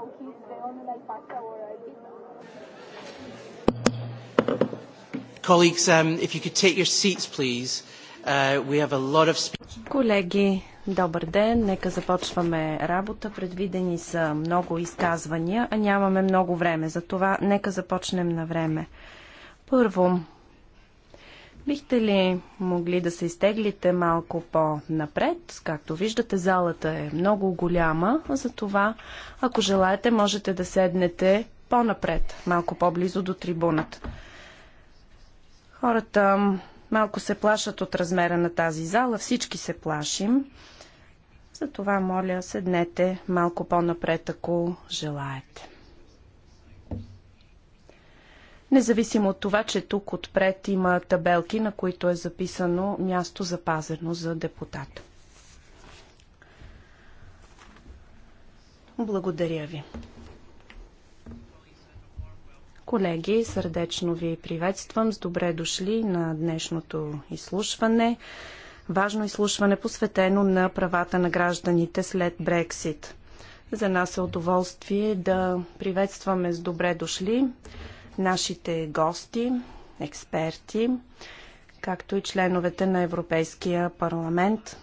Um, uh, Колеги, добър ден. Нека започваме работа. Предвидени са много изказвания, а нямаме много време. Затова нека започнем на време. Първо, Бихте ли могли да се изтеглите малко по-напред? Както виждате, залата е много голяма, затова, ако желаете, можете да седнете по-напред, малко по-близо до трибуната. Хората малко се плашат от размера на тази зала, всички се плашим. Затова, моля, седнете малко по-напред, ако желаете. Независимо от това, че тук отпред има табелки, на които е записано място запазено за депутат. Благодаря ви. Колеги, сърдечно ви приветствам. С добре дошли на днешното изслушване. Важно изслушване посветено на правата на гражданите след Брексит. За нас е удоволствие да приветстваме с добре дошли нашите гости, експерти, както и членовете на Европейския парламент.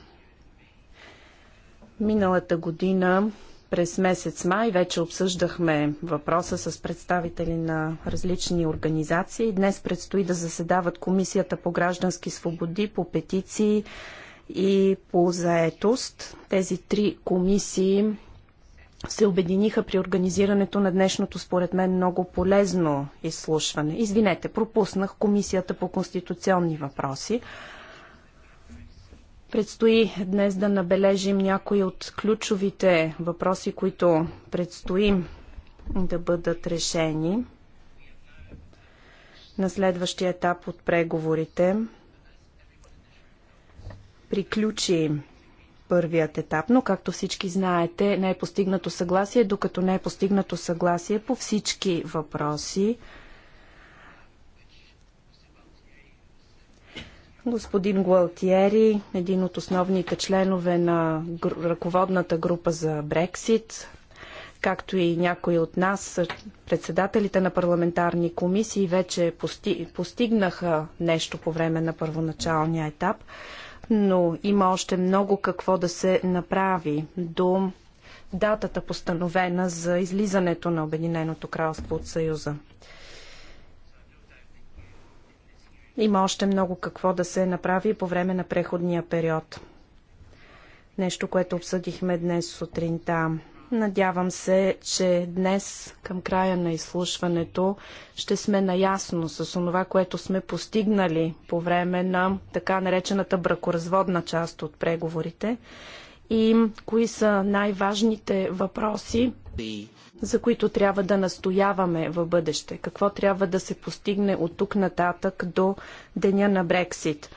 Миналата година през месец май вече обсъждахме въпроса с представители на различни организации. Днес предстои да заседават Комисията по граждански свободи, по петиции и по заетост. Тези три комисии се обединиха при организирането на днешното, според мен, много полезно изслушване. Извинете, пропуснах Комисията по конституционни въпроси. Предстои днес да набележим някои от ключовите въпроси, които предстои да бъдат решени на следващия етап от преговорите. Приключи първият етап, но както всички знаете, не е постигнато съгласие, докато не е постигнато съгласие по всички въпроси. Господин Гуалтиери, един от основните членове на ръководната група за Брексит, както и някои от нас, председателите на парламентарни комисии, вече постигнаха нещо по време на първоначалния етап но има още много какво да се направи до датата постановена за излизането на Обединеното кралство от Съюза. Има още много какво да се направи по време на преходния период. Нещо, което обсъдихме днес сутринта. Надявам се, че днес към края на изслушването ще сме наясно с това, което сме постигнали по време на така наречената бракоразводна част от преговорите и кои са най-важните въпроси, за които трябва да настояваме в бъдеще. Какво трябва да се постигне от тук нататък до деня на Брексит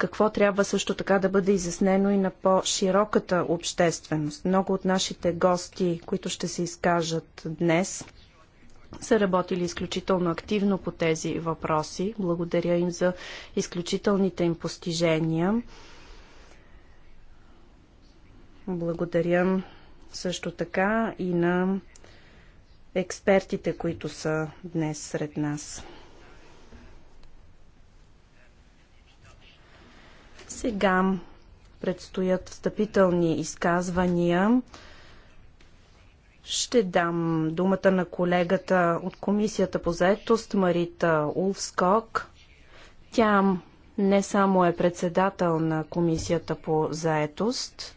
какво трябва също така да бъде изяснено и на по-широката общественост. Много от нашите гости, които ще се изкажат днес, са работили изключително активно по тези въпроси. Благодаря им за изключителните им постижения. Благодаря също така и на експертите, които са днес сред нас. Сега предстоят встъпителни изказвания. Ще дам думата на колегата от Комисията по заедост Марита Улфскок. Тя не само е председател на Комисията по заедост,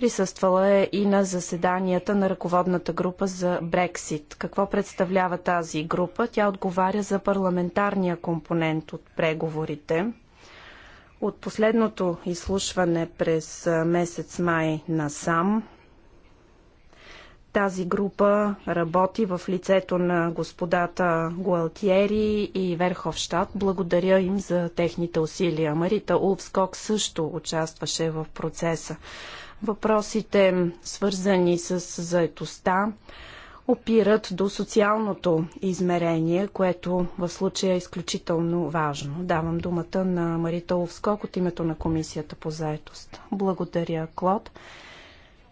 присъствала е и на заседанията на ръководната група за Брексит. Какво представлява тази група? Тя отговаря за парламентарния компонент от преговорите – от последното изслушване през месец май насам, тази група работи в лицето на господата Гуалтиери и Верховщад. Благодаря им за техните усилия. Марита Улфскок също участваше в процеса. Въпросите, свързани с заетостта, опират до социалното измерение, което в случая е изключително важно. Давам думата на Марита Овскок от името на Комисията по заетост. Благодаря, Клод.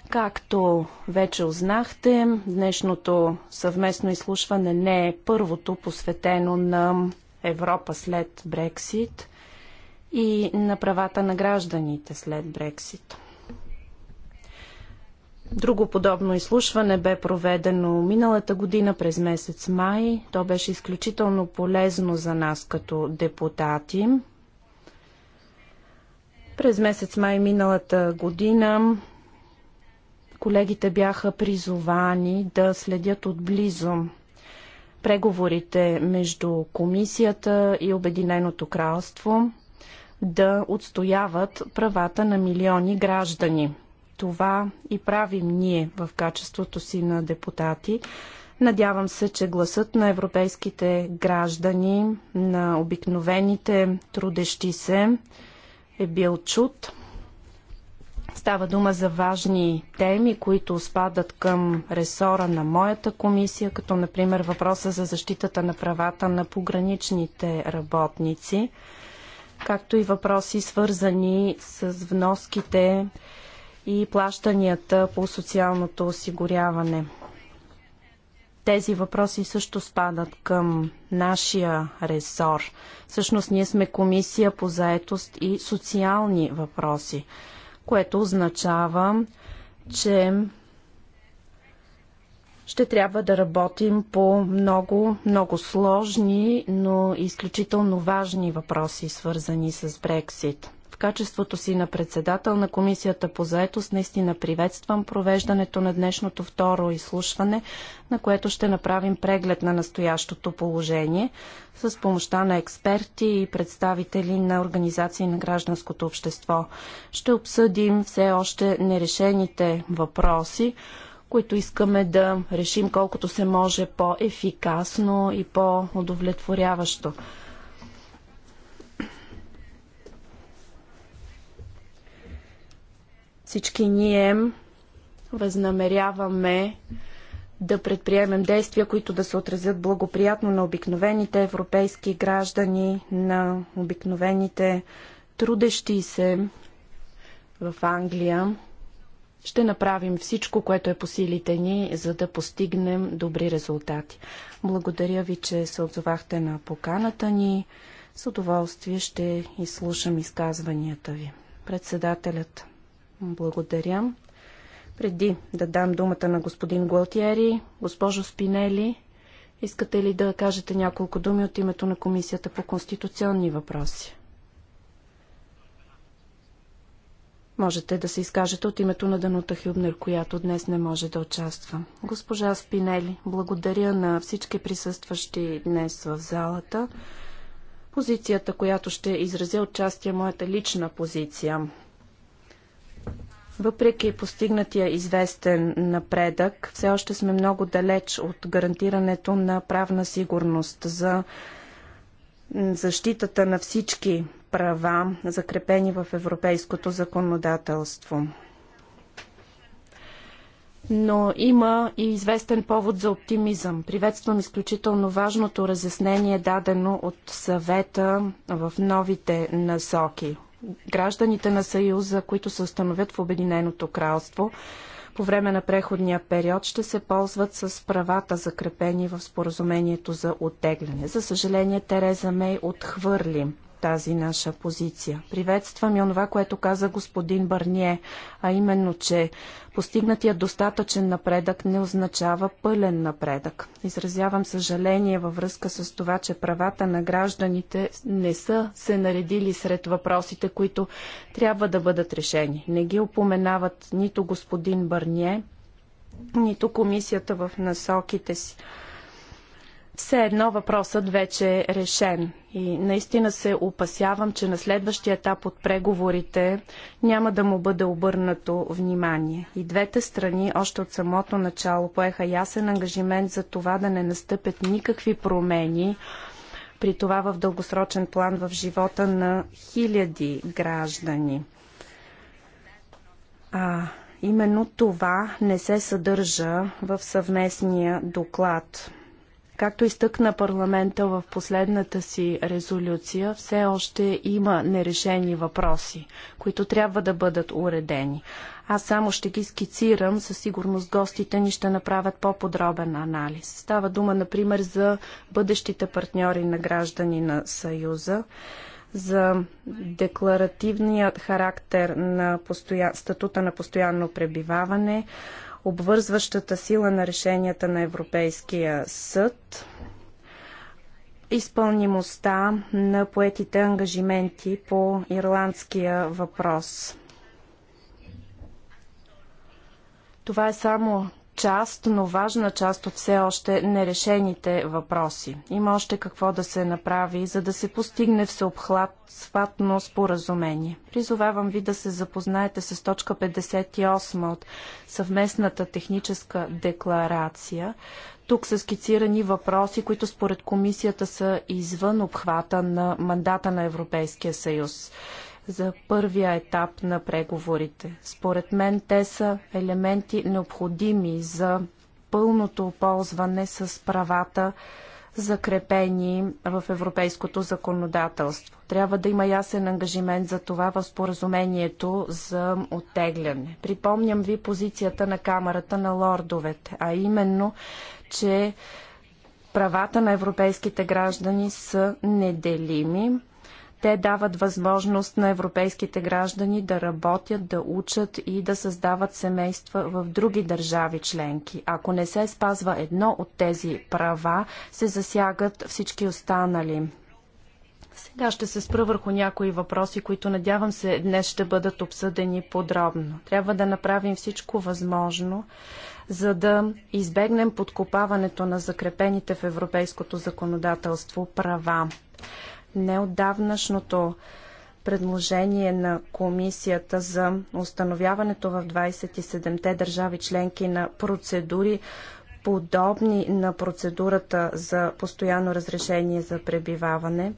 Както вече узнахте, днешното съвместно изслушване не е първото посветено на Европа след Брексит и на правата на гражданите след Брексит. Друго подобно изслушване бе проведено миналата година през месец май. То беше изключително полезно за нас като депутати. През месец май миналата година колегите бяха призовани да следят отблизо преговорите между комисията и Обединеното кралство да отстояват правата на милиони граждани. Това и правим ние в качеството си на депутати. Надявам се, че гласът на европейските граждани, на обикновените трудещи се е бил чут. Става дума за важни теми, които спадат към ресора на моята комисия, като например въпроса за защитата на правата на пограничните работници, както и въпроси свързани с вноските и плащанията по социалното осигуряване. Тези въпроси също спадат към нашия ресор. Всъщност ние сме комисия по заетост и социални въпроси, което означава, че ще трябва да работим по много, много сложни, но изключително важни въпроси, свързани с Брексит качеството си на председател на Комисията по заетост наистина приветствам провеждането на днешното второ изслушване, на което ще направим преглед на настоящото положение с помощта на експерти и представители на организации на гражданското общество. Ще обсъдим все още нерешените въпроси, които искаме да решим колкото се може по-ефикасно и по-удовлетворяващо. Всички ние възнамеряваме да предприемем действия, които да се отразят благоприятно на обикновените европейски граждани, на обикновените трудещи се в Англия. Ще направим всичко, което е по силите ни, за да постигнем добри резултати. Благодаря ви, че се отзовахте на поканата ни. С удоволствие ще изслушам изказванията ви. Председателят благодаря. Преди да дам думата на господин Гуалтиери, госпожо Спинели, искате ли да кажете няколко думи от името на Комисията по конституционни въпроси? Можете да се изкажете от името на Данута Хюбнер, която днес не може да участва. Госпожа Спинели, благодаря на всички присъстващи днес в залата. Позицията, която ще изразя отчасти е моята лична позиция. Въпреки постигнатия известен напредък, все още сме много далеч от гарантирането на правна сигурност за защитата на всички права, закрепени в европейското законодателство. Но има и известен повод за оптимизъм. Приветствам изключително важното разяснение, дадено от съвета в новите насоки гражданите на Съюза, които се установят в Обединеното кралство, по време на преходния период ще се ползват с правата закрепени в споразумението за оттегляне. За съжаление Тереза Мей отхвърли тази наша позиция. Приветствам и онова, което каза господин Барние, а именно, че постигнатия достатъчен напредък не означава пълен напредък. Изразявам съжаление във връзка с това, че правата на гражданите не са се наредили сред въпросите, които трябва да бъдат решени. Не ги упоменават нито господин Барние, нито комисията в насоките си все едно въпросът вече е решен. И наистина се опасявам, че на следващия етап от преговорите няма да му бъде обърнато внимание. И двете страни още от самото начало поеха ясен ангажимент за това да не настъпят никакви промени при това в дългосрочен план в живота на хиляди граждани. А, именно това не се съдържа в съвместния доклад. Както изтъкна парламента в последната си резолюция, все още има нерешени въпроси, които трябва да бъдат уредени. Аз само ще ги скицирам, със сигурност гостите ни ще направят по-подробен анализ. Става дума, например, за бъдещите партньори на граждани на Съюза, за декларативният характер на постоя... статута на постоянно пребиваване, обвързващата сила на решенията на Европейския съд, изпълнимостта на поетите ангажименти по ирландския въпрос. Това е само част, но важна част от все още нерешените въпроси. Има още какво да се направи, за да се постигне всеобхватно споразумение. Призовавам ви да се запознаете с точка 58 от съвместната техническа декларация. Тук са скицирани въпроси, които според комисията са извън обхвата на мандата на Европейския съюз за първия етап на преговорите. Според мен те са елементи необходими за пълното ползване с правата, закрепени в европейското законодателство. Трябва да има ясен ангажимент за това в споразумението за оттегляне. Припомням ви позицията на Камерата на лордовете, а именно, че правата на европейските граждани са неделими те дават възможност на европейските граждани да работят, да учат и да създават семейства в други държави членки. Ако не се спазва едно от тези права, се засягат всички останали. Сега ще се спра върху някои въпроси, които надявам се днес ще бъдат обсъдени подробно. Трябва да направим всичко възможно, за да избегнем подкопаването на закрепените в европейското законодателство права неотдавнашното предложение на комисията за установяването в 27-те държави членки на процедури, подобни на процедурата за постоянно разрешение за пребиваване,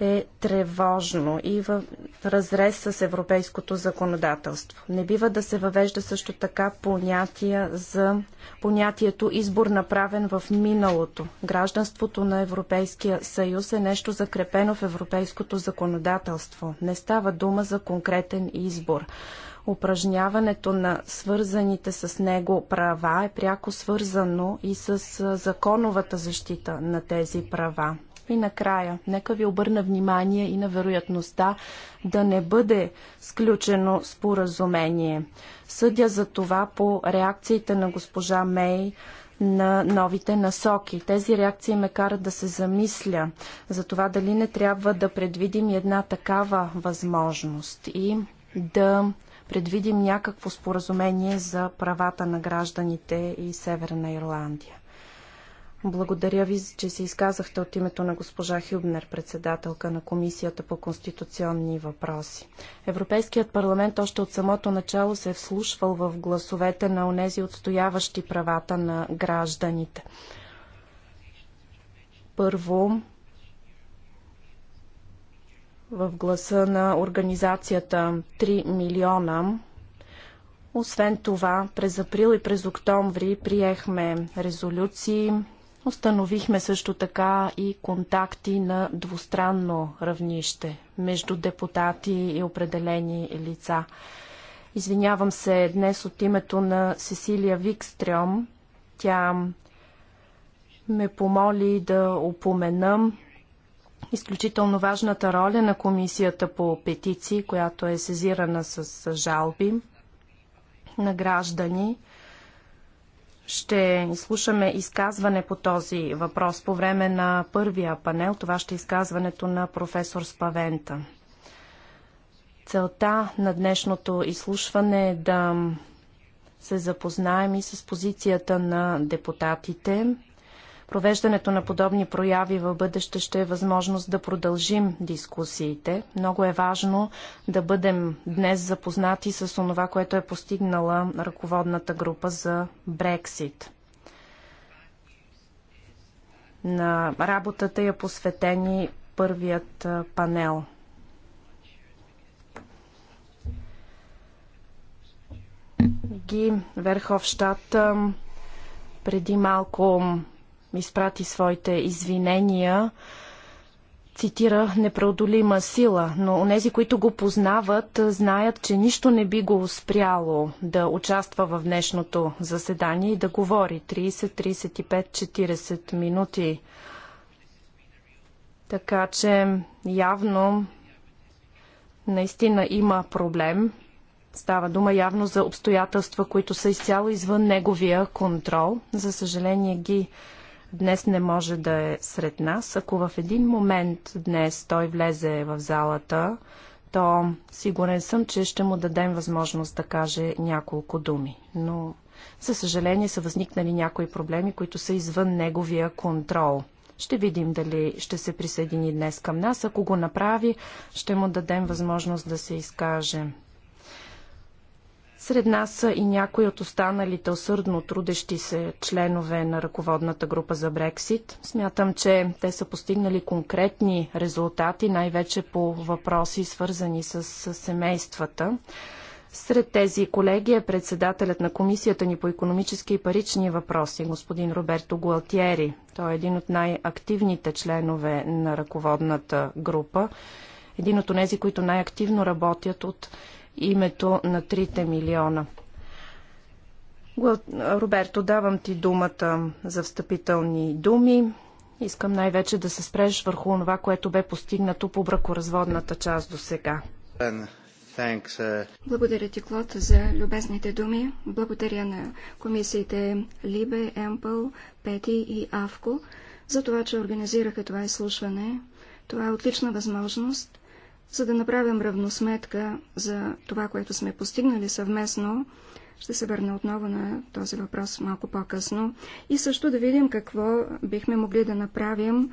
е тревожно и в разрез с европейското законодателство. Не бива да се въвежда също така понятия за понятието избор направен в миналото. Гражданството на Европейския съюз е нещо закрепено в европейското законодателство. Не става дума за конкретен избор упражняването на свързаните с него права е пряко свързано и с законовата защита на тези права. И накрая, нека ви обърна внимание и на вероятността да не бъде сключено споразумение. Съдя за това по реакциите на госпожа Мей на новите насоки. Тези реакции ме карат да се замисля за това дали не трябва да предвидим една такава възможност и да предвидим някакво споразумение за правата на гражданите и Северна Ирландия. Благодаря ви, че се изказахте от името на госпожа Хюбнер, председателка на Комисията по конституционни въпроси. Европейският парламент още от самото начало се е вслушвал в гласовете на онези отстояващи правата на гражданите. Първо, в гласа на организацията 3 милиона освен това, през април и през октомври приехме резолюции, Установихме също така и контакти на двустранно равнище между депутати и определени лица. Извинявам се днес от името на Сесилия Викстрем. Тя ме помоли да упоменам изключително важната роля на комисията по петиции, която е сезирана с жалби на граждани. Ще слушаме изказване по този въпрос по време на първия панел. Това ще е изказването на професор Спавента. Целта на днешното изслушване е да се запознаем и с позицията на депутатите Провеждането на подобни прояви в бъдеще ще е възможност да продължим дискусиите. Много е важно да бъдем днес запознати с онова, което е постигнала ръководната група за Брексит. На работата я посветени първият панел. Ги Верховщата преди малко изпрати своите извинения, цитира непреодолима сила, но онези, които го познават, знаят, че нищо не би го спряло да участва в днешното заседание и да говори 30, 35, 40 минути. Така че явно наистина има проблем. Става дума явно за обстоятелства, които са изцяло извън неговия контрол. За съжаление ги днес не може да е сред нас. Ако в един момент днес той влезе в залата, то сигурен съм, че ще му дадем възможност да каже няколко думи. Но, за съжаление, са възникнали някои проблеми, които са извън неговия контрол. Ще видим дали ще се присъедини днес към нас. Ако го направи, ще му дадем възможност да се изкаже. Сред нас са и някои от останалите усърдно трудещи се членове на ръководната група за Брексит. Смятам, че те са постигнали конкретни резултати, най-вече по въпроси, свързани с семействата. Сред тези колеги е председателят на комисията ни по економически и парични въпроси, господин Роберто Гуалтиери. Той е един от най-активните членове на ръководната група, един от тези, които най-активно работят от името на трите милиона. Роберто, давам ти думата за встъпителни думи. Искам най-вече да се спреш върху това, което бе постигнато по бракоразводната част до сега. Uh, Благодаря ти, Клод, за любезните думи. Благодаря на комисиите Либе, Емпъл, Пети и Авко за това, че организираха това изслушване. Това е отлична възможност за да направим равносметка за това, което сме постигнали съвместно, ще се върна отново на този въпрос малко по-късно. И също да видим какво бихме могли да направим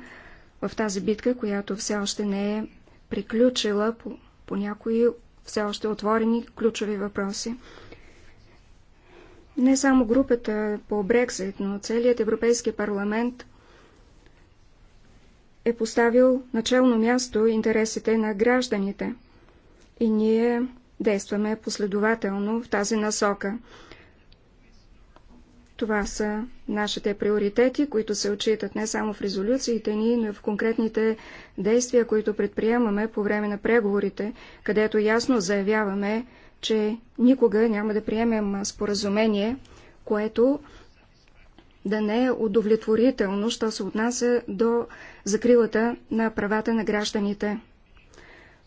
в тази битка, която все още не е приключила по, по някои все още отворени ключови въпроси. Не само групата по Брексит, но целият Европейски парламент е поставил начално място интересите на гражданите. И ние действаме последователно в тази насока. Това са нашите приоритети, които се отчитат не само в резолюциите ни, но и в конкретните действия, които предприемаме по време на преговорите, където ясно заявяваме, че никога няма да приемем споразумение, което да не е удовлетворително, що се отнася до закрилата на правата на гражданите.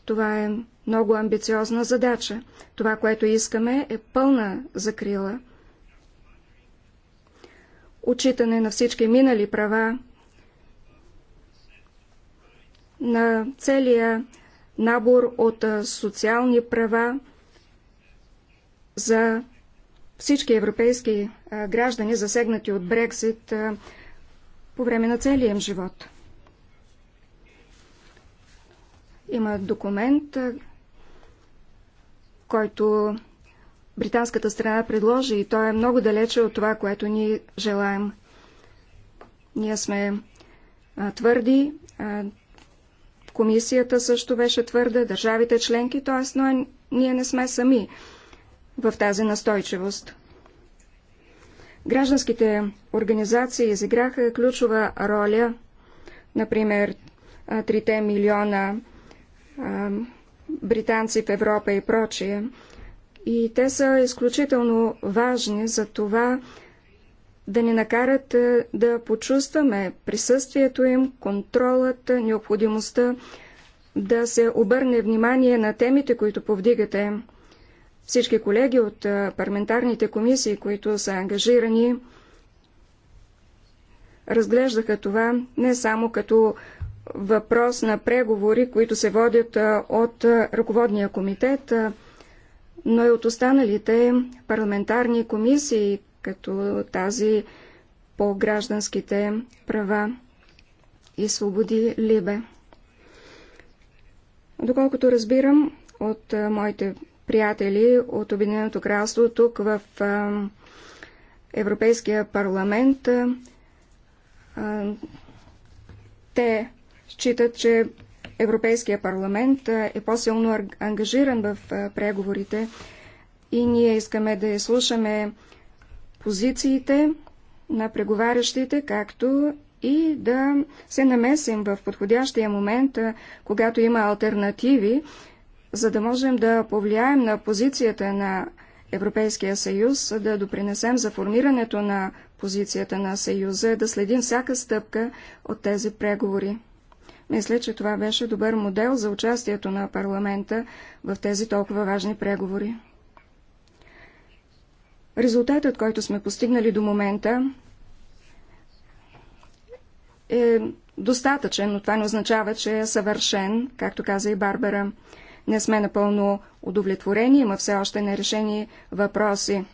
Това е много амбициозна задача. Това, което искаме, е пълна закрила. Отчитане на всички минали права, на целия набор от социални права за всички европейски граждани, засегнати от Брексит по време на целия им живот. Има документ, е, който британската страна предложи и той е много далече от това, което ни желаем. Ние сме а, твърди, а, комисията също беше твърда, държавите членки, т.е. но е, ние не сме сами в тази настойчивост. Гражданските организации изиграха ключова роля, например, 3 милиона британци в Европа и прочие. И те са изключително важни за това да ни накарат да почувстваме присъствието им, контролът, необходимостта да се обърне внимание на темите, които повдигате. Всички колеги от парламентарните комисии, които са ангажирани, разглеждаха това не само като въпрос на преговори, които се водят от ръководния комитет, но и от останалите парламентарни комисии, като тази по гражданските права и свободи Либе. Доколкото разбирам от моите приятели от Обединеното кралство тук в Европейския парламент, те считат, че Европейския парламент е по-силно ангажиран в преговорите и ние искаме да изслушаме позициите на преговарящите, както и да се намесим в подходящия момент, когато има альтернативи, за да можем да повлияем на позицията на Европейския съюз, да допринесем за формирането на позицията на съюза, да следим всяка стъпка от тези преговори. Мисля, че това беше добър модел за участието на парламента в тези толкова важни преговори. Резултатът, който сме постигнали до момента, е достатъчен, но това не означава, че е съвършен, както каза и Барбара. Не сме напълно удовлетворени, има все още нерешени въпроси.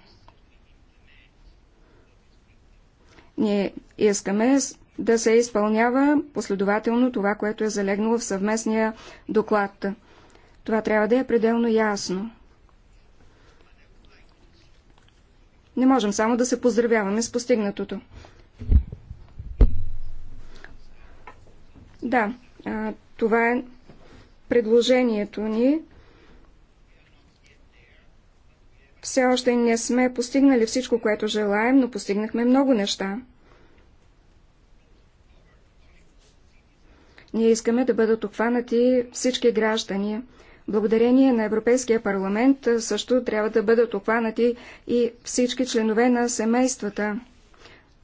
Ние искаме да се изпълнява последователно това, което е залегнало в съвместния доклад. Това трябва да е пределно ясно. Не можем само да се поздравяваме с постигнатото. Да, това е предложението ни. Все още не сме постигнали всичко, което желаем, но постигнахме много неща. Ние искаме да бъдат обхванати всички граждани. Благодарение на Европейския парламент също трябва да бъдат обхванати и всички членове на семействата.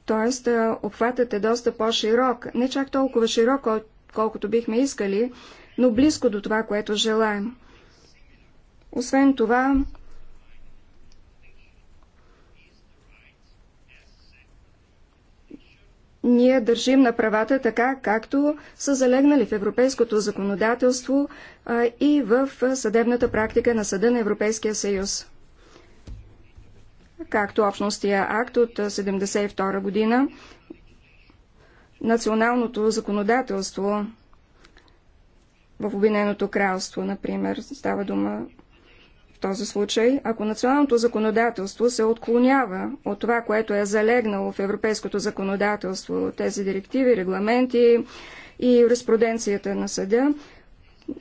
Тоест, обхватът е доста по-широк, не чак толкова широк, колкото бихме искали, но близко до това, което желаем. Освен това, Ние държим на правата така, както са залегнали в европейското законодателство и в съдебната практика на Съда на Европейския съюз. Както общностия акт от 1972 година, националното законодателство в Обединеното кралство, например, става дума в този случай, ако националното законодателство се отклонява от това, което е залегнало в европейското законодателство, тези директиви, регламенти и юриспруденцията на съда,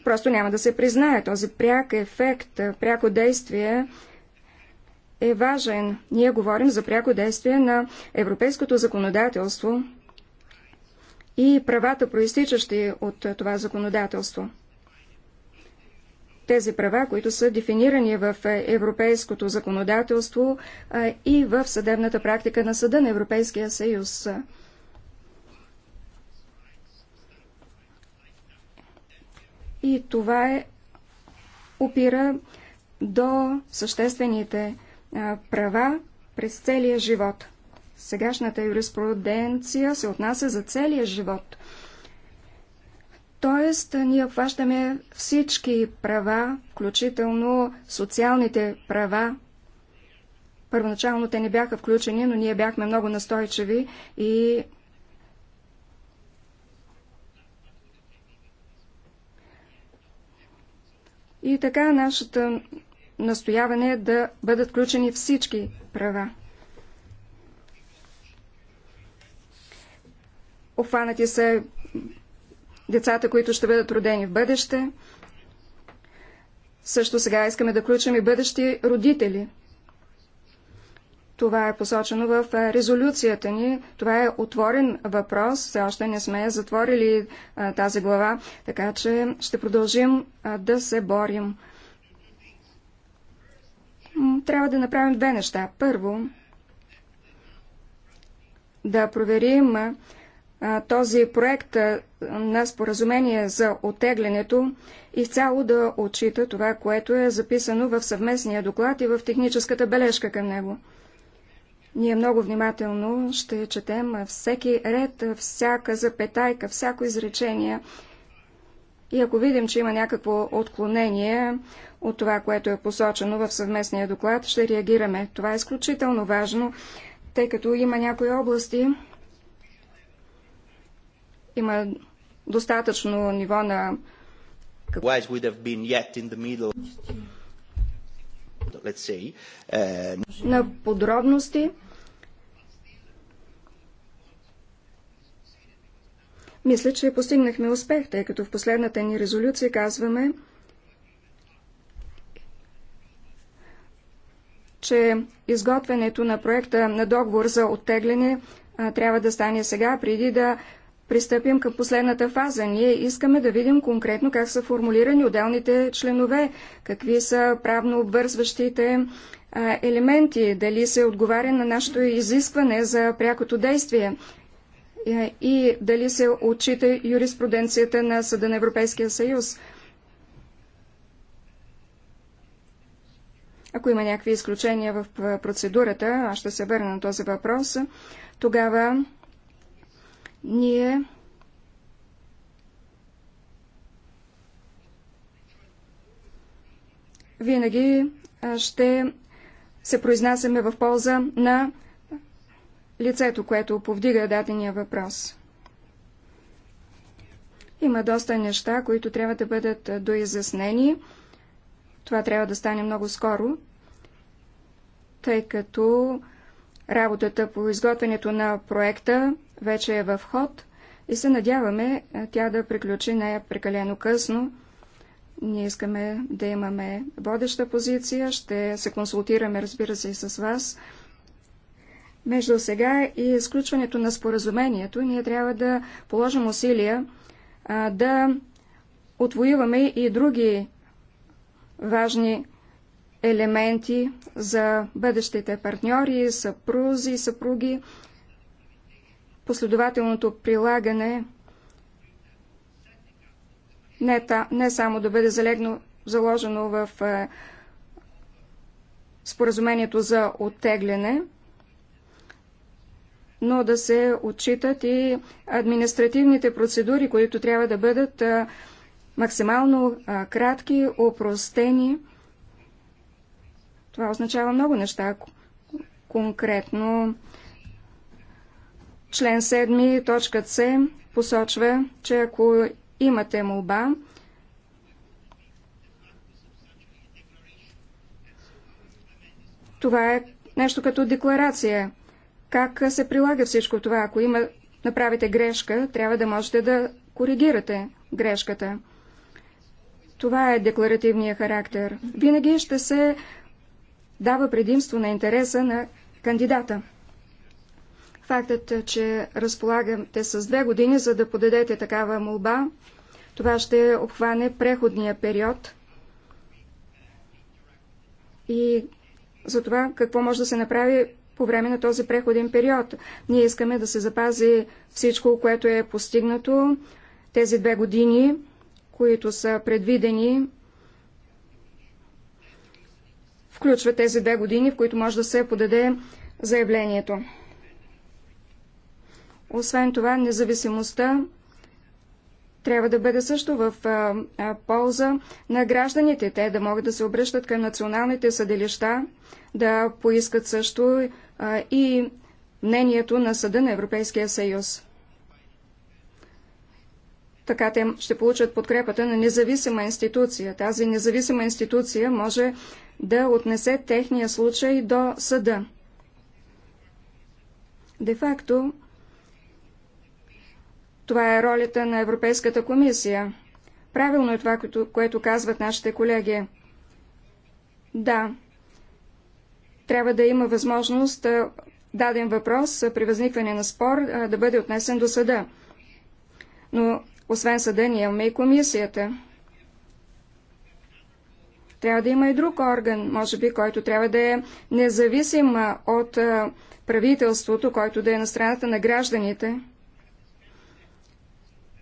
просто няма да се признае. Този пряк ефект, пряко действие е важен. Ние говорим за пряко действие на европейското законодателство и правата, проистичащи от това законодателство тези права, които са дефинирани в е, европейското законодателство и в съдебната практика на Съда на Европейския съюз. И това е, опира до съществените права през целия живот. Сегашната юриспруденция се отнася за целия живот – Тоест, ние обхващаме всички права, включително социалните права. Първоначално те не бяха включени, но ние бяхме много настойчиви и И така нашето настояване е да бъдат включени всички права. Охванати са децата, които ще бъдат родени в бъдеще. Също сега искаме да включим и бъдещи родители. Това е посочено в резолюцията ни. Това е отворен въпрос. Все още не сме затворили а, тази глава, така че ще продължим а, да се борим. Трябва да направим две неща. Първо, да проверим а, този проект а, на споразумение за оттеглянето изцяло да отчита това, което е записано в съвместния доклад и в техническата бележка към него. Ние много внимателно ще четем всеки ред, всяка запетайка, всяко изречение. И ако видим, че има някакво отклонение от това, което е посочено в съвместния доклад, ще реагираме. Това е изключително важно, тъй като има някои области, има достатъчно ниво на uh, на подробности. Мисля, че постигнахме успех, тъй като в последната ни резолюция казваме, че изготвянето на проекта на договор за оттегляне трябва да стане сега, преди да пристъпим към последната фаза. Ние искаме да видим конкретно как са формулирани отделните членове, какви са правно обвързващите елементи, дали се отговаря на нашето изискване за прякото действие и дали се отчита юриспруденцията на Съда на Европейския съюз. Ако има някакви изключения в процедурата, аз ще се върна на този въпрос, тогава ние винаги ще се произнасяме в полза на лицето, което повдига дадения въпрос. Има доста неща, които трябва да бъдат доизяснени. Това трябва да стане много скоро, тъй като Работата по изготвянето на проекта вече е в ход и се надяваме тя да приключи не прекалено късно. Ние искаме да имаме водеща позиция, ще се консултираме, разбира се, и с вас. Между сега и изключването на споразумението, ние трябва да положим усилия а, да отвоюваме и други важни елементи за бъдещите партньори, съпрузи, съпруги, последователното прилагане не, та, не само да бъде залегно, заложено в е, споразумението за оттегляне, но да се отчитат и административните процедури, които трябва да бъдат е, максимално е, кратки, опростени. Това означава много неща. Конкретно член 7, точка С посочва, че ако имате молба, това е нещо като декларация. Как се прилага всичко това? Ако има, направите грешка, трябва да можете да коригирате грешката. Това е декларативния характер. Винаги ще се дава предимство на интереса на кандидата. Фактът, че разполагате с две години, за да подадете такава молба, това ще обхване преходния период и за това какво може да се направи по време на този преходен период. Ние искаме да се запази всичко, което е постигнато тези две години, които са предвидени включва тези две години, в които може да се подаде заявлението. Освен това, независимостта трябва да бъде също в а, а, полза на гражданите. Те да могат да се обръщат към националните съдилища, да поискат също а, и мнението на Съда на Европейския съюз. Така те ще получат подкрепата на независима институция. Тази независима институция може да отнесе техния случай до съда. Де-факто, това е ролята на Европейската комисия. Правилно е това, което, което казват нашите колеги. Да, трябва да има възможност даден въпрос при възникване на спор да бъде отнесен до съда. Но освен съда, ние имаме и комисията. Трябва да има и друг орган, може би, който трябва да е независим от правителството, който да е на страната на гражданите.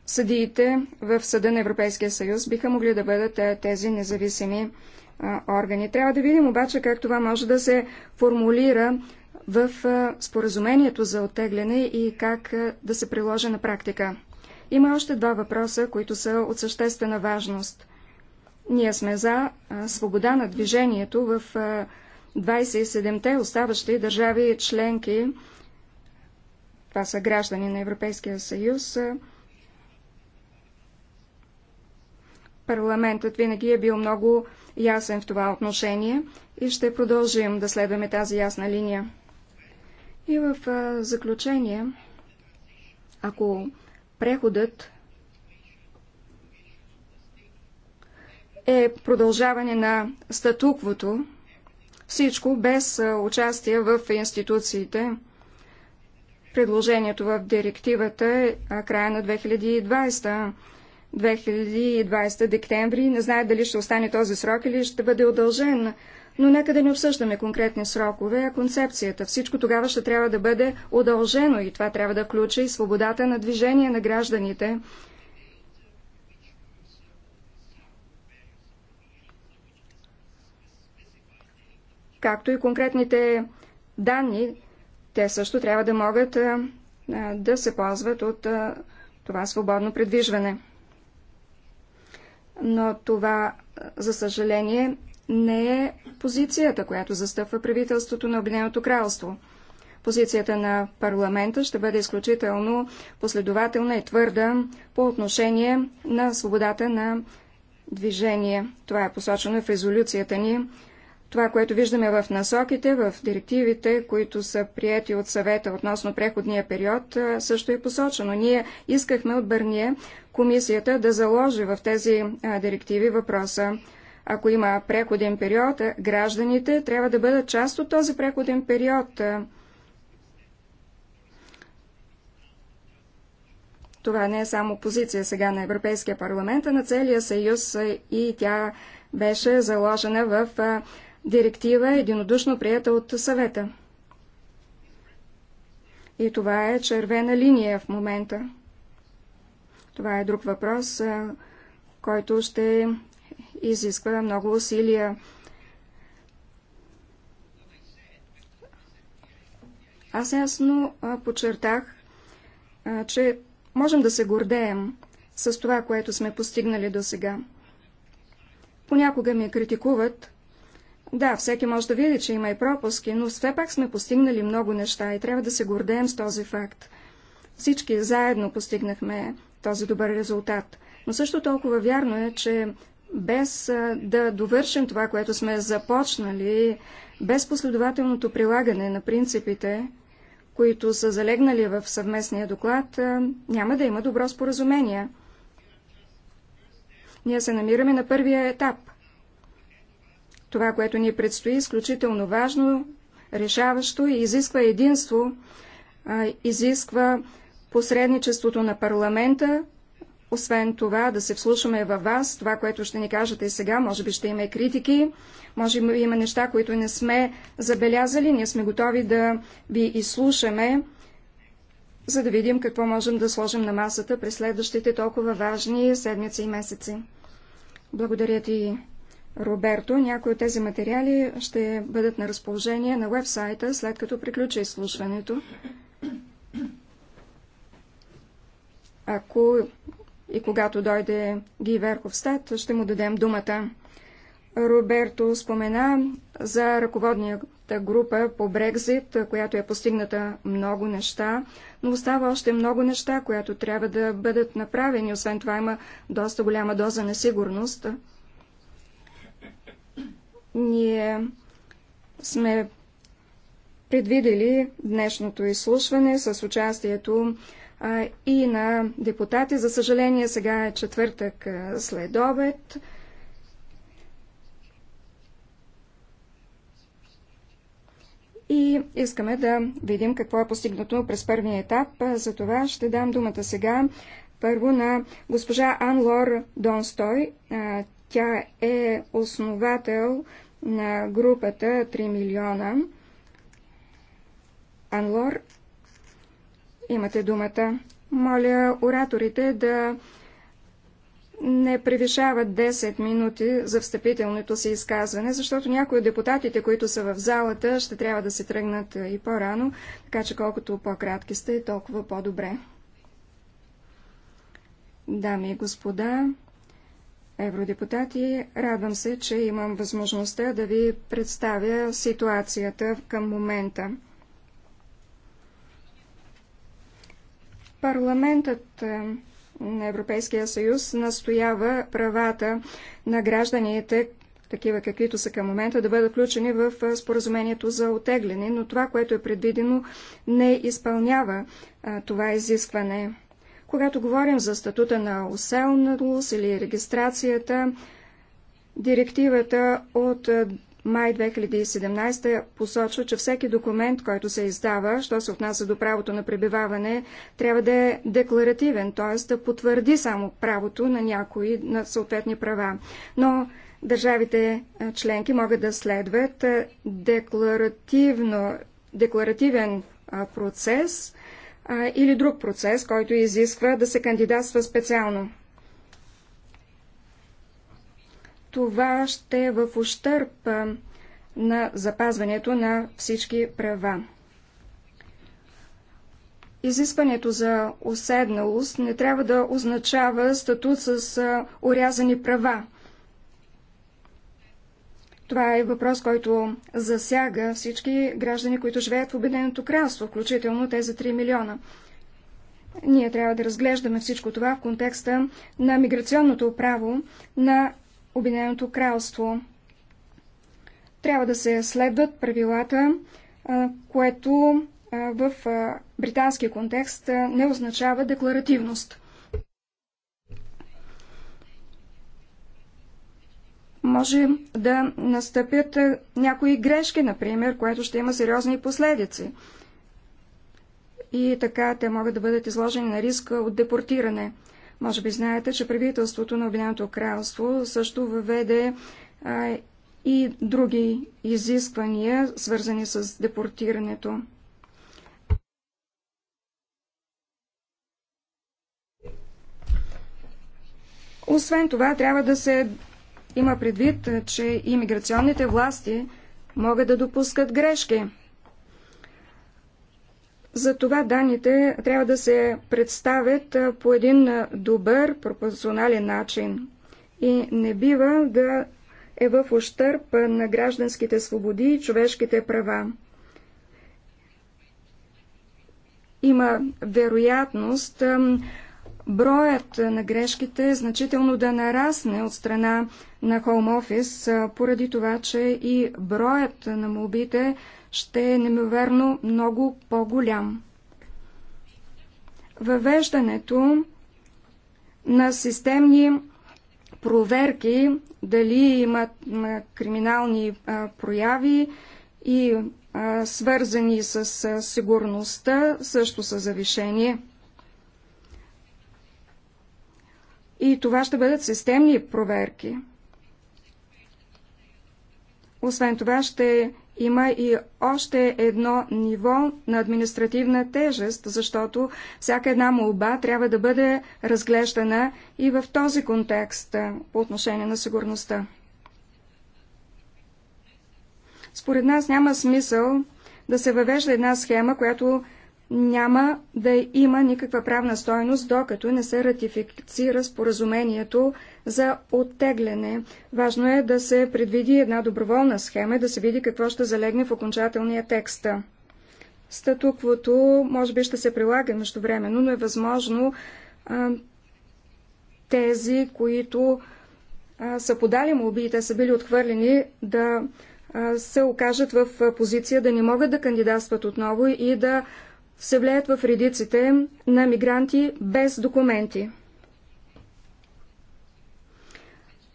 Съдиите в Съда на Европейския съюз биха могли да бъдат тези независими органи. Трябва да видим обаче как това може да се формулира в споразумението за оттегляне и как да се приложи на практика. Има още два въпроса, които са от съществена важност. Ние сме за свобода на движението в 27-те оставащи държави членки. Това са граждани на Европейския съюз. Парламентът винаги е бил много ясен в това отношение и ще продължим да следваме тази ясна линия. И в заключение, ако Преходът е продължаване на статуквото, всичко без участие в институциите. Предложението в директивата е края на 2020 2020 декември. Не знае дали ще остане този срок или ще бъде удължен. Но нека да не обсъждаме конкретни срокове, а концепцията. Всичко тогава ще трябва да бъде удължено и това трябва да включи и свободата на движение на гражданите. Както и конкретните данни, те също трябва да могат да се ползват от това свободно предвижване. Но това, за съжаление, не е позицията, която застъпва правителството на Обединеното кралство. Позицията на парламента ще бъде изключително последователна и твърда по отношение на свободата на движение. Това е посочено в резолюцията ни. Това, което виждаме в насоките, в директивите, които са прияти от съвета относно преходния период, също е посочено. Ние искахме от Бърния комисията да заложи в тези директиви въпроса ако има преходен период, гражданите трябва да бъдат част от този преходен период. Това не е само позиция сега на Европейския парламент, а на целия съюз и тя беше заложена в директива, единодушно прията от съвета. И това е червена линия в момента. Това е друг въпрос, който ще изисква много усилия. Аз ясно подчертах, че можем да се гордеем с това, което сме постигнали до сега. Понякога ми критикуват. Да, всеки може да види, че има и пропуски, но все пак сме постигнали много неща и трябва да се гордеем с този факт. Всички заедно постигнахме този добър резултат. Но също толкова вярно е, че без да довършим това, което сме започнали, без последователното прилагане на принципите, които са залегнали в съвместния доклад, няма да има добро споразумение. Ние се намираме на първия етап. Това, което ни предстои, е изключително важно, решаващо и изисква единство, изисква посредничеството на парламента, освен това, да се вслушаме във вас, това, което ще ни кажете и сега, може би ще има и критики, може би има неща, които не сме забелязали, ние сме готови да ви изслушаме, за да видим какво можем да сложим на масата през следващите толкова важни седмици и месеци. Благодаря ти, Роберто. Някои от тези материали ще бъдат на разположение на вебсайта, след като приключи изслушването. Ако и когато дойде Ги Верховстат, ще му дадем думата. Роберто спомена за ръководнията група по Брекзит, която е постигната много неща, но остава още много неща, която трябва да бъдат направени. Освен това има доста голяма доза несигурност. Ние сме предвидели днешното изслушване с участието и на депутати. За съжаление, сега е четвъртък след обед. И искаме да видим какво е постигнато през първия етап. За това ще дам думата сега първо на госпожа Анлор Донстой. Тя е основател на групата 3 милиона. Анлор Имате думата. Моля ораторите да не превишават 10 минути за встъпителното си изказване, защото някои от депутатите, които са в залата, ще трябва да се тръгнат и по-рано, така че колкото по-кратки сте, толкова по-добре. Дами и господа, евродепутати, радвам се, че имам възможността да ви представя ситуацията към момента. Парламентът е, на Европейския съюз настоява правата на гражданите, такива каквито са към момента, да бъдат включени в е, споразумението за отегляне, но това, което е предвидено, не изпълнява е, това изискване. Когато говорим за статута на уселналост или регистрацията, директивата от май 2017 посочва, че всеки документ, който се издава, що се отнася до правото на пребиваване, трябва да е декларативен, т.е. да потвърди само правото на някои на съответни права. Но държавите е, членки могат да следват е, декларативно, декларативен процес или друг процес, който изисква да се кандидатства специално. това ще е в ущърп на запазването на всички права. Изискването за уседналост не трябва да означава статут с урязани права. Това е въпрос, който засяга всички граждани, които живеят в Обединеното кралство, включително тези 3 милиона. Ние трябва да разглеждаме всичко това в контекста на миграционното право на Обединеното кралство. Трябва да се следват правилата, което в британски контекст не означава декларативност. Може да настъпят някои грешки, например, което ще има сериозни последици. И така те могат да бъдат изложени на риска от депортиране. Може би знаете, че правителството на Обединеното кралство също въведе а, и други изисквания, свързани с депортирането. Освен това, трябва да се има предвид, че имиграционните власти могат да допускат грешки. Затова данните трябва да се представят по един добър, пропорционален начин и не бива да е в ущърп на гражданските свободи и човешките права. Има вероятност броят на грешките е значително да нарасне от страна на Home Office, поради това, че и броят на молбите ще е немоверно много по-голям. Въвеждането на системни проверки, дали имат криминални прояви и свързани с сигурността, също са завишени. И това ще бъдат системни проверки. Освен това ще има и още едно ниво на административна тежест, защото всяка една молба трябва да бъде разглеждана и в този контекст по отношение на сигурността. Според нас няма смисъл да се въвежда една схема, която няма да има никаква правна стойност, докато не се ратифицира споразумението за оттегляне. Важно е да се предвиди една доброволна схема, да се види какво ще залегне в окончателния текст. Статуквото може би ще се прилага междувременно, но е възможно а, тези, които а, са подали те са били отхвърлени, да а, се окажат в позиция да не могат да кандидатстват отново и да се влеят в редиците на мигранти без документи.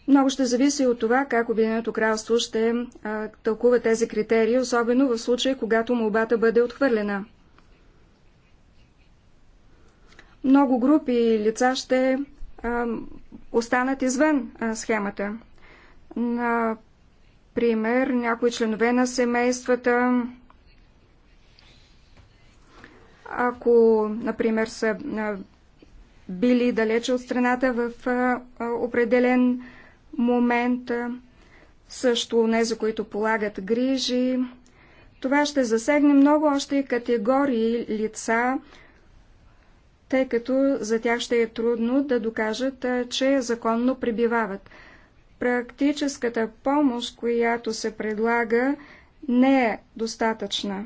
Много ще зависи от това как Обединеното кралство ще а, тълкува тези критерии, особено в случай, когато молбата бъде отхвърлена. Много групи и лица ще а, останат извън а, схемата. Например, някои членове на семействата, ако, например, са били далече от страната в определен момент, също не за които полагат грижи. Това ще засегне много още категории лица, тъй като за тях ще е трудно да докажат, че законно пребивават. Практическата помощ, която се предлага, не е достатъчна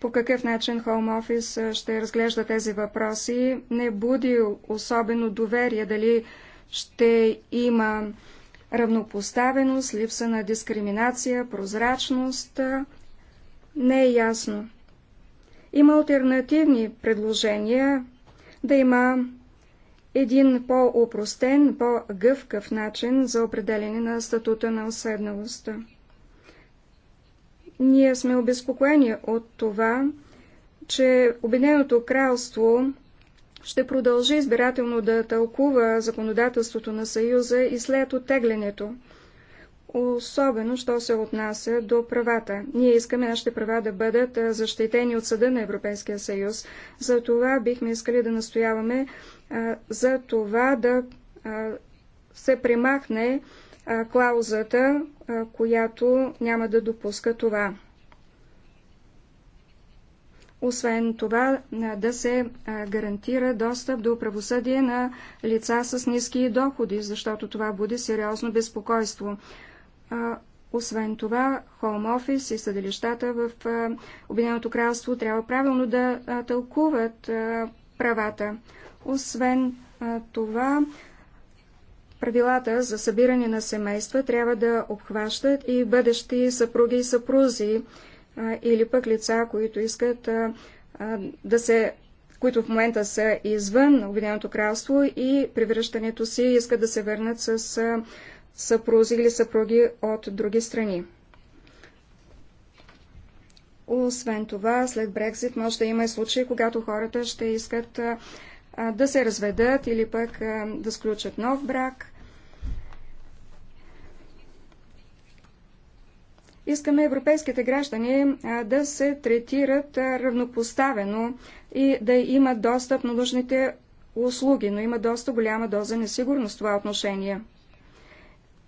по какъв начин Home Office ще разглежда тези въпроси, не буди особено доверие дали ще има равнопоставеност, липса на дискриминация, прозрачност. Не е ясно. Има альтернативни предложения да има един по-опростен, по-гъвкав начин за определение на статута на уседналостта. Ние сме обезпокоени от това, че Обединеното кралство ще продължи избирателно да тълкува законодателството на Съюза и след оттеглянето, особено, що се отнася до правата. Ние искаме нашите права да бъдат защитени от Съда на Европейския съюз. За това бихме искали да настояваме за това да се примахне клаузата, която няма да допуска това. Освен това, да се гарантира достъп до правосъдие на лица с ниски доходи, защото това буди сериозно безпокойство. Освен това, Home Office и съдилищата в Обединеното кралство трябва правилно да тълкуват правата. Освен това, Правилата за събиране на семейства трябва да обхващат и бъдещи съпруги и съпрузи или пък лица, които искат да се които в момента са извън Обединеното кралство и при връщането си искат да се върнат с съпрузи или съпруги от други страни. Освен това, след Брекзит може да има и случаи, когато хората ще искат да се разведат или пък да сключат нов брак. Искаме европейските граждани да се третират равнопоставено и да имат достъп на нужните услуги, но има доста голяма доза несигурност в това отношение.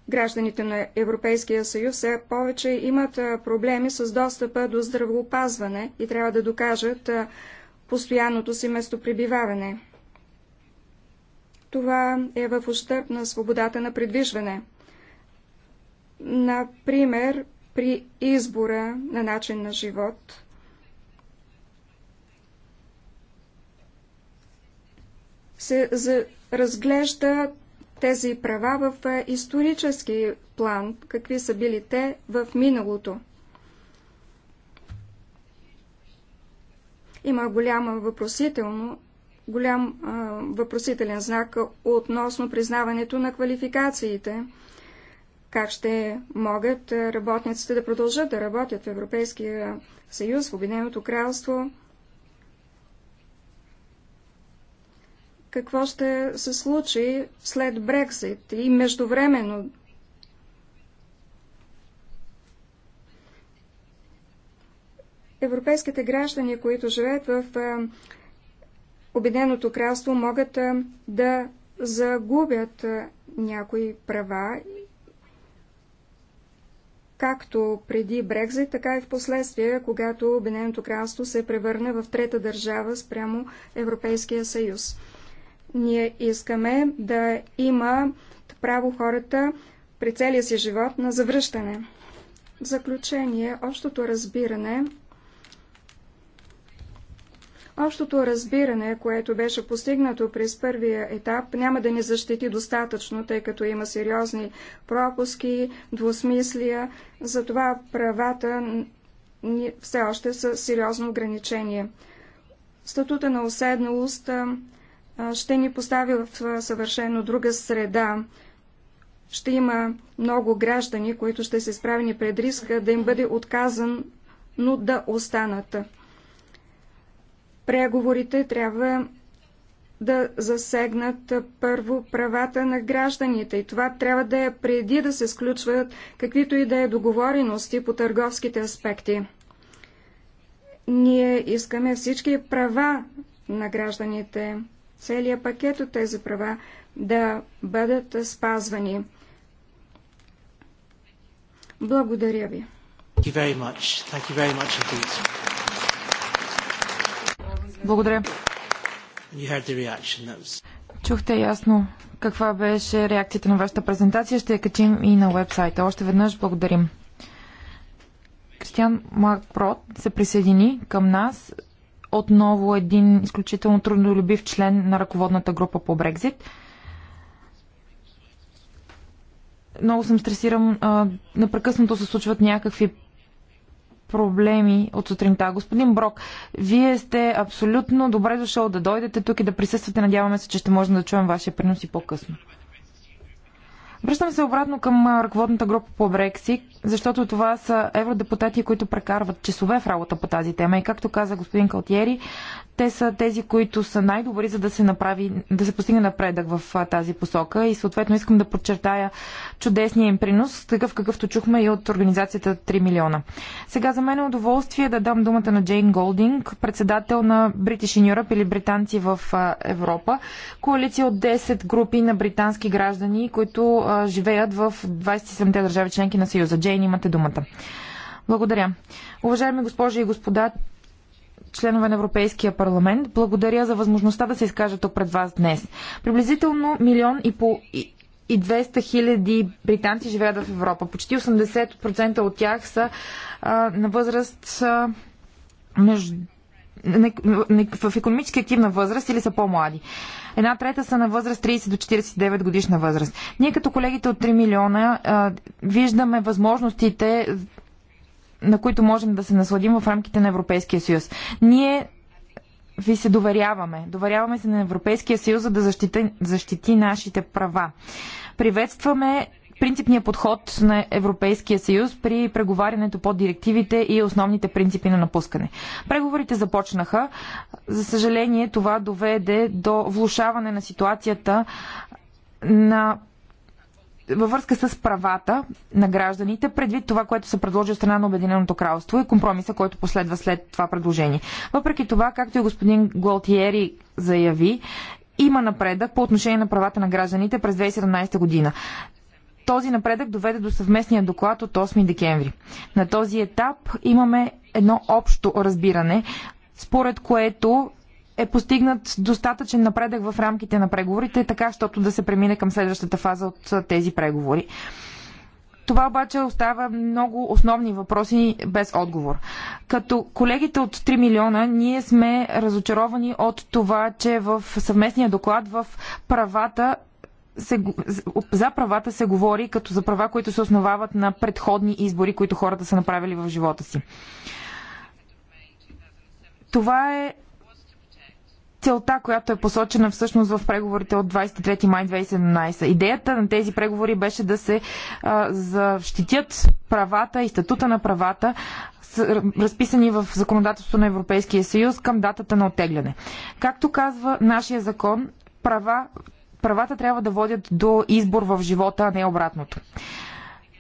Гражданите на Европейския съюз все повече имат проблеми с достъпа до здравоопазване и трябва да докажат постоянното си местопребиваване това е в ущърп на свободата на предвижване. Например, при избора на начин на живот. се разглежда тези права в исторически план, какви са били те в миналото. Има голяма въпросително голям а, въпросителен знак относно признаването на квалификациите. Как ще могат работниците да продължат да работят в Европейския съюз, в Обединеното кралство? Какво ще се случи след Брексит и междувременно европейските граждани, които живеят в Обединеното кралство могат да загубят някои права, както преди Брекзит, така и в последствие, когато Обединеното кралство се превърне в трета държава спрямо Европейския съюз. Ние искаме да има право хората при целия си живот на завръщане. В заключение, общото разбиране Общото разбиране, което беше постигнато през първия етап, няма да ни защити достатъчно, тъй като има сериозни пропуски, двусмислия, затова правата все още са сериозно ограничение. Статута на уседналост ще ни постави в съвършено друга среда. Ще има много граждани, които ще се справени пред риска да им бъде отказан, но да останат. Преговорите трябва да засегнат първо правата на гражданите и това трябва да е преди да се сключват каквито и да е договорености по търговските аспекти. Ние искаме всички права на гражданите, целият пакет от тези права да бъдат спазвани. Благодаря ви. Thank you very much. Thank you very much indeed. Благодаря. Чухте ясно каква беше реакцията на вашата презентация. Ще я качим и на вебсайта. Още веднъж благодарим. Кристиан Макпрот се присъедини към нас. Отново един изключително трудолюбив член на ръководната група по Брекзит. Много съм стресирам. Непрекъснато се случват някакви проблеми от сутринта. Господин Брок, вие сте абсолютно добре дошъл да дойдете тук и да присъствате. Надяваме се, че ще можем да чуем вашия принос и по-късно. Връщам се обратно към ръководната група по Брекси, защото това са евродепутати, които прекарват часове в работа по тази тема. И както каза господин Калтиери, те са тези, които са най-добри, за да се, направи, да се постигне напредък в тази посока. И съответно искам да подчертая чудесния им принос, такъв какъвто чухме и от организацията 3 милиона. Сега за мен е удоволствие да дам думата на Джейн Голдинг, председател на British in Europe или британци в Европа. Коалиция от 10 групи на британски граждани, които живеят в 27-те държави членки на Съюза. Джейн, имате думата. Благодаря. Уважаеми госпожи и господа, членове на Европейския парламент. Благодаря за възможността да се изкажа тук пред вас днес. Приблизително милион и, по, и 200 хиляди британци живеят в Европа. Почти 80% от тях са а, на възраст а, между в економически активна възраст или са по-млади. Една трета са на възраст 30 до 49 годишна възраст. Ние като колегите от 3 милиона а, виждаме възможностите на които можем да се насладим в рамките на Европейския съюз. Ние ви се доверяваме. Доверяваме се на Европейския съюз, за да защити, защити нашите права. Приветстваме принципния подход на Европейския съюз при преговарянето по директивите и основните принципи на напускане. Преговорите започнаха. За съжаление, това доведе до влушаване на ситуацията на във връзка с правата на гражданите, предвид това, което се предложи от страна на Обединеното кралство и компромиса, който последва след това предложение. Въпреки това, както и господин Голтиери заяви, има напредък по отношение на правата на гражданите през 2017 година. Този напредък доведе до съвместния доклад от 8 декември. На този етап имаме едно общо разбиране, според което е постигнат достатъчен напредък в рамките на преговорите, така, защото да се премине към следващата фаза от тези преговори. Това обаче остава много основни въпроси без отговор. Като колегите от 3 милиона, ние сме разочаровани от това, че в съвместния доклад в правата се, за правата се говори като за права, които се основават на предходни избори, които хората са направили в живота си. Това е целта, която е посочена всъщност в преговорите от 23 май 2017. Идеята на тези преговори беше да се а, защитят правата и статута на правата, с, разписани в законодателството на Европейския съюз към датата на оттегляне. Както казва нашия закон, права, правата трябва да водят до избор в живота, а не обратното.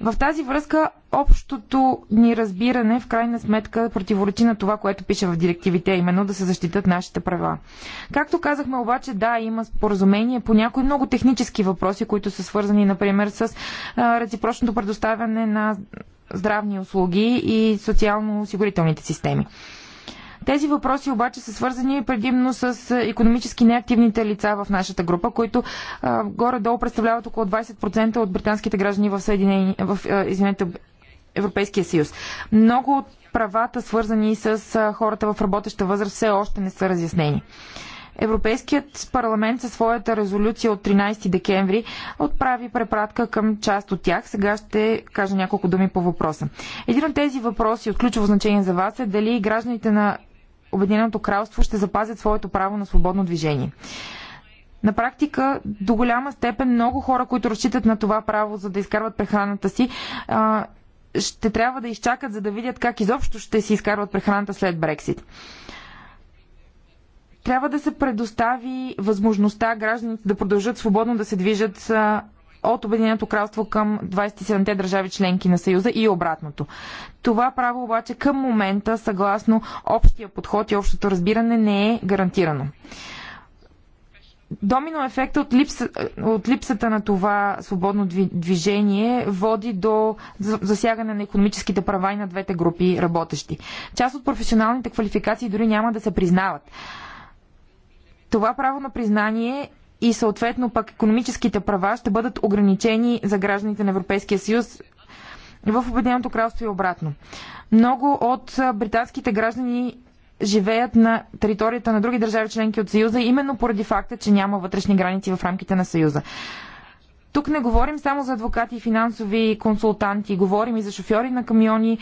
В тази връзка общото ни разбиране в крайна сметка противоречи на това, което пише в директивите, именно да се защитат нашите права. Както казахме обаче, да, има споразумение по някои много технически въпроси, които са свързани, например, с а, реципрочното предоставяне на здравни услуги и социално-осигурителните системи. Тези въпроси обаче са свързани предимно с економически неактивните лица в нашата група, които е, горе-долу представляват около 20% от британските граждани в, Съединени... в е, извинете, Европейския съюз. Много от правата, свързани с е, хората в работеща възраст, все още не са разяснени. Европейският парламент със своята резолюция от 13 декември отправи препратка към част от тях. Сега ще кажа няколко думи по въпроса. Един от тези въпроси от ключово значение за вас е дали гражданите на Обединеното кралство ще запазят своето право на свободно движение. На практика, до голяма степен, много хора, които разчитат на това право, за да изкарват прехраната си, ще трябва да изчакат, за да видят как изобщо ще си изкарват прехраната след Брексит трябва да се предостави възможността гражданите да продължат свободно да се движат от Обединеното кралство към 27-те държави членки на Съюза и обратното. Това право обаче към момента, съгласно общия подход и общото разбиране, не е гарантирано. Домино ефекта от, липса, от липсата на това свободно движение води до засягане на економическите права и на двете групи работещи. Част от професионалните квалификации дори няма да се признават. Това право на признание и съответно пък економическите права ще бъдат ограничени за гражданите на Европейския съюз в Обединеното кралство и обратно. Много от британските граждани живеят на територията на други държави членки от Съюза, именно поради факта, че няма вътрешни граници в рамките на Съюза. Тук не говорим само за адвокати и финансови консултанти, говорим и за шофьори на камиони,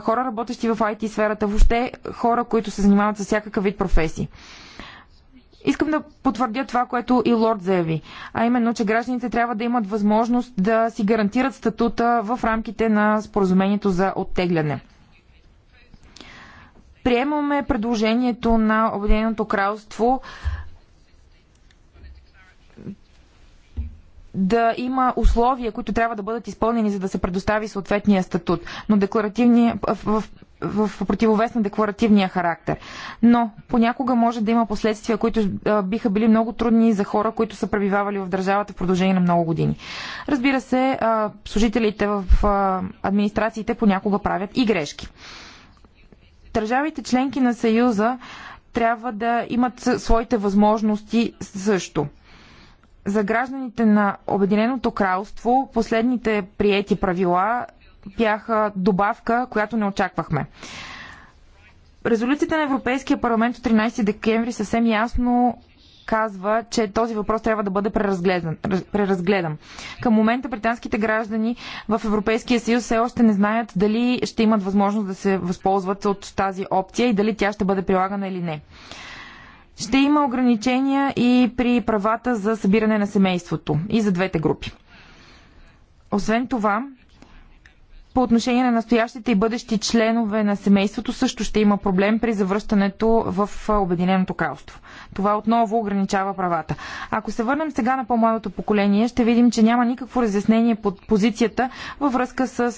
хора работещи в IT сферата, въобще хора, които се занимават с всякакъв вид професии. Искам да потвърдя това, което и Лорд заяви, а именно, че гражданите трябва да имат възможност да си гарантират статута в рамките на споразумението за оттегляне. Приемаме предложението на Обединеното кралство да има условия, които трябва да бъдат изпълнени, за да се предостави съответния статут. Но декларативни, в, в в противовес на декларативния характер. Но понякога може да има последствия, които биха били много трудни за хора, които са пребивавали в държавата в продължение на много години. Разбира се, служителите в администрациите понякога правят и грешки. Държавите членки на Съюза трябва да имат своите възможности също. За гражданите на Обединеното кралство последните приети правила бяха добавка, която не очаквахме. Резолюцията на Европейския парламент от 13 декември съвсем ясно казва, че този въпрос трябва да бъде преразгледан. преразгледан. Към момента британските граждани в Европейския съюз все още не знаят дали ще имат възможност да се възползват от тази опция и дали тя ще бъде прилагана или не. Ще има ограничения и при правата за събиране на семейството и за двете групи. Освен това, по отношение на настоящите и бъдещи членове на семейството също ще има проблем при завръщането в Обединеното кралство. Това отново ограничава правата. Ако се върнем сега на по-младото поколение, ще видим, че няма никакво разяснение под позицията във връзка с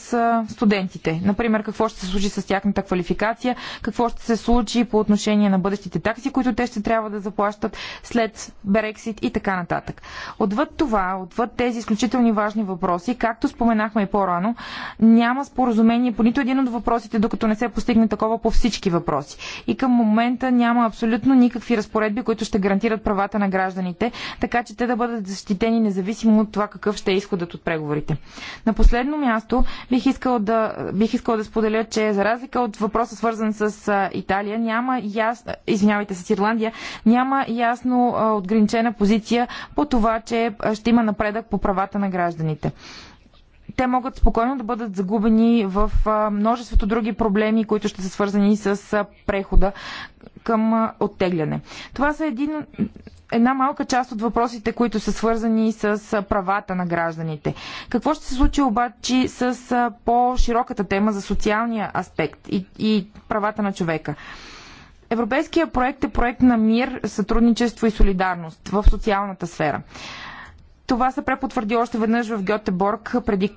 студентите. Например, какво ще се случи с тяхната квалификация, какво ще се случи по отношение на бъдещите такси, които те ще трябва да заплащат след Брексит и така нататък. Отвъд това, отвъд тези изключително важни въпроси, както споменахме и по-рано, няма няма споразумение по нито един от въпросите, докато не се постигне такова по всички въпроси. И към момента няма абсолютно никакви разпоредби, които ще гарантират правата на гражданите, така че те да бъдат защитени независимо от това какъв ще е изходът от преговорите. На последно място бих искал да, бих искал да споделя, че за разлика от въпроса свързан с Италия, няма ясно, извинявайте, с Ирландия, няма ясно отграничена позиция по това, че ще има напредък по правата на гражданите те могат спокойно да бъдат загубени в множеството други проблеми, които ще са свързани с прехода към оттегляне. Това са един една малка част от въпросите, които са свързани с правата на гражданите. Какво ще се случи обаче с по-широката тема за социалния аспект и, и правата на човека? Европейския проект е проект на мир, сътрудничество и солидарност в социалната сфера. Това се препотвърди още веднъж в Гьотеборг преди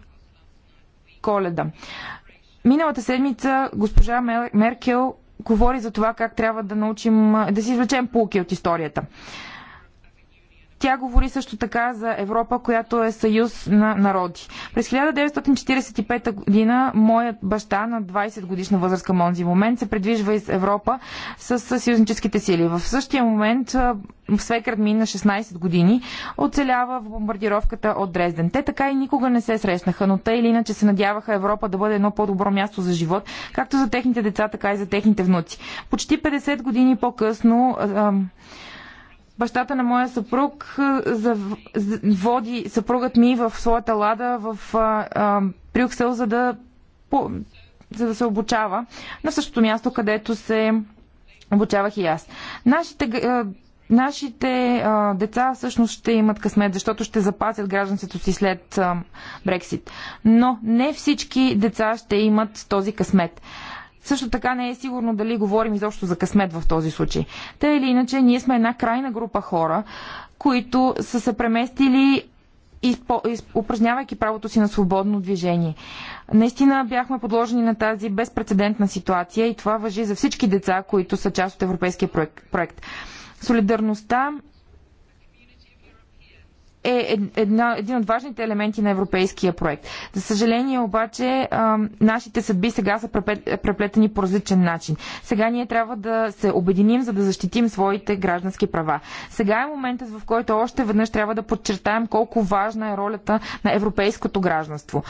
коледа. Миналата седмица госпожа Меркел говори за това как трябва да научим, да си извлечем полки от историята. Тя говори също така за Европа, която е съюз на народи. През 1945 година моят баща на 20 годишна възраст към онзи момент се предвижва из Европа с съюзническите сили. В същия момент свекърът ми на 16 години оцелява в бомбардировката от Дрезден. Те така и никога не се срещнаха, но те или иначе се надяваха Европа да бъде едно по-добро място за живот, както за техните деца, така и за техните внуци. Почти 50 години по-късно бащата на моя съпруг води съпругът ми в своята лада в а, Брюксел, за да, по, за да се обучава на същото място, където се обучавах и аз. Нашите нашите а, деца всъщност ще имат късмет, защото ще запазят гражданството си след а, Брексит. Но не всички деца ще имат този късмет. Също така не е сигурно дали говорим изобщо за късмет в този случай. Та или иначе, ние сме една крайна група хора, които са се преместили изпо, из, упражнявайки правото си на свободно движение. Наистина бяхме подложени на тази безпредседентна ситуация и това въжи за всички деца, които са част от европейския проект. Солидарността е една, един от важните елементи на европейския проект. За съжаление обаче, а, нашите съдби сега са преплетени по различен начин. Сега ние трябва да се обединим, за да защитим своите граждански права. Сега е моментът, в който още веднъж трябва да подчертаем колко важна е ролята на европейското гражданство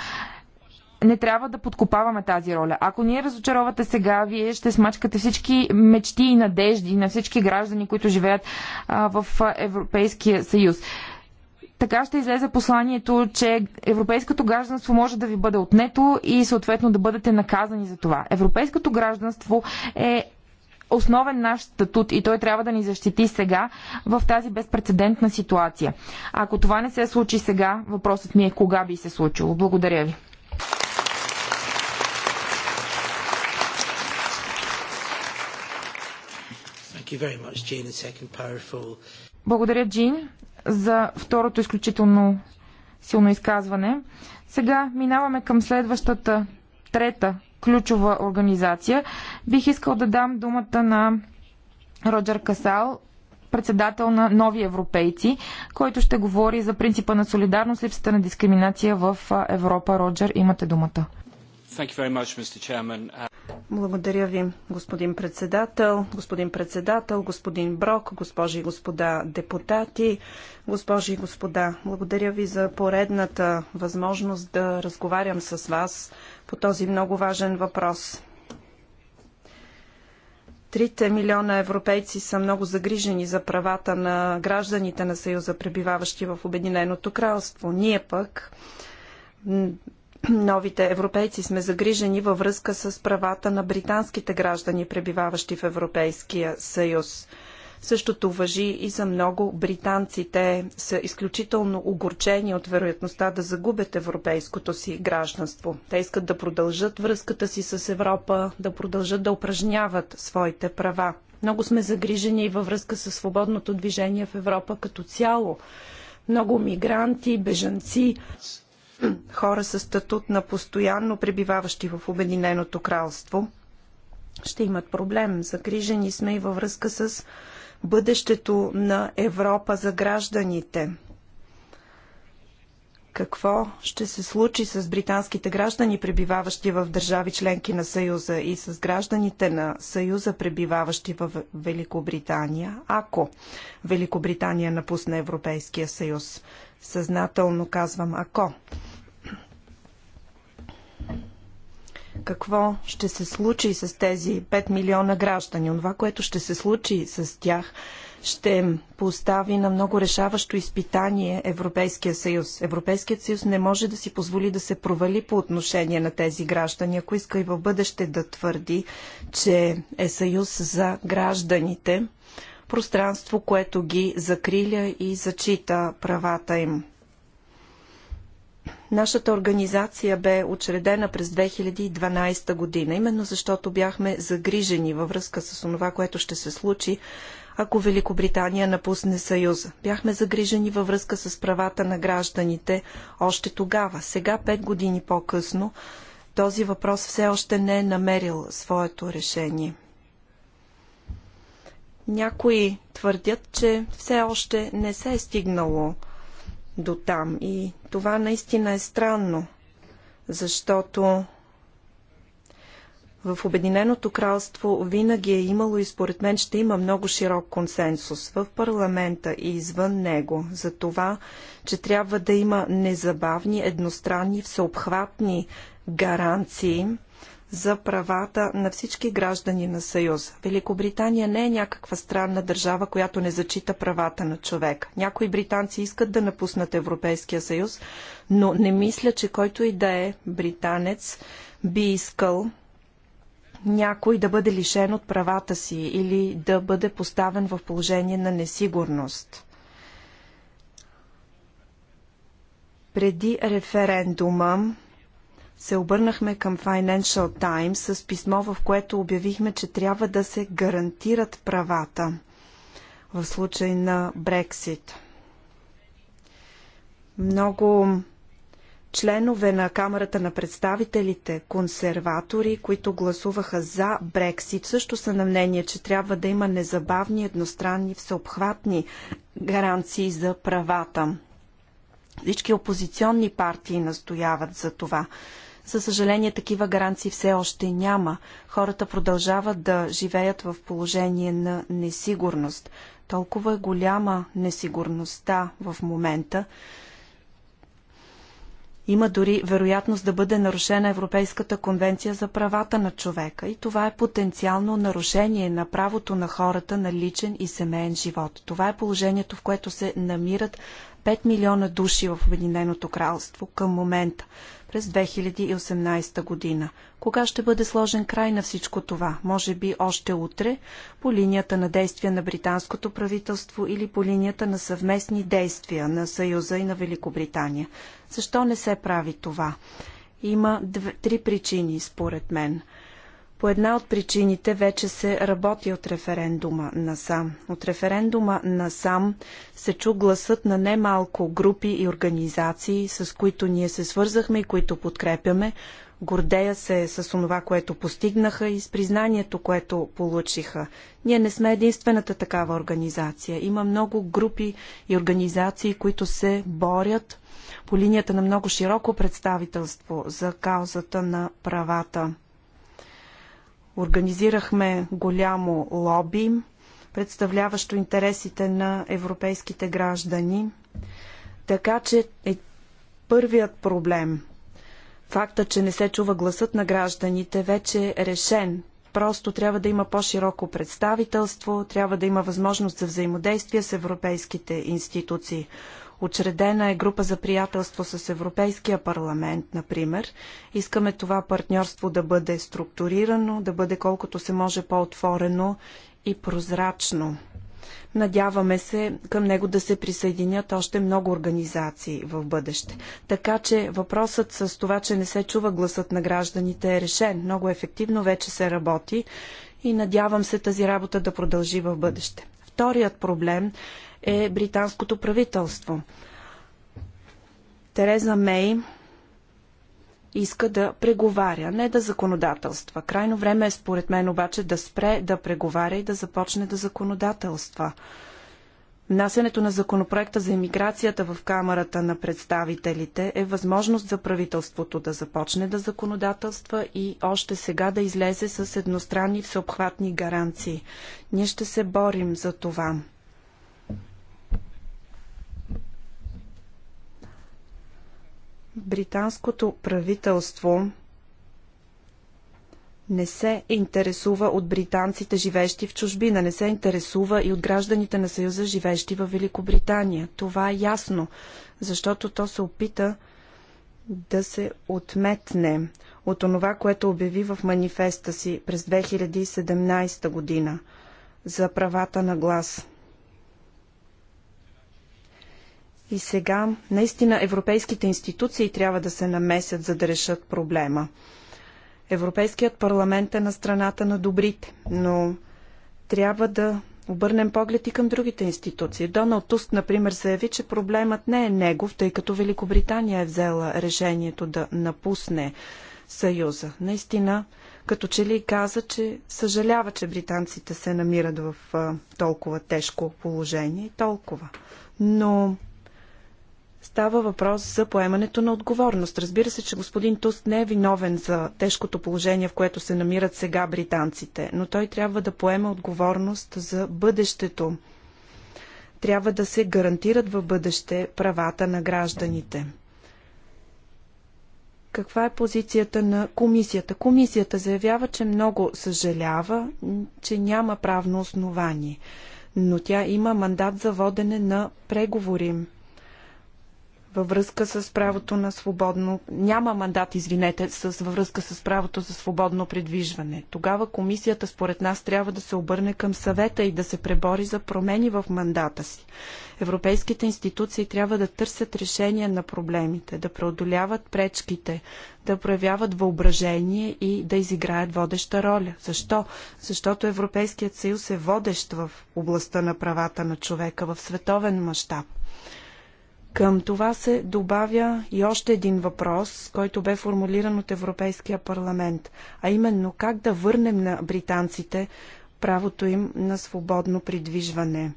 не трябва да подкопаваме тази роля. Ако ние разочаровате сега, вие ще смачкате всички мечти и надежди на всички граждани, които живеят а, в Европейския съюз. Така ще излезе посланието, че европейското гражданство може да ви бъде отнето и съответно да бъдете наказани за това. Европейското гражданство е основен наш статут и той трябва да ни защити сега в тази безпредседентна ситуация. ако това не се случи сега, въпросът ми е кога би се случило. Благодаря ви. Благодаря, Джин за второто изключително силно изказване. Сега минаваме към следващата, трета ключова организация. Бих искал да дам думата на Роджер Касал, председател на Нови европейци, който ще говори за принципа на солидарност, липсата на дискриминация в Европа. Роджер, имате думата. Uh, Благодаря ви, господин председател, господин председател, господин Брок, госпожи и господа депутати, госпожи и господа. Благодаря ви за поредната възможност да разговарям с вас по този много важен въпрос. Трите милиона европейци са много загрижени за правата на гражданите на Съюза, пребиваващи в Обединеното кралство. Ние пък новите европейци сме загрижени във връзка с правата на британските граждани, пребиваващи в Европейския съюз. Същото въжи и за много британци. Те са изключително огорчени от вероятността да загубят европейското си гражданство. Те искат да продължат връзката си с Европа, да продължат да упражняват своите права. Много сме загрижени и във връзка с свободното движение в Европа като цяло. Много мигранти, бежанци хора със статут на постоянно пребиваващи в Обединеното кралство ще имат проблем. Загрижени сме и във връзка с бъдещето на Европа за гражданите. Какво ще се случи с британските граждани, пребиваващи в държави членки на Съюза и с гражданите на Съюза, пребиваващи в Великобритания, ако Великобритания напусне Европейския съюз? Съзнателно казвам ако. какво ще се случи с тези 5 милиона граждани. Онова, което ще се случи с тях, ще постави на много решаващо изпитание Европейския съюз. Европейският съюз не може да си позволи да се провали по отношение на тези граждани, ако иска и в бъдеще да твърди, че е съюз за гражданите, пространство, което ги закриля и зачита правата им. Нашата организация бе учредена през 2012 година, именно защото бяхме загрижени във връзка с това, което ще се случи, ако Великобритания напусне Съюза. Бяхме загрижени във връзка с правата на гражданите още тогава. Сега, пет години по-късно, този въпрос все още не е намерил своето решение. Някои твърдят, че все още не се е стигнало до там. И това наистина е странно, защото в Обединеното кралство винаги е имало и според мен ще има много широк консенсус в парламента и извън него за това, че трябва да има незабавни, едностранни, всеобхватни гаранции за правата на всички граждани на Съюза. Великобритания не е някаква странна държава, която не зачита правата на човека. Някои британци искат да напуснат Европейския съюз, но не мисля, че който и да е британец би искал някой да бъде лишен от правата си или да бъде поставен в положение на несигурност. Преди референдума се обърнахме към Financial Times с писмо, в което обявихме, че трябва да се гарантират правата в случай на Брексит. Много членове на Камерата на представителите, консерватори, които гласуваха за Брексит, също са на мнение, че трябва да има незабавни, едностранни, всеобхватни гаранции за правата. Всички опозиционни партии настояват за това. Със съжаление такива гаранции все още няма. Хората продължават да живеят в положение на несигурност. Толкова е голяма несигурността в момента. Има дори вероятност да бъде нарушена Европейската конвенция за правата на човека и това е потенциално нарушение на правото на хората на личен и семейен живот. Това е положението, в което се намират 5 милиона души в Обединеното кралство към момента през 2018 година. Кога ще бъде сложен край на всичко това? Може би още утре, по линията на действия на британското правителство или по линията на съвместни действия на Съюза и на Великобритания. Защо не се прави това? Има две, три причини, според мен – по една от причините вече се работи от референдума насам. От референдума насам се чу гласът на немалко групи и организации, с които ние се свързахме и които подкрепяме. Гордея се с онова, което постигнаха и с признанието, което получиха. Ние не сме единствената такава организация. Има много групи и организации, които се борят по линията на много широко представителство за каузата на правата Организирахме голямо лоби, представляващо интересите на европейските граждани. Така че е първият проблем. Факта, че не се чува гласът на гражданите, вече е решен. Просто трябва да има по-широко представителство, трябва да има възможност за взаимодействие с европейските институции. Учредена е група за приятелство с Европейския парламент, например. Искаме това партньорство да бъде структурирано, да бъде колкото се може по-отворено и прозрачно. Надяваме се към него да се присъединят още много организации в бъдеще. Така че въпросът с това, че не се чува гласът на гражданите е решен. Много ефективно вече се работи и надявам се тази работа да продължи в бъдеще. Вторият проблем е британското правителство. Тереза Мей иска да преговаря, не да законодателства. Крайно време е според мен обаче да спре да преговаря и да започне да законодателства. Внасянето на законопроекта за иммиграцията в Камерата на представителите е възможност за правителството да започне да законодателства и още сега да излезе с едностранни всеобхватни гаранции. Ние ще се борим за това. британското правителство не се интересува от британците, живещи в чужбина, не се интересува и от гражданите на Съюза, живещи в Великобритания. Това е ясно, защото то се опита да се отметне от онова, което обяви в манифеста си през 2017 година за правата на глас – И сега наистина европейските институции трябва да се намесят, за да решат проблема. Европейският парламент е на страната на добрите, но трябва да обърнем поглед и към другите институции. Доналд Туст, например, заяви, че проблемът не е негов, тъй като Великобритания е взела решението да напусне Съюза. Наистина, като че ли каза, че съжалява, че британците се намират в толкова тежко положение и толкова. Но Става въпрос за поемането на отговорност. Разбира се, че господин Туст не е виновен за тежкото положение, в което се намират сега британците, но той трябва да поема отговорност за бъдещето. Трябва да се гарантират в бъдеще правата на гражданите. Каква е позицията на комисията? Комисията заявява, че много съжалява, че няма правно основание, но тя има мандат за водене на преговори във връзка с правото на свободно. Няма мандат, извинете, с, във връзка с правото за свободно предвижване. Тогава комисията, според нас, трябва да се обърне към съвета и да се пребори за промени в мандата си. Европейските институции трябва да търсят решение на проблемите, да преодоляват пречките, да проявяват въображение и да изиграят водеща роля. Защо? Защото Европейският съюз е водещ в областта на правата на човека в световен мащаб. Към това се добавя и още един въпрос, който бе формулиран от Европейския парламент, а именно как да върнем на британците правото им на свободно придвижване.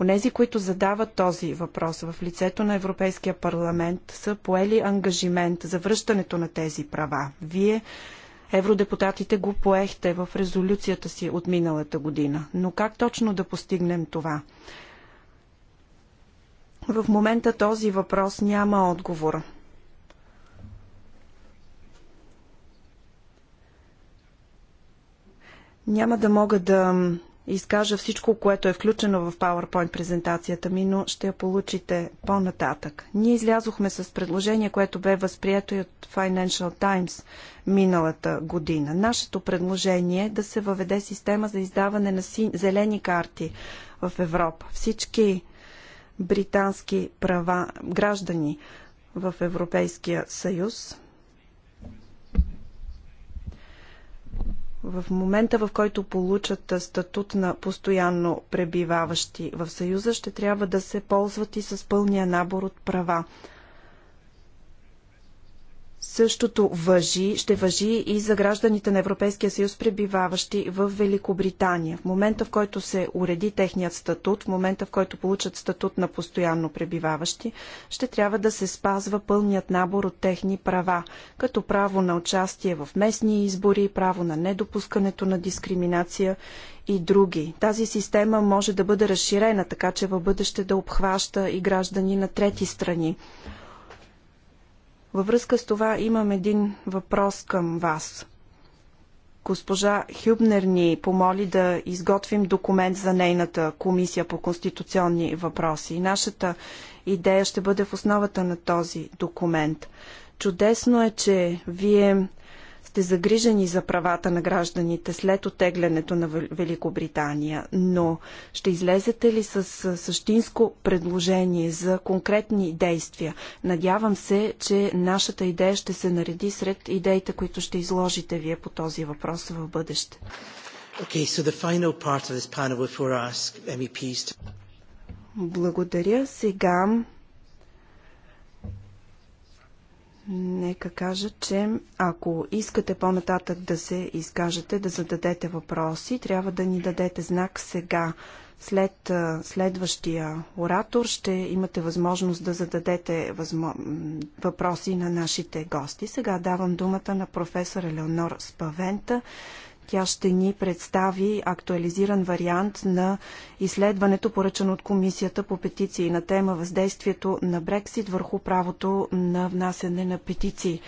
Онези, които задават този въпрос в лицето на Европейския парламент, са поели ангажимент за връщането на тези права. Вие, евродепутатите, го поехте в резолюцията си от миналата година. Но как точно да постигнем това? В момента този въпрос няма отговор. Няма да мога да изкажа всичко, което е включено в PowerPoint презентацията ми, но ще я получите по-нататък. Ние излязохме с предложение, което бе възприето и от Financial Times миналата година. Нашето предложение е да се въведе система за издаване на зелени карти в Европа. Всички британски права граждани в Европейския съюз. В момента, в който получат статут на постоянно пребиваващи в Съюза, ще трябва да се ползват и с пълния набор от права Същото въжи, ще въжи и за гражданите на Европейския съюз, пребиваващи в Великобритания. В момента, в който се уреди техният статут, в момента, в който получат статут на постоянно пребиваващи, ще трябва да се спазва пълният набор от техни права, като право на участие в местни избори, право на недопускането на дискриминация и други. Тази система може да бъде разширена, така че в бъдеще да обхваща и граждани на трети страни. Във връзка с това имам един въпрос към вас. Госпожа Хюбнер ни помоли да изготвим документ за нейната комисия по конституционни въпроси. Нашата идея ще бъде в основата на този документ. Чудесно е, че вие сте загрижени за правата на гражданите след отеглянето на Великобритания, но ще излезете ли с същинско предложение за конкретни действия? Надявам се, че нашата идея ще се нареди сред идеите, които ще изложите вие по този въпрос в бъдеще. Okay, so the final part of this panel before I ask MEPs to... Благодаря. Сега Нека кажа, че ако искате по-нататък да се изкажете, да зададете въпроси, трябва да ни дадете знак сега. След следващия оратор ще имате възможност да зададете възмо... въпроси на нашите гости. Сега давам думата на професор Елеонор Спавента, тя ще ни представи актуализиран вариант на изследването, поръчано от Комисията по петиции на тема въздействието на Брексит върху правото на внасяне на петиции.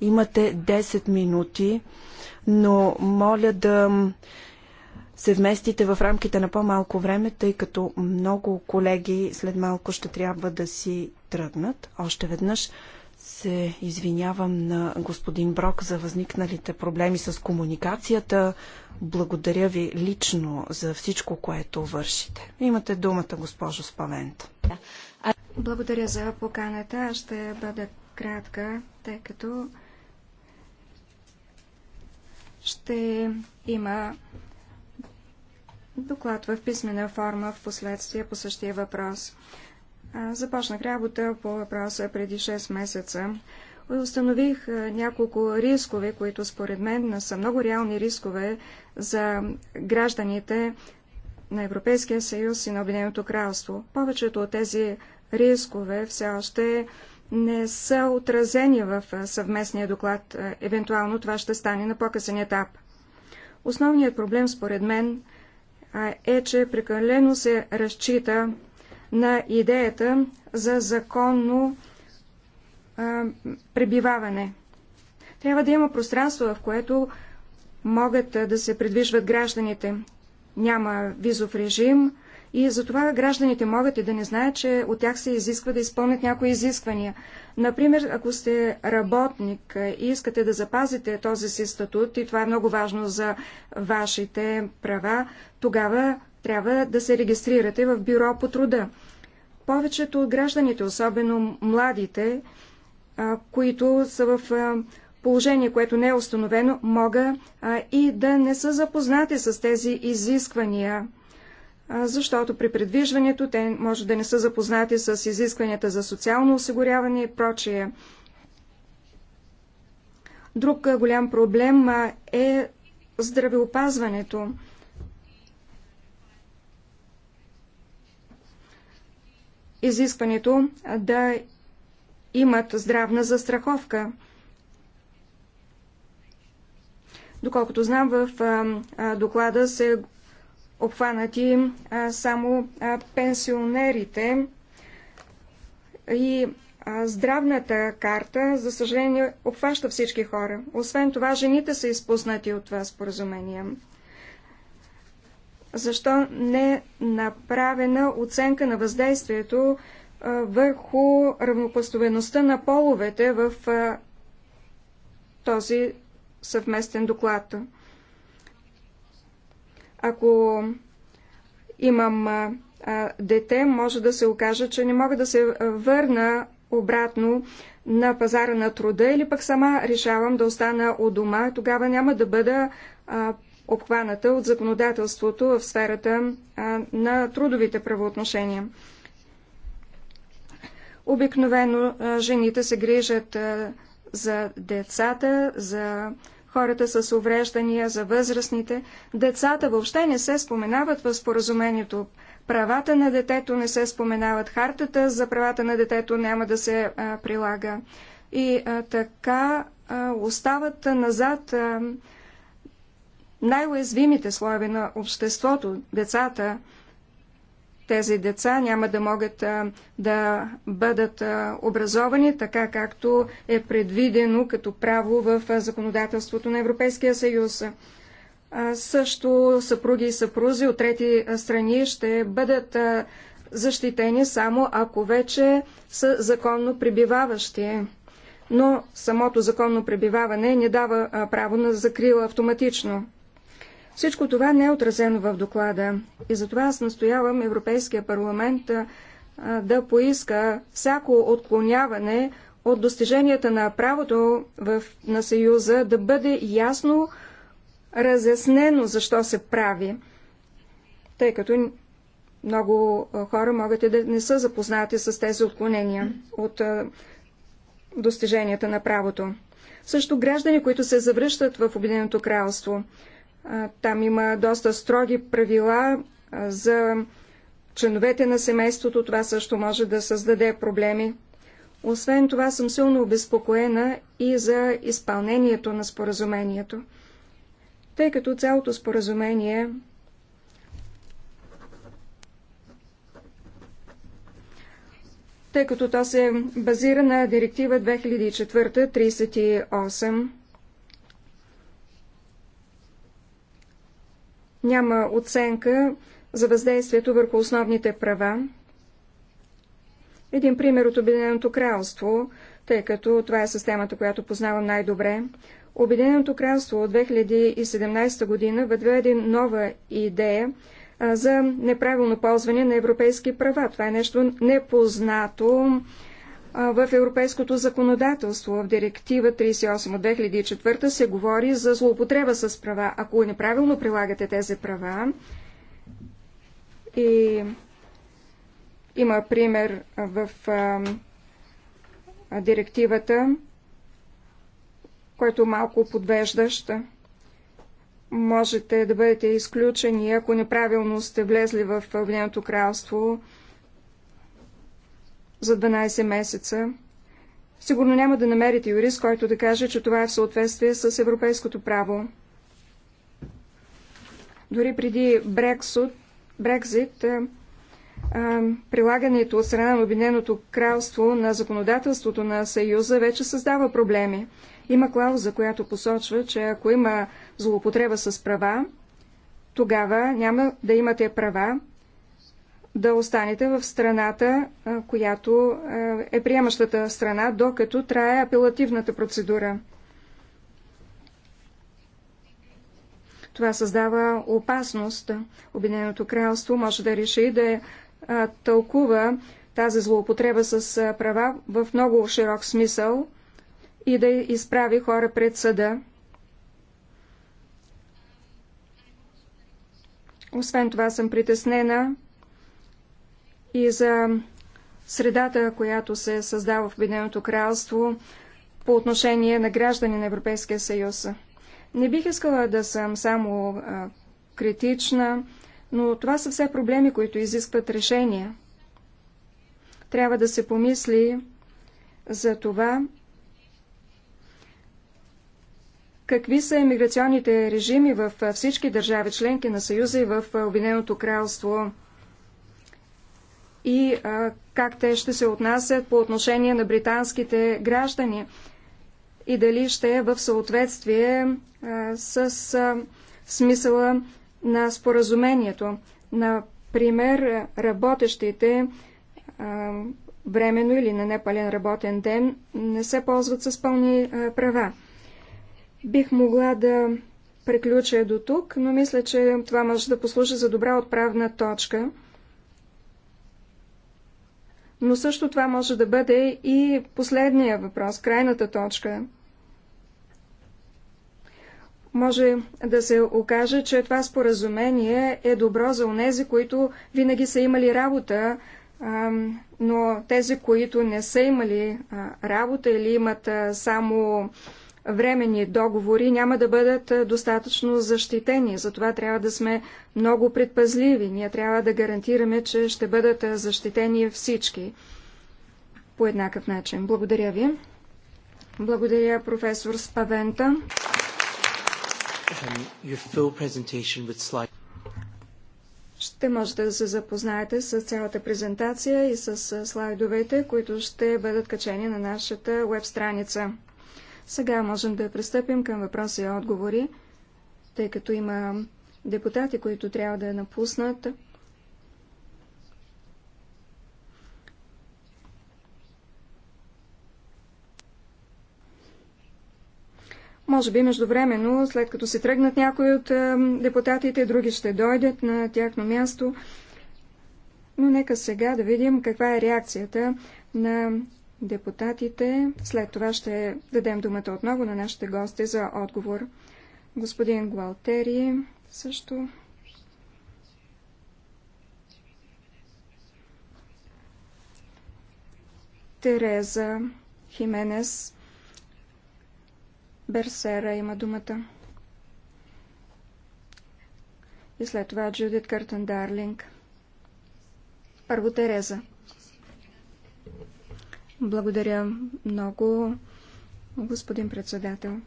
Имате 10 минути, но моля да се вместите в рамките на по-малко време, тъй като много колеги след малко ще трябва да си тръгнат. Още веднъж се извинявам на господин Брок за възникналите проблеми с комуникацията. Благодаря ви лично за всичко, което вършите. Имате думата, госпожо Спавент. Благодаря за поканата. Аз ще бъда кратка, тъй като ще има доклад в писмена форма в последствие по същия въпрос. Започнах работа по въпроса преди 6 месеца. Установих няколко рискове, които според мен са много реални рискове за гражданите на Европейския съюз и на Обединеното кралство. Повечето от тези рискове все още не са отразени в съвместния доклад. Евентуално това ще стане на по-късен етап. Основният проблем, според мен, е, че прекалено се разчита на идеята за законно а, пребиваване. Трябва да има пространство, в което могат да се предвижват гражданите. Няма визов режим и затова гражданите могат и да не знаят, че от тях се изисква да изпълнят някои изисквания. Например, ако сте работник и искате да запазите този си статут, и това е много важно за вашите права, тогава трябва да се регистрирате в бюро по труда. Повечето от гражданите, особено младите, които са в положение, което не е установено, мога и да не са запознати с тези изисквания, защото при предвижването те може да не са запознати с изискванията за социално осигуряване и прочие. Друг голям проблем е здравеопазването. изискването да имат здравна застраховка. Доколкото знам, в доклада се обхванати само пенсионерите и здравната карта, за съжаление, обхваща всички хора. Освен това, жените са изпуснати от това споразумение защо не направена оценка на въздействието върху равнопоставеността на половете в този съвместен доклад. Ако имам дете, може да се окаже, че не мога да се върна обратно на пазара на труда или пък сама решавам да остана у дома, тогава няма да бъда обхваната от законодателството в сферата на трудовите правоотношения. Обикновено жените се грижат за децата, за хората с увреждания, за възрастните. Децата въобще не се споменават в споразумението. Правата на детето не се споменават. Хартата за правата на детето няма да се а, прилага. И а, така а, остават назад а, най-уязвимите слоеве на обществото, децата, тези деца няма да могат а, да бъдат а, образовани така, както е предвидено като право в а, законодателството на Европейския съюз. А, също съпруги и съпрузи от трети страни ще бъдат а, защитени само ако вече са законно прибиваващи. Но самото законно пребиваване не дава а, право на закрила автоматично. Всичко това не е отразено в доклада и затова аз настоявам Европейския парламент да поиска всяко отклоняване от достиженията на правото в, на Съюза да бъде ясно разяснено защо се прави, тъй като много хора могат и да не са запознати с тези отклонения от достиженията на правото. Също граждани, които се завръщат в Обединеното кралство. Там има доста строги правила за членовете на семейството. Това също може да създаде проблеми. Освен това съм силно обезпокоена и за изпълнението на споразумението, тъй като цялото споразумение тъй като то се базира на директива 2004-38 няма оценка за въздействието върху основните права. Един пример от Обединеното кралство, тъй като това е системата, която познавам най-добре. Обединеното кралство от 2017 година въдведе нова идея за неправилно ползване на европейски права. Това е нещо непознато в европейското законодателство. В директива 38 от 2004 се говори за злоупотреба с права. Ако неправилно прилагате тези права, и има пример в а, директивата, който малко подвеждаща. Можете да бъдете изключени, ако неправилно сте влезли в Обединеното кралство за 12 месеца. Сигурно няма да намерите юрист, който да каже, че това е в съответствие с европейското право. Дори преди Брексут, Брекзит, прилагането от страна на Обединеното кралство на законодателството на Съюза вече създава проблеми. Има клауза, която посочва, че ако има злоупотреба с права, тогава няма да имате права да останете в страната, която е приемащата страна, докато трае апелативната процедура. Това създава опасност. Обединеното кралство може да реши да тълкува тази злоупотреба с права в много широк смисъл и да изправи хора пред съда. Освен това съм притеснена и за средата, която се създава в Обединеното кралство по отношение на граждани на Европейския съюз. Не бих искала да съм само а, критична, но това са все проблеми, които изискват решения. Трябва да се помисли за това, какви са емиграционните режими в всички държави членки на Съюза и в Обединеното кралство – и а, как те ще се отнасят по отношение на британските граждани и дали ще е в съответствие а, с а, смисъла на споразумението. Например, работещите а, временно или на непален работен ден не се ползват с пълни а, права. Бих могла да приключа до тук, но мисля, че това може да послужи за добра отправна точка – но също това може да бъде и последния въпрос, крайната точка. Може да се окаже, че това споразумение е добро за онези, които винаги са имали работа, но тези, които не са имали работа или имат само временни договори няма да бъдат достатъчно защитени. Затова трябва да сме много предпазливи. Ние трябва да гарантираме, че ще бъдат защитени всички по еднакъв начин. Благодаря ви. Благодаря, професор Спавента. Um, ще можете да се запознаете с цялата презентация и с слайдовете, които ще бъдат качени на нашата веб страница. Сега можем да пристъпим към въпроси и отговори, тъй като има депутати, които трябва да напуснат. Може би междувременно, след като се тръгнат някои от е, депутатите, други ще дойдат на тяхно място. Но нека сега да видим каква е реакцията на депутатите. След това ще дадем думата отново на нашите гости за отговор. Господин Гуалтери също. Тереза Хименес Берсера има думата. И след това Джудит Къртен Дарлинг. Първо Тереза. Благодаря много, господин председател.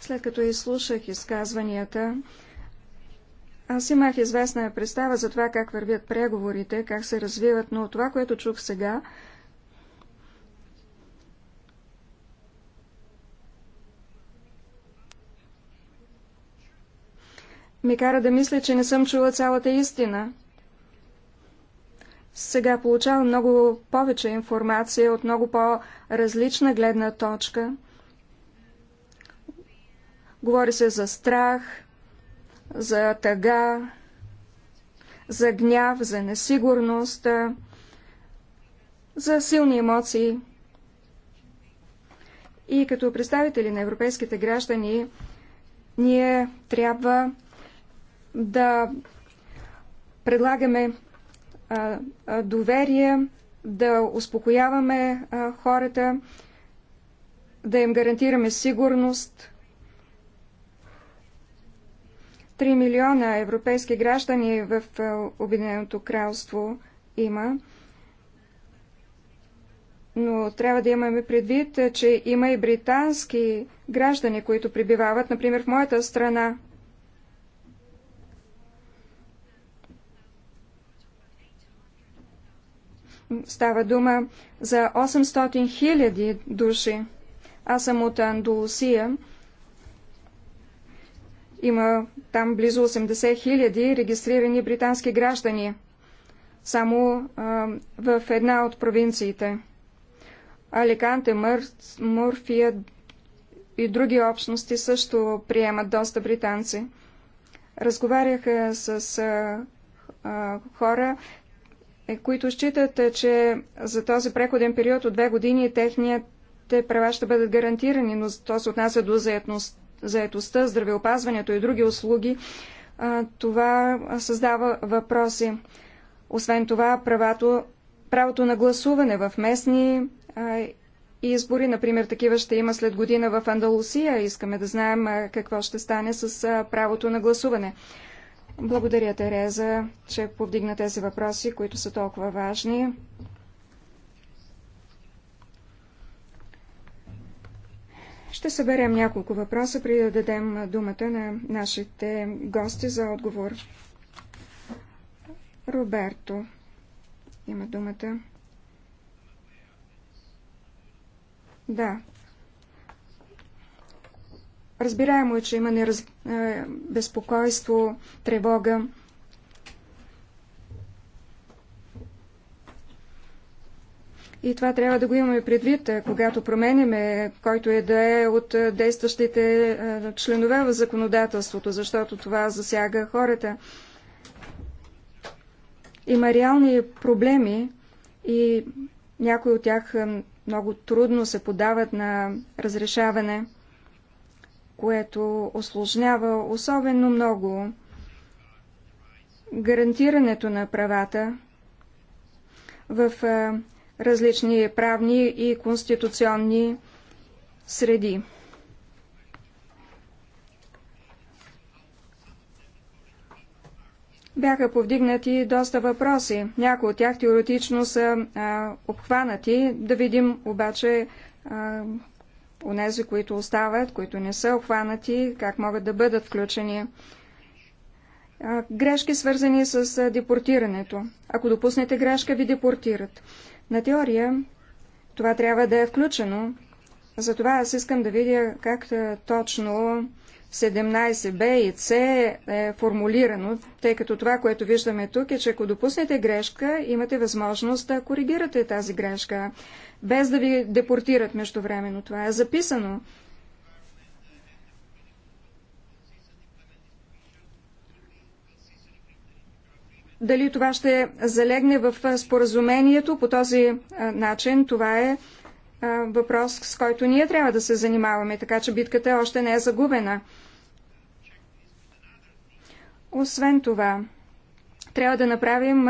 След като изслушах изказванията, аз имах известна представа за това как вървят преговорите, как се развиват, но това, което чух сега, ми кара да мисля, че не съм чула цялата истина. Сега получавам много повече информация от много по-различна гледна точка. Говори се за страх, за тъга, за гняв, за несигурност, за силни емоции. И като представители на европейските граждани, ние трябва да предлагаме доверие, да успокояваме хората, да им гарантираме сигурност. 3 милиона европейски граждани в Обединеното кралство има. Но трябва да имаме предвид, че има и британски граждани, които прибивават, например, в моята страна. Става дума за 800 хиляди души. Аз съм от Андулусия, Има там близо 80 хиляди регистрирани британски граждани. Само а, в една от провинциите. Аликанте, Мър, Мурфия и други общности също приемат доста британци. Разговаряха с а, а, хора, е, които считат, е, че за този преходен период от две години техните права ще бъдат гарантирани, но то се отнася до заетостта, здравеопазването и други услуги. Това създава въпроси. Освен това, правото, правото на гласуване в местни избори, например, такива ще има след година в Андалусия. Искаме да знаем какво ще стане с правото на гласуване. Благодаря, Тереза, че повдигна тези въпроси, които са толкова важни. Ще съберем няколко въпроса, преди да дадем думата на нашите гости за отговор. Роберто има думата. Да, Разбираемо е, че има нераз... Е, безпокойство, тревога. И това трябва да го имаме предвид, е, когато променяме, който е да е от е, действащите членове в законодателството, защото това засяга хората. Има реални проблеми и някои от тях много трудно се подават на разрешаване което осложнява особено много гарантирането на правата в различни правни и конституционни среди. Бяха повдигнати доста въпроси. Някои от тях теоретично са а, обхванати. Да видим обаче а, онези, които остават, които не са обхванати, как могат да бъдат включени. Грешки свързани с депортирането. Ако допуснете грешка, ви депортират. На теория това трябва да е включено. Затова аз искам да видя как точно 17b и c е формулирано, тъй като това, което виждаме тук е, че ако допуснете грешка, имате възможност да коригирате тази грешка без да ви депортират междувременно. Това е записано. Дали това ще залегне в споразумението по този начин, това е въпрос, с който ние трябва да се занимаваме, така че битката е още не е загубена. Освен това, трябва да направим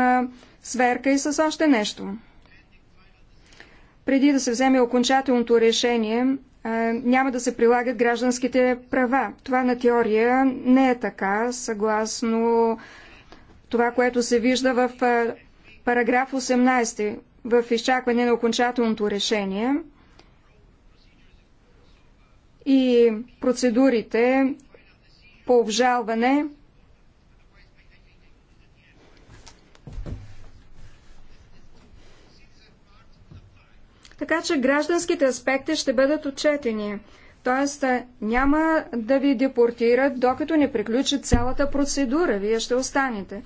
сверка и с още нещо – преди да се вземе окончателното решение, няма да се прилагат гражданските права. Това на теория не е така, съгласно това, което се вижда в параграф 18, в изчакване на окончателното решение и процедурите по обжалване Така че гражданските аспекти ще бъдат отчетени. Тоест няма да ви депортират, докато не приключи цялата процедура. Вие ще останете.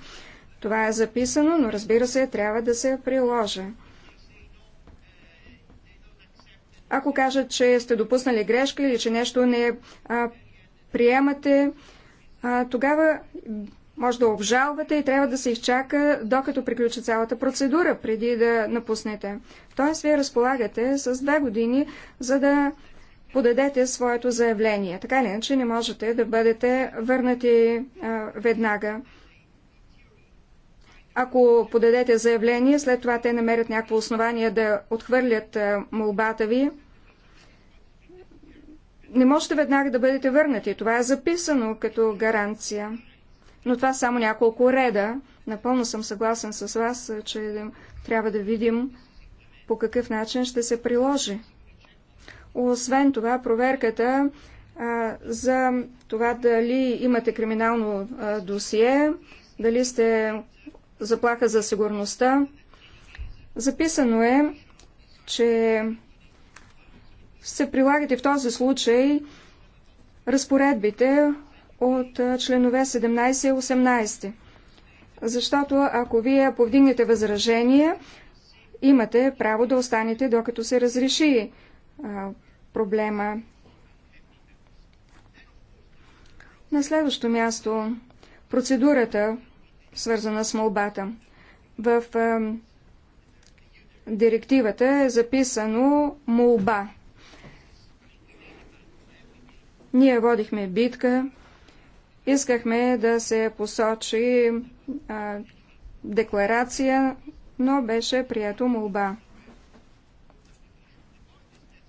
Това е записано, но разбира се, трябва да се приложи. Ако кажат, че сте допуснали грешка или че нещо не а, приемате, а, тогава може да обжалвате и трябва да се изчака, докато приключи цялата процедура, преди да напуснете. Тоест, вие разполагате с две години, за да подадете своето заявление. Така или иначе не можете да бъдете върнати а, веднага. Ако подадете заявление, след това те намерят някакво основание да отхвърлят а, молбата ви, не можете веднага да бъдете върнати. Това е записано като гаранция но това само няколко реда. Напълно съм съгласен с вас, че трябва да видим по какъв начин ще се приложи. Освен това, проверката а, за това дали имате криминално а, досие, дали сте заплаха за сигурността. Записано е, че се прилагат и в този случай разпоредбите от членове 17 и 18. Защото ако вие повдигнете възражение, имате право да останете, докато се разреши проблема. На следващо място процедурата, свързана с молбата. В е, директивата е записано молба. Ние водихме битка Искахме да се посочи а, декларация, но беше прието молба.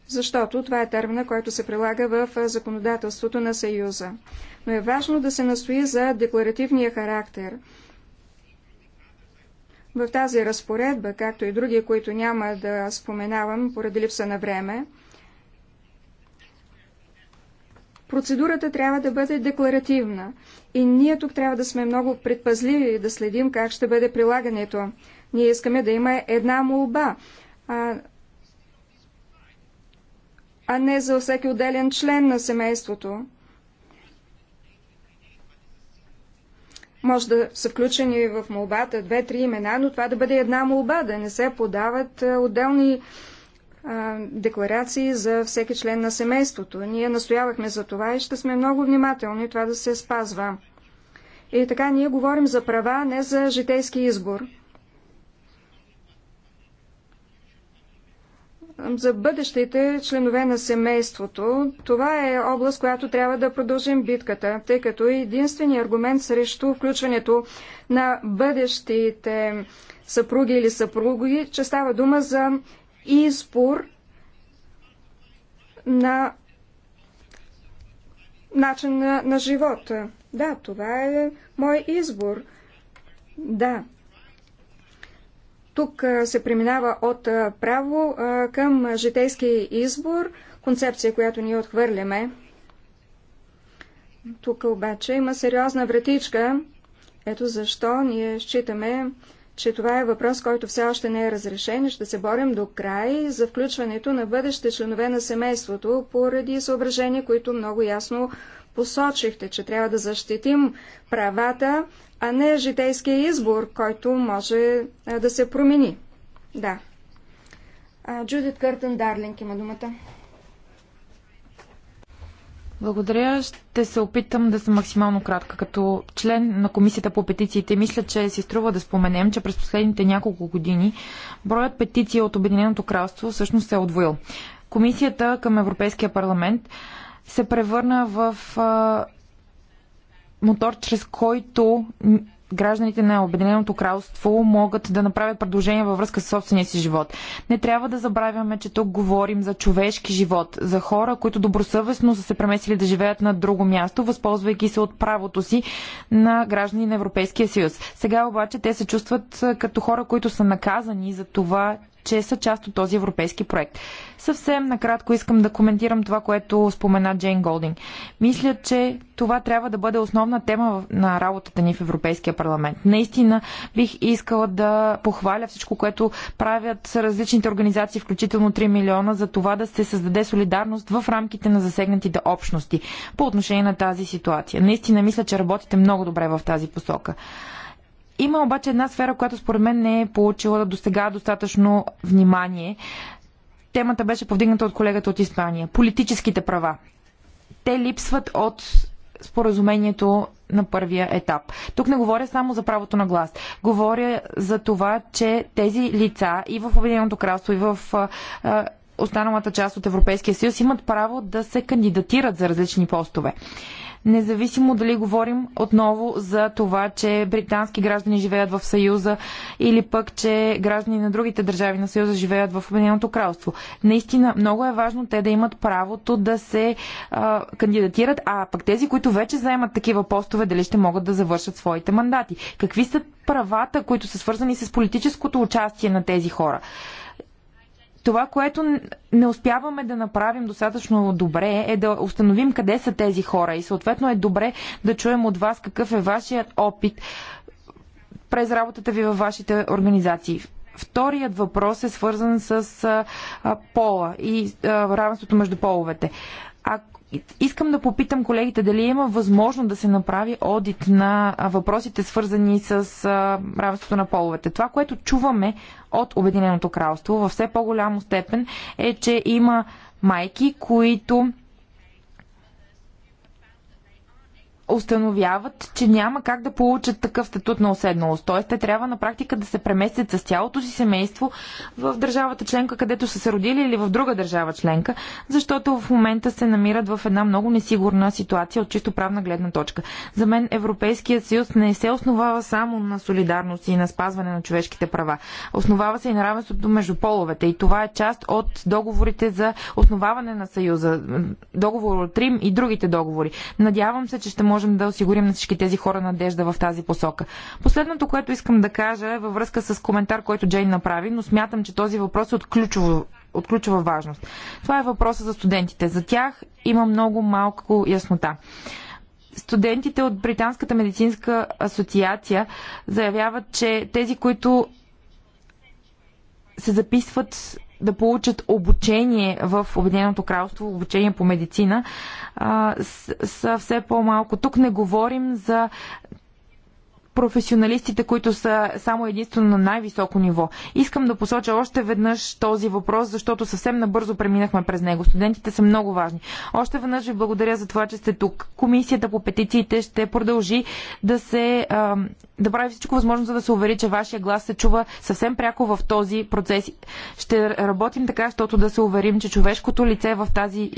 Защото това е термина, който се прилага в законодателството на Съюза. Но е важно да се настои за декларативния характер. В тази разпоредба, както и други, които няма да споменавам поради липса на време, Процедурата трябва да бъде декларативна и ние тук трябва да сме много предпазливи и да следим как ще бъде прилагането. Ние искаме да има една молба, а, а не за всеки отделен член на семейството. Може да са включени в молбата две-три имена, но това да бъде една молба, да не се подават отделни декларации за всеки член на семейството. Ние настоявахме за това и ще сме много внимателни това да се спазва. И така ние говорим за права, не за житейски избор. За бъдещите членове на семейството, това е област, която трябва да продължим битката, тъй като единственият аргумент срещу включването на бъдещите съпруги или съпруги, че става дума за избор на начин на, на живота. Да, това е мой избор. Да. Тук се преминава от право към житейски избор, концепция, която ние отхвърляме. Тук обаче има сериозна вратичка. Ето защо ние считаме, че това е въпрос, който все още не е разрешен и ще се борим до край за включването на бъдещите членове на семейството поради съображения, които много ясно посочихте, че трябва да защитим правата, а не житейския избор, който може да се промени. Да. Джудит Къртен Дарлинг има думата. Благодаря. Ще се опитам да съм максимално кратка. Като член на Комисията по петициите, мисля, че си струва да споменем, че през последните няколко години броят петиции от Обединеното кралство всъщност се е отвоил. Комисията към Европейския парламент се превърна в мотор, чрез който гражданите на Обединеното кралство могат да направят предложения във връзка с собствения си живот. Не трябва да забравяме, че тук говорим за човешки живот, за хора, които добросъвестно са се преместили да живеят на друго място, възползвайки се от правото си на граждани на Европейския съюз. Сега обаче те се чувстват като хора, които са наказани за това, че са част от този европейски проект. Съвсем накратко искам да коментирам това, което спомена Джейн Голдинг. Мисля, че това трябва да бъде основна тема на работата ни в Европейския парламент. Наистина бих искала да похваля всичко, което правят различните организации, включително 3 милиона, за това да се създаде солидарност в рамките на засегнатите общности по отношение на тази ситуация. Наистина мисля, че работите много добре в тази посока. Има обаче една сфера, която според мен не е получила до сега достатъчно внимание. Темата беше повдигната от колегата от Испания. Политическите права. Те липсват от споразумението на първия етап. Тук не говоря само за правото на глас. Говоря за това, че тези лица и в Обединеното кралство, и в останалата част от Европейския съюз имат право да се кандидатират за различни постове независимо дали говорим отново за това, че британски граждани живеят в Съюза или пък, че граждани на другите държави на Съюза живеят в Обединеното кралство. Наистина, много е важно те да имат правото да се а, кандидатират, а пък тези, които вече заемат такива постове, дали ще могат да завършат своите мандати. Какви са правата, които са свързани с политическото участие на тези хора? Това, което не успяваме да направим достатъчно добре е да установим къде са тези хора и съответно е добре да чуем от вас какъв е вашият опит през работата ви във вашите организации. Вторият въпрос е свързан с а, пола и а, равенството между половете. Ако Искам да попитам колегите дали има възможно да се направи одит на въпросите свързани с равенството на половете. Това, което чуваме от Обединеното кралство във все по-голямо степен е, че има майки, които установяват, че няма как да получат такъв статут на уседналост. Т.е. те трябва на практика да се преместят с цялото си семейство в държавата членка, където са се родили или в друга държава членка, защото в момента се намират в една много несигурна ситуация от чисто правна гледна точка. За мен Европейският съюз не се основава само на солидарност и на спазване на човешките права. Основава се и на равенството между половете. И това е част от договорите за основаване на съюза. Договор от Рим и другите договори. Надявам се, че ще може можем да осигурим на всички тези хора надежда в тази посока. Последното, което искам да кажа е във връзка с коментар, който Джейн направи, но смятам, че този въпрос е от ключово от ключова важност. Това е въпроса за студентите. За тях има много малко яснота студентите от Британската медицинска асоциация заявяват, че тези, които се записват да получат обучение в Обединеното кралство, обучение по медицина, а, са все по-малко. Тук не говорим за професионалистите, които са само единствено на най-високо ниво. Искам да посоча още веднъж този въпрос, защото съвсем набързо преминахме през него. Студентите са много важни. Още веднъж ви благодаря за това, че сте тук. Комисията по петициите ще продължи да се да прави всичко възможно, за да се увери, че вашия глас се чува съвсем пряко в този процес. Ще работим така, защото да се уверим, че човешкото лице в тази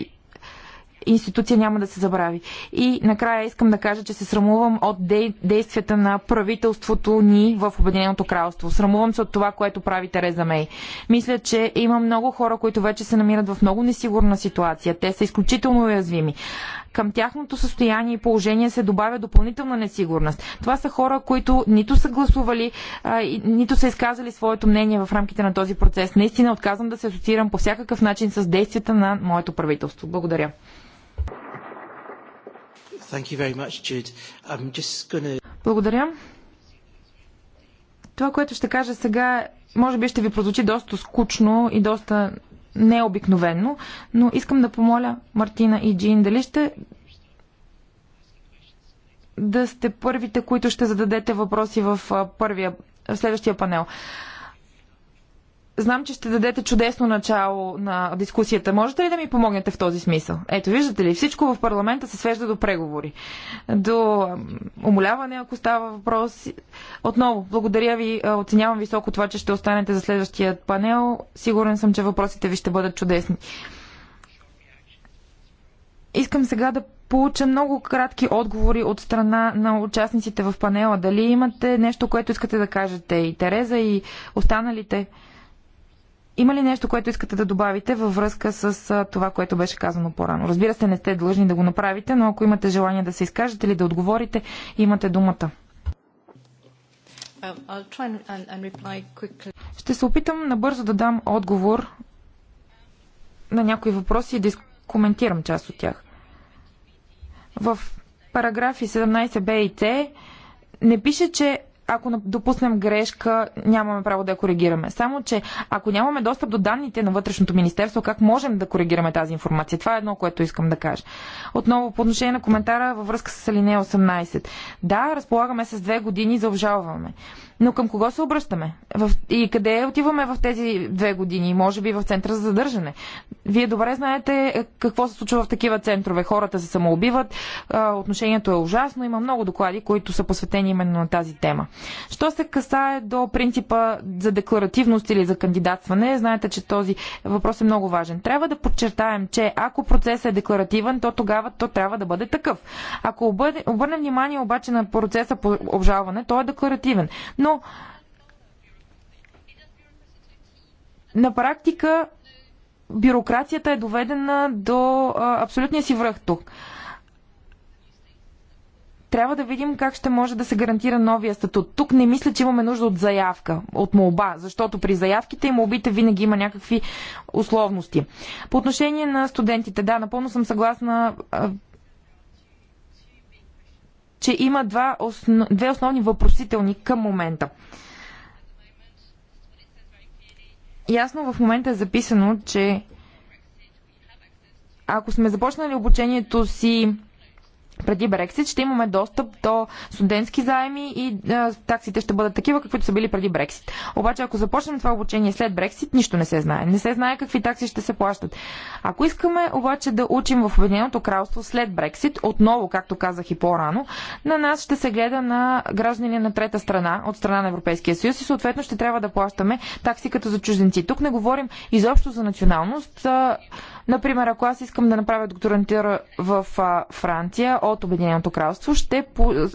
институция няма да се забрави. И накрая искам да кажа, че се срамувам от действията на правителството ни в Обединеното кралство. Срамувам се от това, което прави Тереза Мей. Мисля, че има много хора, които вече се намират в много несигурна ситуация. Те са изключително уязвими към тяхното състояние и положение се добавя допълнителна несигурност. Това са хора, които нито са гласували, а, нито са изказали своето мнение в рамките на този процес. Наистина отказвам да се асоциирам по всякакъв начин с действията на моето правителство. Благодаря. Much, gonna... Благодаря. Това, което ще кажа сега, може би ще ви прозвучи доста скучно и доста необикновено, но искам да помоля Мартина и Джин дали ще да сте първите, които ще зададете въпроси в първия, в следващия панел. Знам, че ще дадете чудесно начало на дискусията. Можете ли да ми помогнете в този смисъл? Ето, виждате ли, всичко в парламента се свежда до преговори, до умоляване, ако става въпрос. Отново, благодаря ви, оценявам високо това, че ще останете за следващия панел. Сигурен съм, че въпросите ви ще бъдат чудесни. Искам сега да получа много кратки отговори от страна на участниците в панела. Дали имате нещо, което искате да кажете и Тереза, и останалите? Има ли нещо, което искате да добавите във връзка с това, което беше казано по-рано? Разбира се, не сте длъжни да го направите, но ако имате желание да се изкажете или да отговорите, имате думата. Um, Ще се опитам набързо да дам отговор на някои въпроси и да коментирам част от тях. В параграфи 17б и c не пише, че ако допуснем грешка, нямаме право да я коригираме. Само, че ако нямаме достъп до данните на Вътрешното министерство, как можем да коригираме тази информация? Това е едно, което искам да кажа. Отново, по отношение на коментара във връзка с алинея 18. Да, разполагаме с две години за обжалване. Но към кого се обръщаме? В... И къде отиваме в тези две години? Може би в центъра за задържане. Вие добре знаете е, какво се случва в такива центрове. Хората се самоубиват, отношението е ужасно. Има много доклади, които са посветени именно на тази тема. Що се касае до принципа за декларативност или за кандидатстване, знаете, че този въпрос е много важен. Трябва да подчертаем, че ако процесът е декларативен, то тогава то трябва да бъде такъв. Ако обърнем внимание обаче на процеса по обжалване, то е декларативен. Но но на практика бюрокрацията е доведена до абсолютния си връх тук. Трябва да видим как ще може да се гарантира новия статут. Тук не мисля, че имаме нужда от заявка, от молба, защото при заявките и молбите винаги има някакви условности. По отношение на студентите, да, напълно съм съгласна че има два основ... две основни въпросителни към момента. Ясно в момента е записано, че ако сме започнали обучението си преди Брексит ще имаме достъп до студентски заеми и а, таксите ще бъдат такива, каквито са били преди Брексит. Обаче, ако започнем това обучение след Брексит, нищо не се знае. Не се знае какви такси ще се плащат. Ако искаме обаче да учим в Обединеното кралство след Брексит, отново, както казах и по-рано, на нас ще се гледа на граждани на трета страна, от страна на Европейския съюз и съответно ще трябва да плащаме такси като за чужденци. Тук не говорим изобщо за националност. А, Например, ако аз искам да направя докторантура в Франция от Обединеното кралство, ще,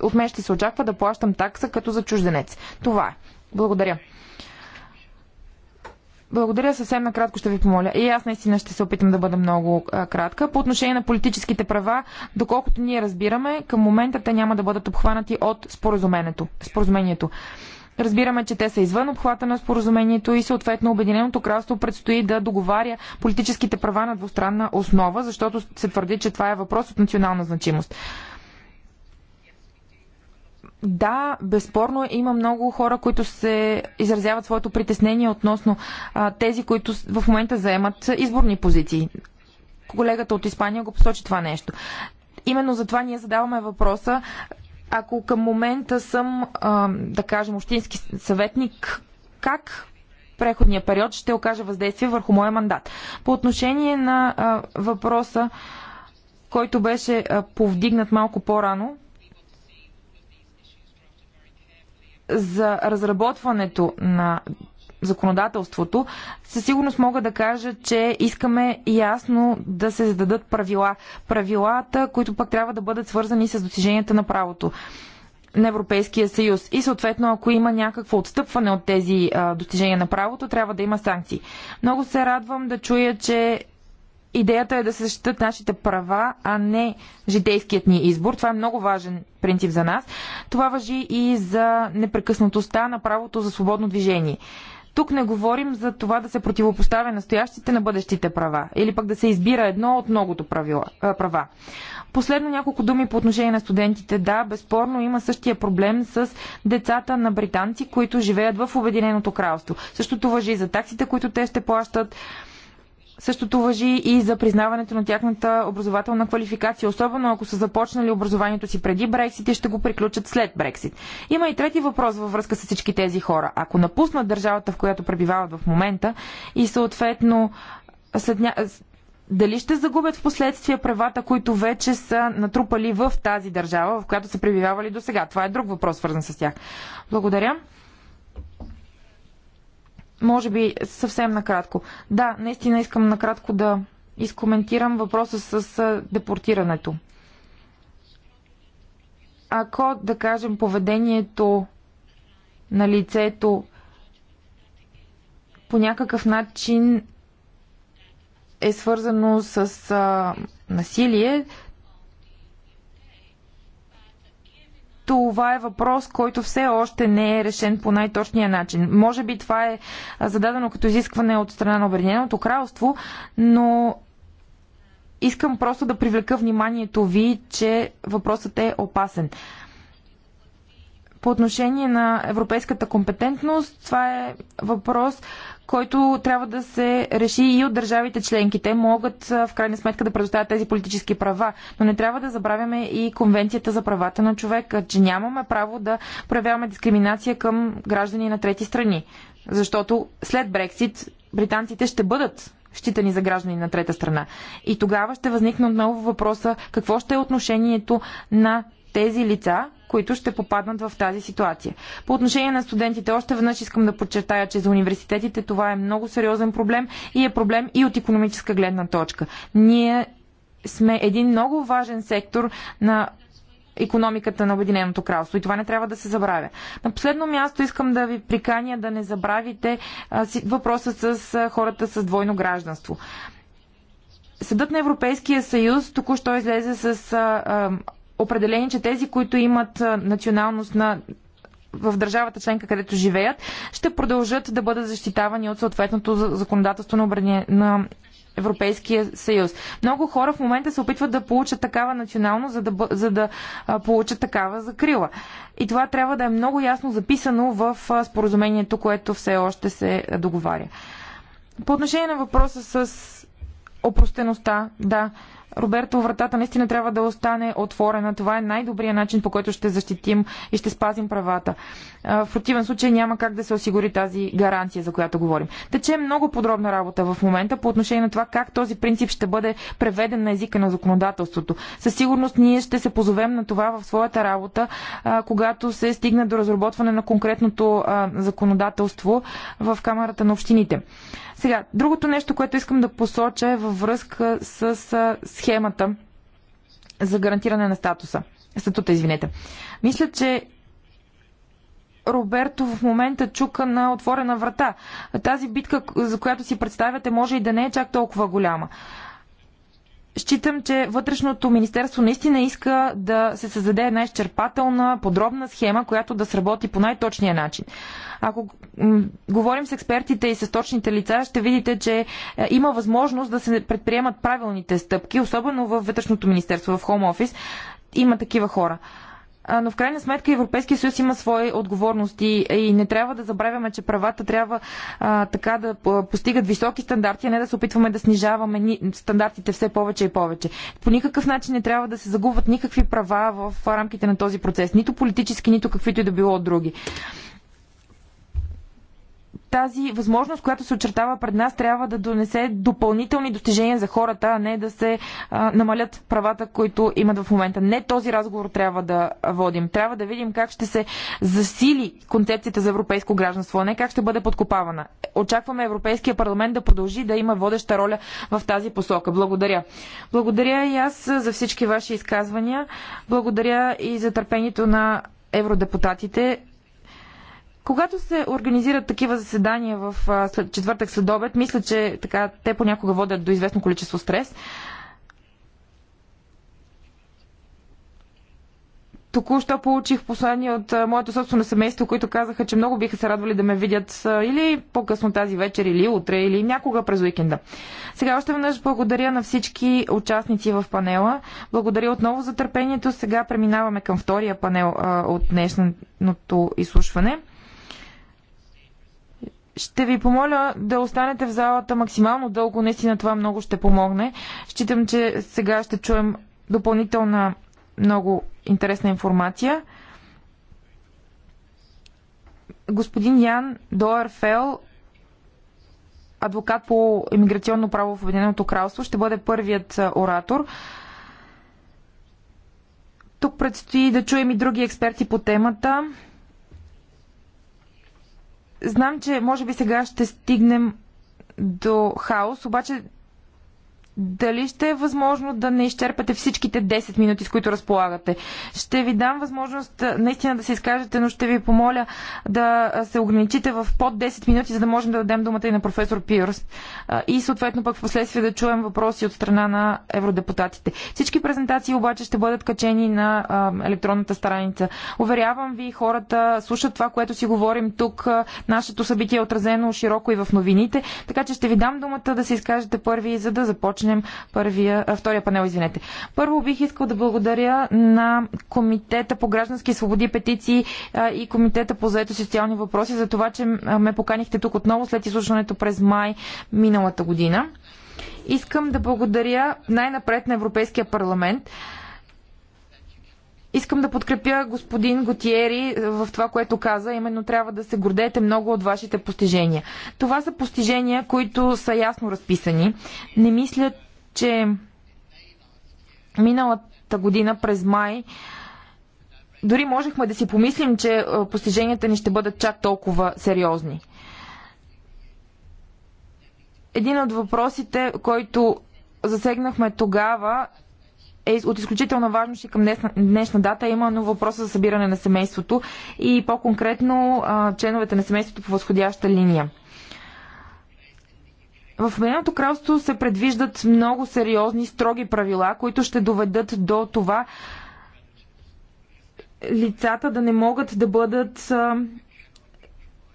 от мен ще се очаква да плащам такса като за чужденец. Това е. Благодаря. Благодаря. Съвсем накратко ще ви помоля. И аз наистина ще се опитам да бъда много а, кратка. По отношение на политическите права, доколкото ние разбираме, към момента те няма да бъдат обхванати от споразумението. споразумението. Разбираме, че те са извън обхвата на споразумението и съответно Обединеното кралство предстои да договаря политическите права на двустранна основа, защото се твърди, че това е въпрос от национална значимост. Да, безспорно има много хора, които се изразяват своето притеснение относно а, тези, които в момента заемат изборни позиции. Колегата от Испания го посочи това нещо. Именно за това ние задаваме въпроса ако към момента съм, да кажем, общински съветник, как преходния период ще окаже въздействие върху моя мандат? По отношение на въпроса, който беше повдигнат малко по-рано, за разработването на законодателството, със сигурност мога да кажа, че искаме ясно да се зададат правила. Правилата, които пък трябва да бъдат свързани с достиженията на правото на Европейския съюз. И съответно, ако има някакво отстъпване от тези а, достижения на правото, трябва да има санкции. Много се радвам да чуя, че идеята е да се защитат нашите права, а не житейският ни избор. Това е много важен принцип за нас. Това въжи и за непрекъснатостта на правото за свободно движение. Тук не говорим за това да се противопоставя настоящите на бъдещите права или пък да се избира едно от многото правила, права. Последно няколко думи по отношение на студентите. Да, безспорно има същия проблем с децата на британци, които живеят в Обединеното кралство. Същото въжи и за таксите, които те ще плащат. Същото въжи и за признаването на тяхната образователна квалификация, особено ако са започнали образованието си преди Брексит и ще го приключат след Брексит. Има и трети въпрос във връзка с всички тези хора. Ако напуснат държавата, в която пребивават в момента и съответно след ня дали ще загубят в последствие правата, които вече са натрупали в тази държава, в която са пребивавали до сега? Това е друг въпрос, свързан с тях. Благодаря. Може би съвсем накратко. Да, наистина искам накратко да изкоментирам въпроса с депортирането. Ако, да кажем, поведението на лицето по някакъв начин е свързано с а, насилие, това е въпрос, който все още не е решен по най-точния начин. Може би това е зададено като изискване от страна на Обединеното кралство, но искам просто да привлека вниманието ви, че въпросът е опасен. По отношение на европейската компетентност, това е въпрос, който трябва да се реши и от държавите членки. Те могат в крайна сметка да предоставят тези политически права, но не трябва да забравяме и Конвенцията за правата на човека, че нямаме право да проявяваме дискриминация към граждани на трети страни. Защото след Брексит британците ще бъдат считани за граждани на трета страна. И тогава ще възникне отново въпроса какво ще е отношението на тези лица, които ще попаднат в тази ситуация. По отношение на студентите, още веднъж искам да подчертая, че за университетите това е много сериозен проблем и е проблем и от економическа гледна точка. Ние сме един много важен сектор на економиката на Обединеното кралство. И това не трябва да се забравя. На последно място искам да ви приканя да не забравите въпроса с хората с двойно гражданство. Съдът на Европейския съюз току-що излезе с а, а, определени, че тези, които имат националност на в държавата членка, където живеят, ще продължат да бъдат защитавани от съответното законодателство на, обрани... на Европейския съюз. Много хора в момента се опитват да получат такава национално, за да, за да получат такава закрила. И това трябва да е много ясно записано в споразумението, което все още се договаря. По отношение на въпроса с опростеността, да, Роберто, вратата наистина трябва да остане отворена. Това е най-добрият начин, по който ще защитим и ще спазим правата. В противен случай няма как да се осигури тази гаранция, за която говорим. Тече много подробна работа в момента по отношение на това как този принцип ще бъде преведен на езика на законодателството. Със сигурност ние ще се позовем на това в своята работа, когато се стигне до разработване на конкретното законодателство в Камерата на общините. Сега, другото нещо, което искам да посоча е във връзка с схемата за гарантиране на статуса. Статута, извинете. Мисля, че Роберто в момента чука на отворена врата. Тази битка, за която си представяте, може и да не е чак толкова голяма. Считам, че Вътрешното министерство наистина иска да се създаде една изчерпателна, подробна схема, която да сработи по най-точния начин. Ако говорим с експертите и с точните лица, ще видите, че е, има възможност да се предприемат правилните стъпки, особено в Вътрешното министерство, в Home Office. Има такива хора но в крайна сметка Европейския съюз има свои отговорности и не трябва да забравяме, че правата трябва а, така да постигат високи стандарти, а не да се опитваме да снижаваме ни... стандартите все повече и повече. По никакъв начин не трябва да се загубват никакви права в рамките на този процес, нито политически, нито каквито и да било от други тази възможност, която се очертава пред нас, трябва да донесе допълнителни достижения за хората, а не да се а, намалят правата, които имат в момента. Не този разговор трябва да водим. Трябва да видим как ще се засили концепцията за европейско гражданство, а не как ще бъде подкопавана. Очакваме Европейския парламент да продължи да има водеща роля в тази посока. Благодаря. Благодаря и аз за всички ваши изказвания. Благодаря и за търпението на евродепутатите. Когато се организират такива заседания в след, четвъртък след обед, мисля, че така, те понякога водят до известно количество стрес. Току-що получих послание от моето собствено семейство, които казаха, че много биха се радвали да ме видят или по-късно тази вечер, или утре, или някога през уикенда. Сега още веднъж благодаря на всички участници в панела. Благодаря отново за търпението. Сега преминаваме към втория панел а, от днешното изслушване. Ще ви помоля да останете в залата максимално дълго. Наистина това много ще помогне. Считам, че сега ще чуем допълнителна много интересна информация. Господин Ян Доерфел, адвокат по иммиграционно право в Обединеното кралство, ще бъде първият оратор. Тук предстои да чуем и други експерти по темата. Знам, че може би сега ще стигнем до хаос, обаче дали ще е възможно да не изчерпате всичките 10 минути, с които разполагате. Ще ви дам възможност наистина да се изкажете, но ще ви помоля да се ограничите в под 10 минути, за да можем да дадем думата и на професор Пирс. И съответно пък в последствие да чуем въпроси от страна на евродепутатите. Всички презентации обаче ще бъдат качени на електронната страница. Уверявам ви, хората слушат това, което си говорим тук. Нашето събитие е отразено широко и в новините, така че ще ви дам думата да се изкажете първи, за да започнем започнем първия, втория панел, извинете. Първо бих искал да благодаря на Комитета по граждански свободи, петиции и Комитета по заето социални въпроси за това, че ме поканихте тук отново след изслушването през май миналата година. Искам да благодаря най-напред на Европейския парламент, Искам да подкрепя господин Готиери е, в това, което каза, именно трябва да се гордеете много от вашите постижения. Това са постижения, които са ясно разписани. Не мисля, че миналата година през май дори можехме да си помислим, че е, постиженията ни ще бъдат чак толкова сериозни. Един от въпросите, който засегнахме тогава е от изключителна важност и към днешна, дата дата, именно въпроса за събиране на семейството и по-конкретно членовете на семейството по възходяща линия. В Обединеното кралство се предвиждат много сериозни, строги правила, които ще доведат до това лицата да не могат да бъдат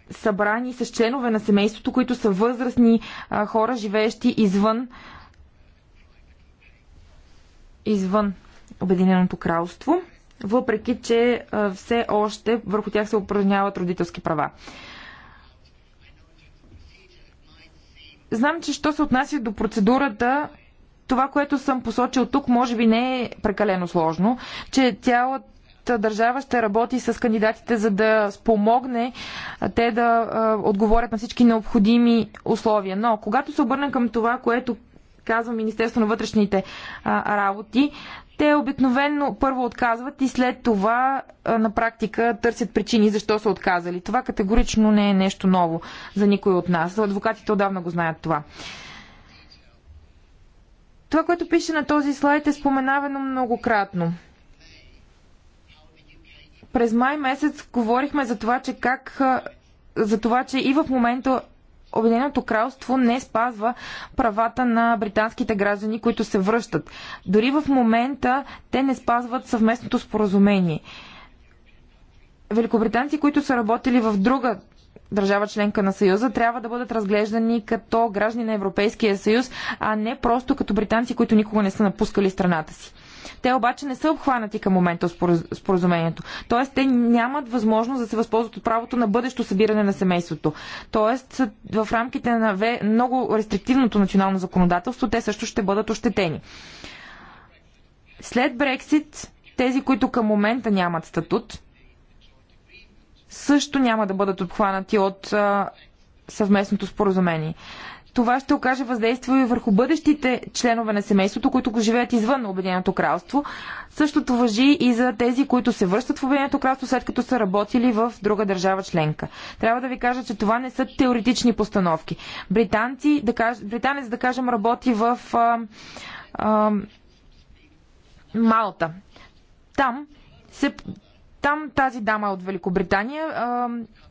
събрани с членове на семейството, които са възрастни хора, живеещи извън извън Обединеното кралство, въпреки че все още върху тях се упражняват родителски права. Знам, че що се отнася до процедурата, това, което съм посочил тук, може би не е прекалено сложно, че цялата държава ще работи с кандидатите, за да спомогне те да отговорят на всички необходими условия. Но когато се обърна към това, което казва Министерство на вътрешните а, работи, те обикновенно първо отказват и след това а, на практика търсят причини защо са отказали. Това категорично не е нещо ново за никой от нас. Адвокатите отдавна го знаят това. Това, което пише на този слайд е споменавано многократно. През май месец говорихме за това, че как за това, че и в момента Обединеното кралство не спазва правата на британските граждани, които се връщат. Дори в момента те не спазват съвместното споразумение. Великобританци, които са работили в друга държава членка на Съюза, трябва да бъдат разглеждани като граждани на Европейския съюз, а не просто като британци, които никога не са напускали страната си. Те обаче не са обхванати към момента от споразумението. Тоест, те нямат възможност да се възползват от правото на бъдещо събиране на семейството. Тоест, в рамките на много рестриктивното национално законодателство, те също ще бъдат ощетени. След Брексит, тези, които към момента нямат статут, също няма да бъдат обхванати от съвместното споразумение това ще окаже въздействие и върху бъдещите членове на семейството, които го живеят извън Обединеното кралство. Същото въжи и за тези, които се връщат в Обединеното кралство, след като са работили в друга държава членка. Трябва да ви кажа, че това не са теоретични постановки. Британци, да каж... Британец, да кажем, работи в а, а, Малта. Там се там тази дама от Великобритания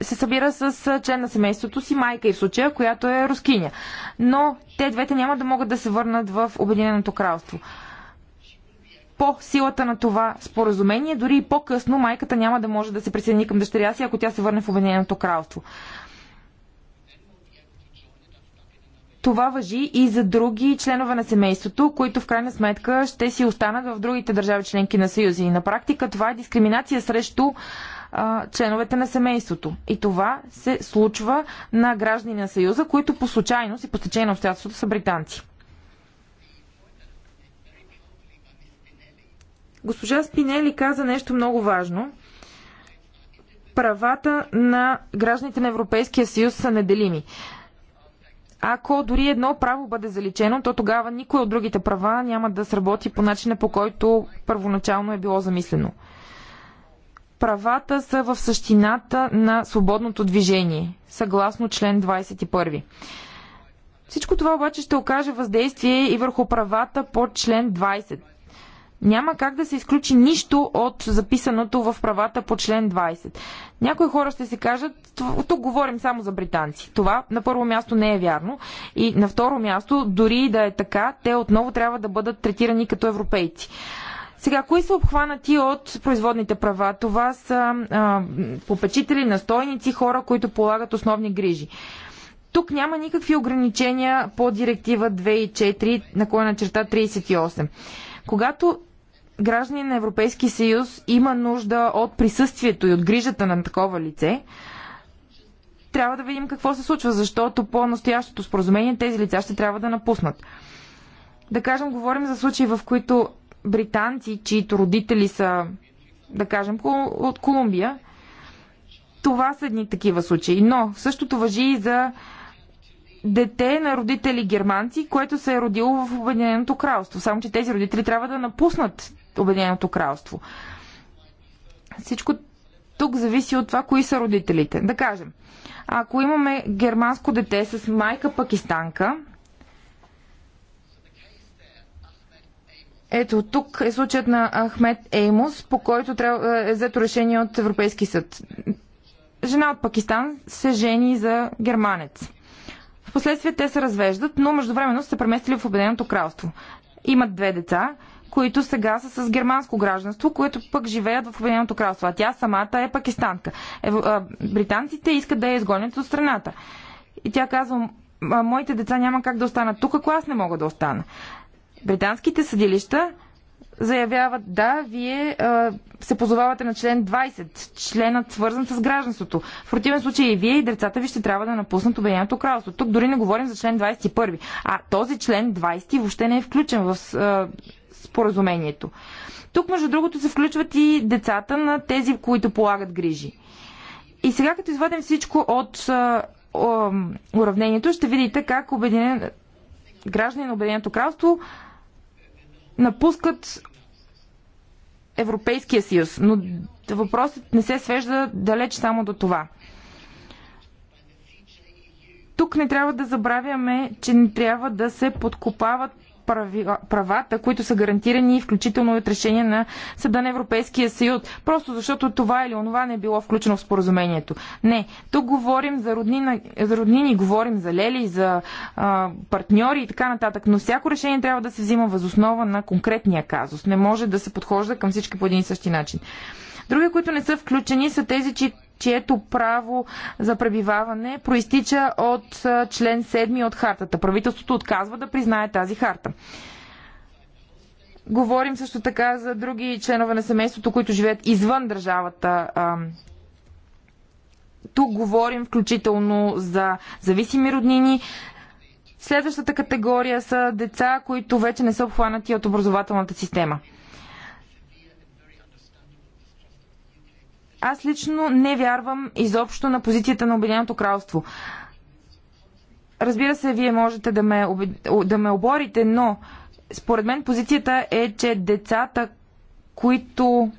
се събира с член на семейството си, майка и в случая, която е рускиня. Но те двете няма да могат да се върнат в Обединеното кралство. По силата на това споразумение, дори и по-късно, майката няма да може да се присъедини към дъщеря си, ако тя се върне в Обединеното кралство. Това въжи и за други членове на семейството, които в крайна сметка ще си останат в другите държави членки на Съюза. И на практика това е дискриминация срещу а, членовете на семейството. И това се случва на граждани на Съюза, които по случайност и по стечение на обстоятелството са британци. Госпожа Спинели каза нещо много важно. Правата на гражданите на Европейския съюз са неделими. Ако дори едно право бъде заличено, то тогава никой от другите права няма да сработи по начина по който първоначално е било замислено. Правата са в същината на свободното движение, съгласно член 21. Всичко това обаче ще окаже въздействие и върху правата по член 20 няма как да се изключи нищо от записаното в правата по член 20. Някои хора ще си кажат, тук говорим само за британци. Това на първо място не е вярно. И на второ място, дори да е така, те отново трябва да бъдат третирани като европейци. Сега, кои са обхванати от производните права? Това са а, попечители, настойници, хора, които полагат основни грижи. Тук няма никакви ограничения по директива 4, на черта 38. Когато граждани на Европейски съюз има нужда от присъствието и от грижата на такова лице, трябва да видим какво се случва, защото по настоящото споразумение тези лица ще трябва да напуснат. Да кажем, говорим за случаи, в които британци, чието родители са, да кажем, от Колумбия, това са едни такива случаи. Но същото въжи и за дете на родители германци, което се е родило в Обединеното кралство. Само, че тези родители трябва да напуснат Обединеното кралство. Всичко тук зависи от това, кои са родителите. Да кажем, ако имаме германско дете с майка пакистанка, Ето, тук е случаят на Ахмед Еймус, по който трябва, е, е взето решение от Европейски съд. Жена от Пакистан се жени за германец. Впоследствие те се развеждат, но междувременно са се преместили в Обединеното кралство. Имат две деца, които сега са с германско гражданство, които пък живеят в Обединеното кралство. А тя самата е пакистанка. Е, а, британците искат да я изгонят от страната. И тя казва, моите деца няма как да останат тук, ако аз не мога да остана. Британските съдилища заявяват, да, вие а, се позовавате на член 20, членът свързан с гражданството. В противен случай и вие и децата ви ще трябва да напуснат Обединеното кралство. Тук дори не говорим за член 21. А този член 20 въобще не е включен в а, споразумението. Тук, между другото, се включват и децата на тези, които полагат грижи. И сега, като извадим всичко от а, а, уравнението, ще видите как обединен... граждани на Обединеното кралство напускат Европейския съюз. Но въпросът не се свежда далеч само до това. Тук не трябва да забравяме, че не трябва да се подкопават правата, които са гарантирани, включително и от решение на Съда на Европейския съюз, просто защото това или онова не е било включено в споразумението. Не, тук говорим за роднина, за роднини, говорим за лели, за а, партньори и така нататък, но всяко решение трябва да се взима възоснова на конкретния казус. Не може да се подхожда към всички по един и същи начин. Други, които не са включени, са тези, чието чието право за пребиваване проистича от член 7 от хартата. Правителството отказва да признае тази харта. Говорим също така за други членове на семейството, които живеят извън държавата. Тук говорим включително за зависими роднини. Следващата категория са деца, които вече не са обхванати от образователната система. Аз лично не вярвам изобщо на позицията на Обединеното кралство. Разбира се, вие можете да ме, да ме оборите, но според мен позицията е, че децата, които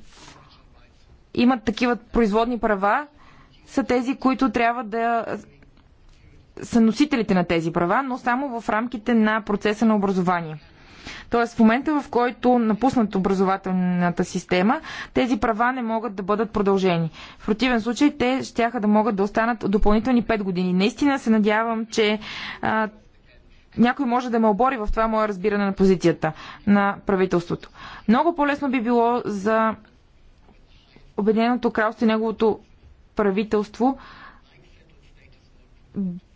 имат такива производни права, са тези, които трябва да са носителите на тези права, но само в рамките на процеса на образование. Тоест в момента, в който напуснат образователната система, тези права не могат да бъдат продължени. В противен случай те ще да могат да останат допълнителни 5 години. Наистина се надявам, че а, някой може да ме обори в това мое разбиране на позицията на правителството. Много по-лесно би било за Обединеното кралство и неговото правителство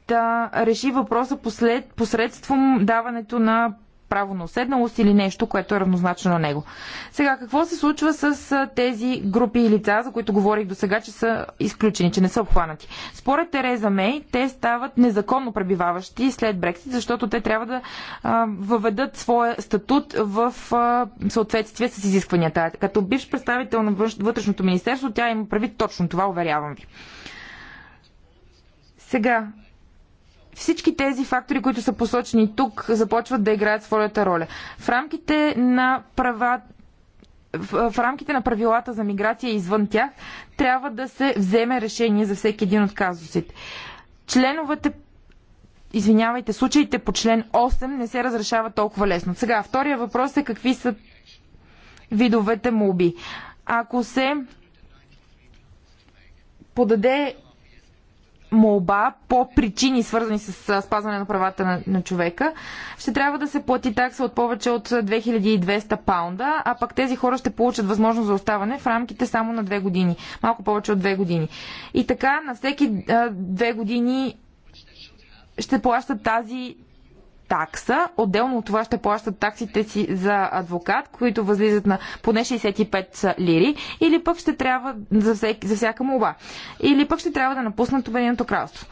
да реши въпроса послед, посредством даването на право на уседналост или нещо, което е равнозначно на него. Сега, какво се случва с тези групи и лица, за които говорих до сега, че са изключени, че не са обхванати? Според Тереза Мей, те стават незаконно пребиваващи след Брексит, защото те трябва да а, въведат своя статут в а, съответствие с изискванията. Като бивш представител на вътрешното министерство, тя има прави точно това, уверявам ви. Сега, всички тези фактори, които са посочени тук, започват да играят своята роля. В рамките на права, в рамките на правилата за миграция извън тях, трябва да се вземе решение за всеки един от казусите. Членовете Извинявайте, случаите по член 8 не се разрешава толкова лесно. Сега, втория въпрос е какви са видовете молби. Ако се подаде молба по причини, свързани с спазване на правата на, на човека, ще трябва да се плати такса от повече от 2200 паунда, а пък тези хора ще получат възможност за оставане в рамките само на две години. Малко повече от две години. И така, на всеки а, две години ще плащат тази такса. Отделно от това ще плащат таксите си за адвокат, които възлизат на поне 65 лири, или пък ще трябва за, всеки, за всяка молба, или пък ще трябва да напуснат Обединеното кралство.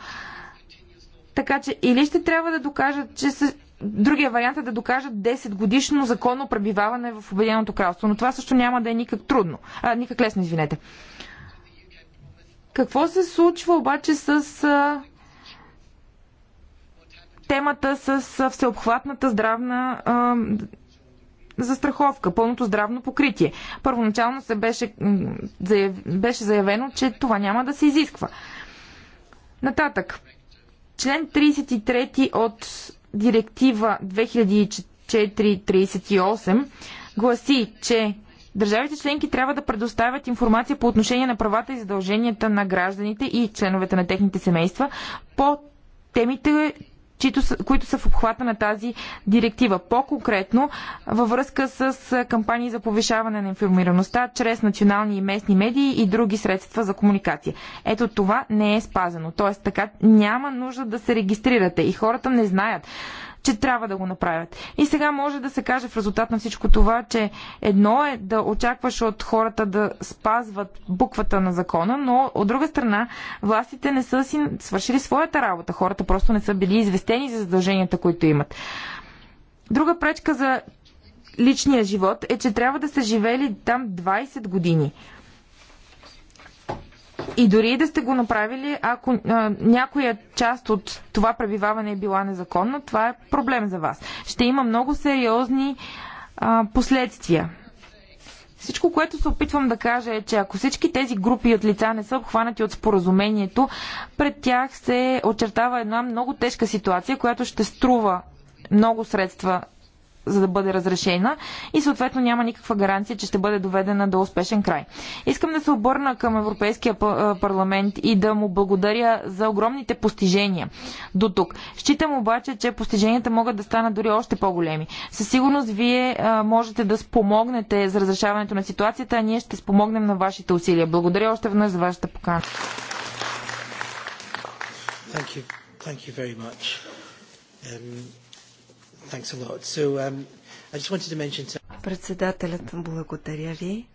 Така че или ще трябва да докажат, че са Другия вариант е да докажат 10 годишно законно пребиваване в Обединеното кралство, но това също няма да е никак трудно. А, никак лесно, извинете. Какво се случва обаче с а, темата с всеобхватната здравна застраховка, пълното здравно покритие. Първоначално се беше, беше заявено, че това няма да се изисква. Нататък. Член 33 от директива 2004-38 гласи, че Държавите членки трябва да предоставят информация по отношение на правата и задълженията на гражданите и членовете на техните семейства по темите, чието които са в обхвата на тази директива. По-конкретно, във връзка с кампании за повишаване на информираността чрез национални и местни медии и други средства за комуникация. Ето това не е спазено. Тоест, така няма нужда да се регистрирате и хората не знаят че трябва да го направят. И сега може да се каже в резултат на всичко това, че едно е да очакваш от хората да спазват буквата на закона, но от друга страна властите не са си свършили своята работа. Хората просто не са били известени за задълженията, които имат. Друга пречка за личния живот е, че трябва да са живели там 20 години. И дори и да сте го направили, ако а, някоя част от това пребиваване е била незаконна, това е проблем за вас. Ще има много сериозни а, последствия. Всичко, което се опитвам да кажа е, че ако всички тези групи от лица не са обхванати от споразумението, пред тях се очертава една много тежка ситуация, която ще струва много средства за да бъде разрешена и съответно няма никаква гаранция, че ще бъде доведена до успешен край. Искам да се обърна към Европейския парламент и да му благодаря за огромните постижения до тук. Считам обаче, че постиженията могат да станат дори още по-големи. Със сигурност вие можете да спомогнете за разрешаването на ситуацията, а ние ще спомогнем на вашите усилия. Благодаря още веднъж за вашата покана. Thank you. Thank you very much. Um... Um, Председателят, благодаря ви.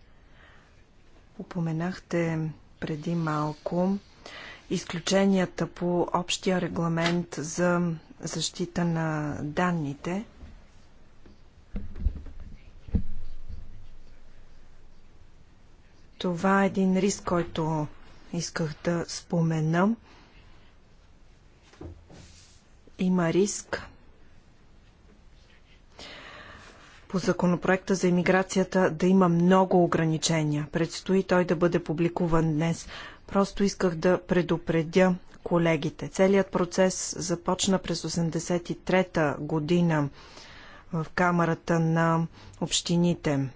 Упоменахте преди малко изключенията по общия регламент за защита на данните. Това е един риск, който исках да споменам. Има риск по законопроекта за иммиграцията да има много ограничения. Предстои той да бъде публикуван днес. Просто исках да предупредя колегите. Целият процес започна през 83-та година в Камерата на общините.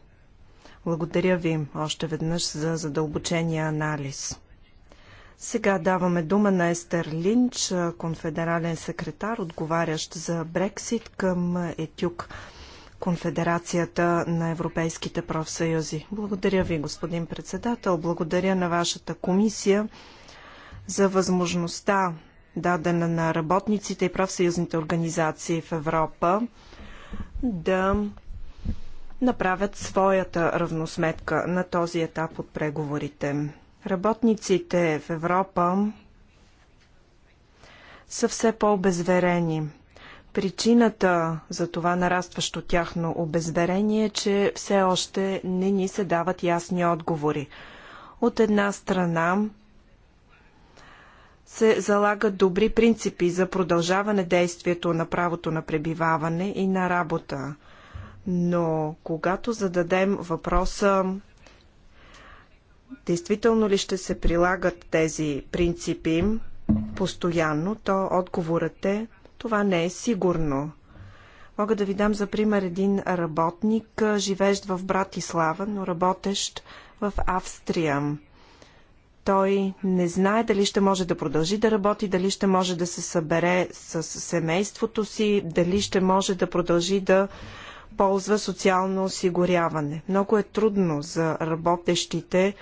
Благодаря ви още веднъж за задълбочения анализ. Сега даваме дума на Естер Линч, конфедерален секретар, отговарящ за Брексит към Етюк. Конфедерацията на европейските профсъюзи. Благодаря ви, господин председател. Благодаря на вашата комисия за възможността дадена на работниците и профсъюзните организации в Европа да направят своята равносметка на този етап от преговорите. Работниците в Европа са все по-обезверени – Причината за това нарастващо тяхно обезверение е, че все още не ни се дават ясни отговори. От една страна се залагат добри принципи за продължаване действието на правото на пребиваване и на работа. Но когато зададем въпроса действително ли ще се прилагат тези принципи постоянно, то отговорът е това не е сигурно. Мога да ви дам за пример един работник, живеещ в Братислава, но работещ в Австрия. Той не знае дали ще може да продължи да работи, дали ще може да се събере с семейството си, дали ще може да продължи да ползва социално осигуряване. Много е трудно за работещите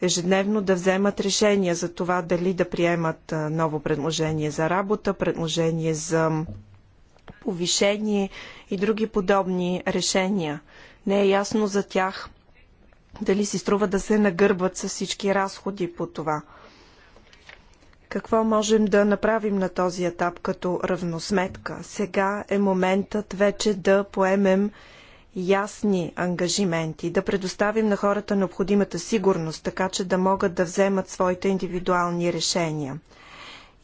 ежедневно да вземат решения за това дали да приемат ново предложение за работа, предложение за повишение и други подобни решения. Не е ясно за тях дали си струва да се нагърбват с всички разходи по това. Какво можем да направим на този етап като равносметка? Сега е моментът вече да поемем ясни ангажименти, да предоставим на хората необходимата сигурност, така че да могат да вземат своите индивидуални решения.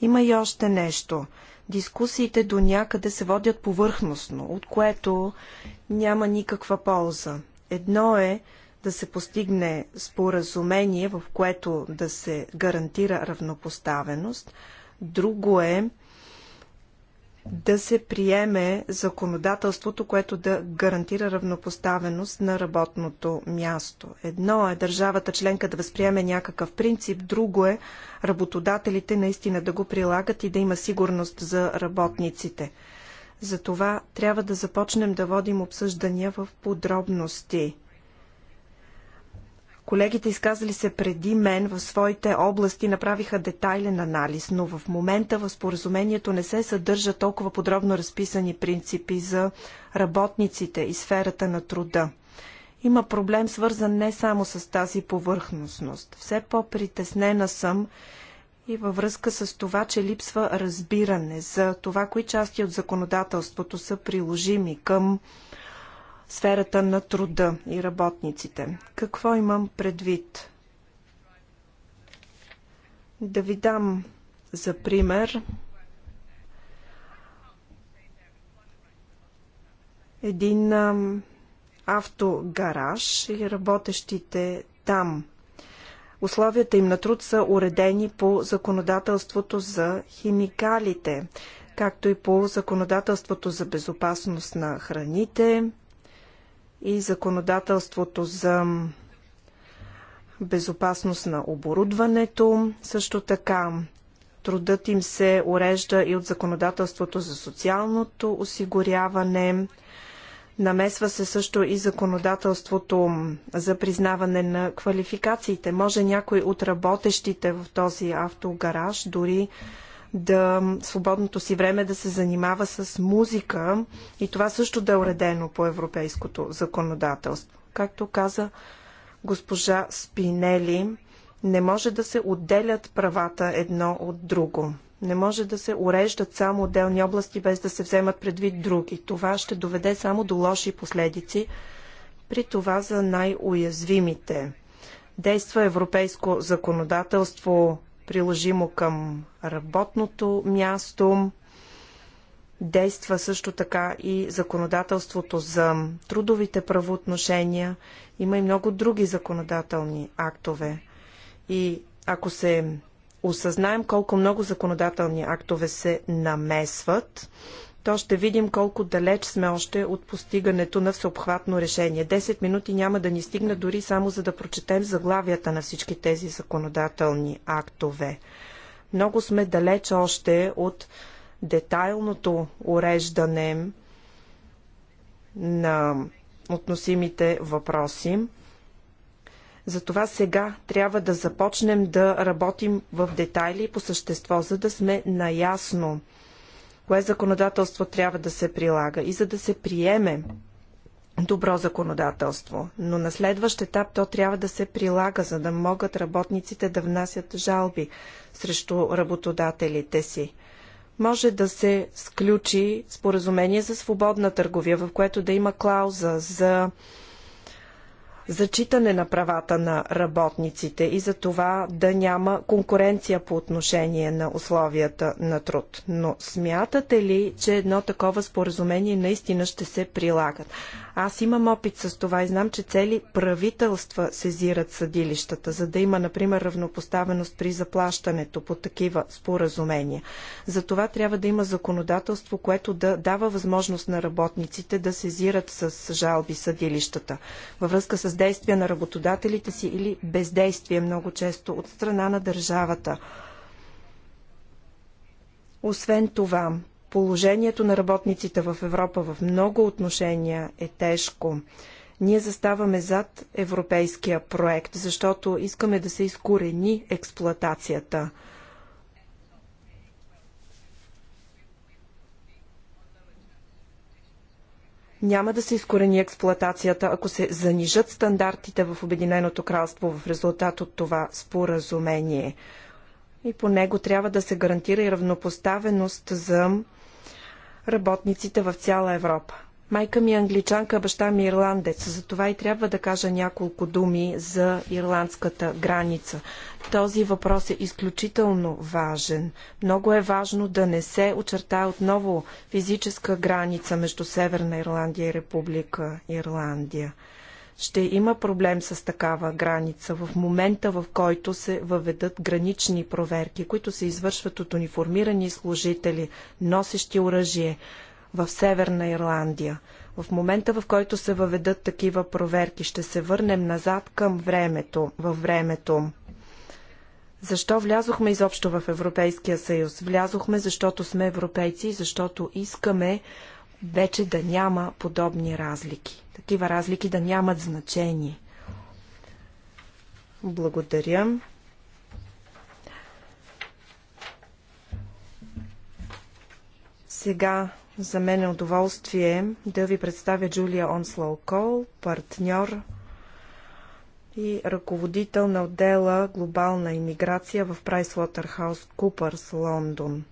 Има и още нещо. Дискусиите до някъде се водят повърхностно, от което няма никаква полза. Едно е да се постигне споразумение, в което да се гарантира равнопоставеност. Друго е да се приеме законодателството, което да гарантира равнопоставеност на работното място. Едно е държавата членка да възприеме някакъв принцип, друго е работодателите наистина да го прилагат и да има сигурност за работниците. Затова трябва да започнем да водим обсъждания в подробности. Колегите, изказали се преди мен в своите области, направиха детайлен анализ, но в момента в споразумението не се съдържа толкова подробно разписани принципи за работниците и сферата на труда. Има проблем свързан не само с тази повърхностност. Все по-притеснена съм, и във връзка с това, че липсва разбиране за това, кои части от законодателството са приложими към сферата на труда и работниците. Какво имам предвид? Да ви дам за пример един автогараж и работещите там. Условията им на труд са уредени по законодателството за химикалите, както и по законодателството за безопасност на храните, и законодателството за безопасност на оборудването. Също така трудът им се урежда и от законодателството за социалното осигуряване. Намесва се също и законодателството за признаване на квалификациите. Може някой от работещите в този автогараж дори да свободното си време да се занимава с музика и това също да е уредено по европейското законодателство. Както каза госпожа Спинели, не може да се отделят правата едно от друго. Не може да се уреждат само отделни области, без да се вземат предвид други. Това ще доведе само до лоши последици, при това за най-уязвимите. Действа европейско законодателство приложимо към работното място. Действа също така и законодателството за трудовите правоотношения. Има и много други законодателни актове. И ако се осъзнаем колко много законодателни актове се намесват, то ще видим колко далеч сме още от постигането на всеобхватно решение. Десет минути няма да ни стигна дори само за да прочетем заглавията на всички тези законодателни актове. Много сме далеч още от детайлното уреждане на относимите въпроси. Затова сега трябва да започнем да работим в детайли по същество, за да сме наясно кое законодателство трябва да се прилага. И за да се приеме добро законодателство, но на следващ етап то трябва да се прилага, за да могат работниците да внасят жалби срещу работодателите си. Може да се сключи споразумение за свободна търговия, в което да има клауза за зачитане на правата на работниците и за това да няма конкуренция по отношение на условията на труд. Но смятате ли, че едно такова споразумение наистина ще се прилагат? Аз имам опит с това и знам, че цели правителства сезират съдилищата, за да има, например, равнопоставеност при заплащането по такива споразумения. За това трябва да има законодателство, което да дава възможност на работниците да сезират с жалби съдилищата във връзка с действия на работодателите си или бездействие много често от страна на държавата. Освен това, Положението на работниците в Европа в много отношения е тежко. Ние заставаме зад европейския проект, защото искаме да се изкорени експлоатацията. няма да се изкорени експлоатацията, ако се занижат стандартите в Обединеното кралство в резултат от това споразумение. И по него трябва да се гарантира и равнопоставеност за работниците в цяла Европа. Майка ми е англичанка, баща ми е ирландец, затова и трябва да кажа няколко думи за ирландската граница. Този въпрос е изключително важен. Много е важно да не се очертае отново физическа граница между Северна Ирландия и Република Ирландия ще има проблем с такава граница в момента, в който се въведат гранични проверки, които се извършват от униформирани служители, носещи оръжие в Северна Ирландия. В момента, в който се въведат такива проверки, ще се върнем назад към времето, във времето. Защо влязохме изобщо в Европейския съюз? Влязохме, защото сме европейци, защото искаме вече да няма подобни разлики такива разлики да нямат значение. Благодаря. Сега за мен е удоволствие да ви представя Джулия Онслоу Кол, партньор и ръководител на отдела Глобална иммиграция в PricewaterhouseCoopers Лондон.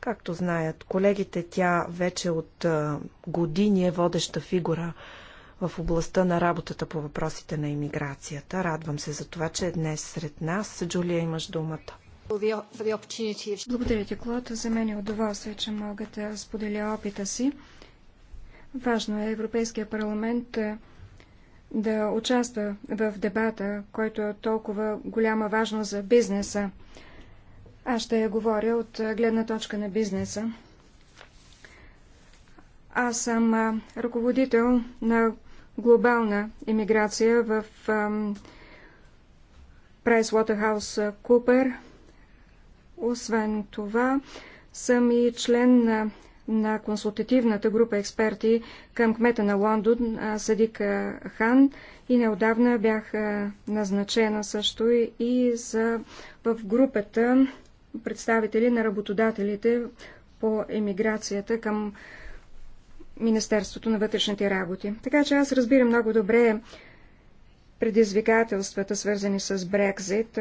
Както знаят колегите, тя вече от години е водеща фигура в областта на работата по въпросите на иммиграцията. Радвам се за това, че е днес сред нас. Джулия, имаш думата. Благодаря ти, Клод. За мен е удоволствие, че мога да споделя опита си. Важно е Европейския парламент е, да участва в дебата, който е толкова голяма важност за бизнеса. Аз ще я говоря от е, гледна точка на бизнеса. Аз съм е, ръководител на глобална емиграция в PricewaterhouseCooper. Освен това, съм и член на, на консултативната група експерти към кмета на Лондон Садик Хан и неодавна бях назначена също и за, в групата представители на работодателите по емиграцията към Министерството на вътрешните работи. Така че аз разбирам много добре предизвикателствата, свързани с Брекзит.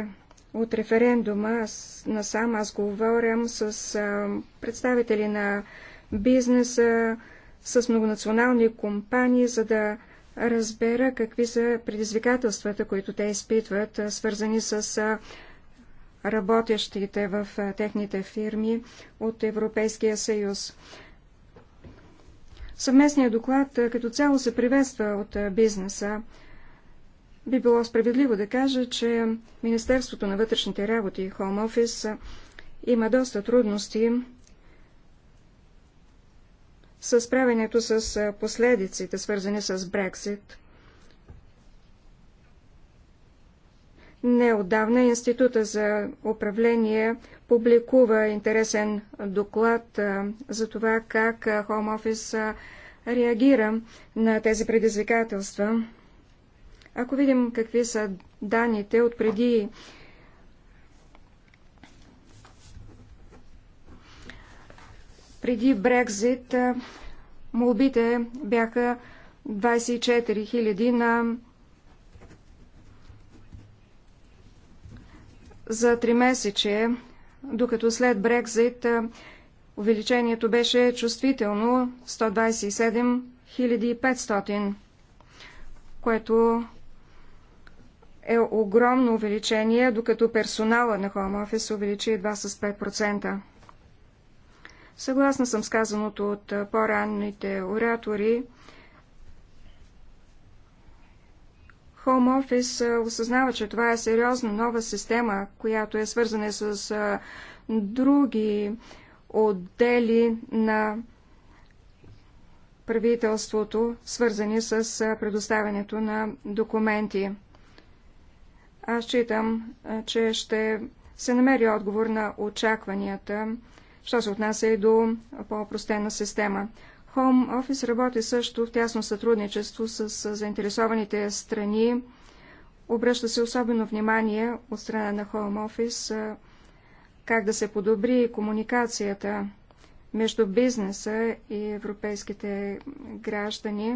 От референдума аз, насам аз говорям с а, представители на бизнеса, с многонационални компании, за да разбера какви са предизвикателствата, които те изпитват, свързани с а, работещите в а, техните фирми от Европейския съюз. Съвместният доклад е, като цяло се приветства от е, бизнеса. Би било справедливо да кажа, че Министерството на вътрешните работи и Home Office е, има доста трудности с справянето с последиците, свързани с Брексит. Неодавна Института за управление публикува интересен доклад за това как Home Office реагира на тези предизвикателства. Ако видим какви са данните от преди преди Брекзит, молбите бяха 24 000 на за три месече, докато след Брекзит увеличението беше чувствително 127 500, което е огромно увеличение, докато персонала на Home Office увеличи едва с 5%. Съгласна съм с казаното от по-ранните оратори, Home Office осъзнава, че това е сериозна нова система, която е свързана с други отдели на правителството, свързани с предоставянето на документи. Аз считам, че ще се намери отговор на очакванията, що се отнася и до по-простена система. Home Office работи също в тясно сътрудничество с заинтересованите страни. Обръща се особено внимание от страна на Home Office как да се подобри комуникацията между бизнеса и европейските граждани,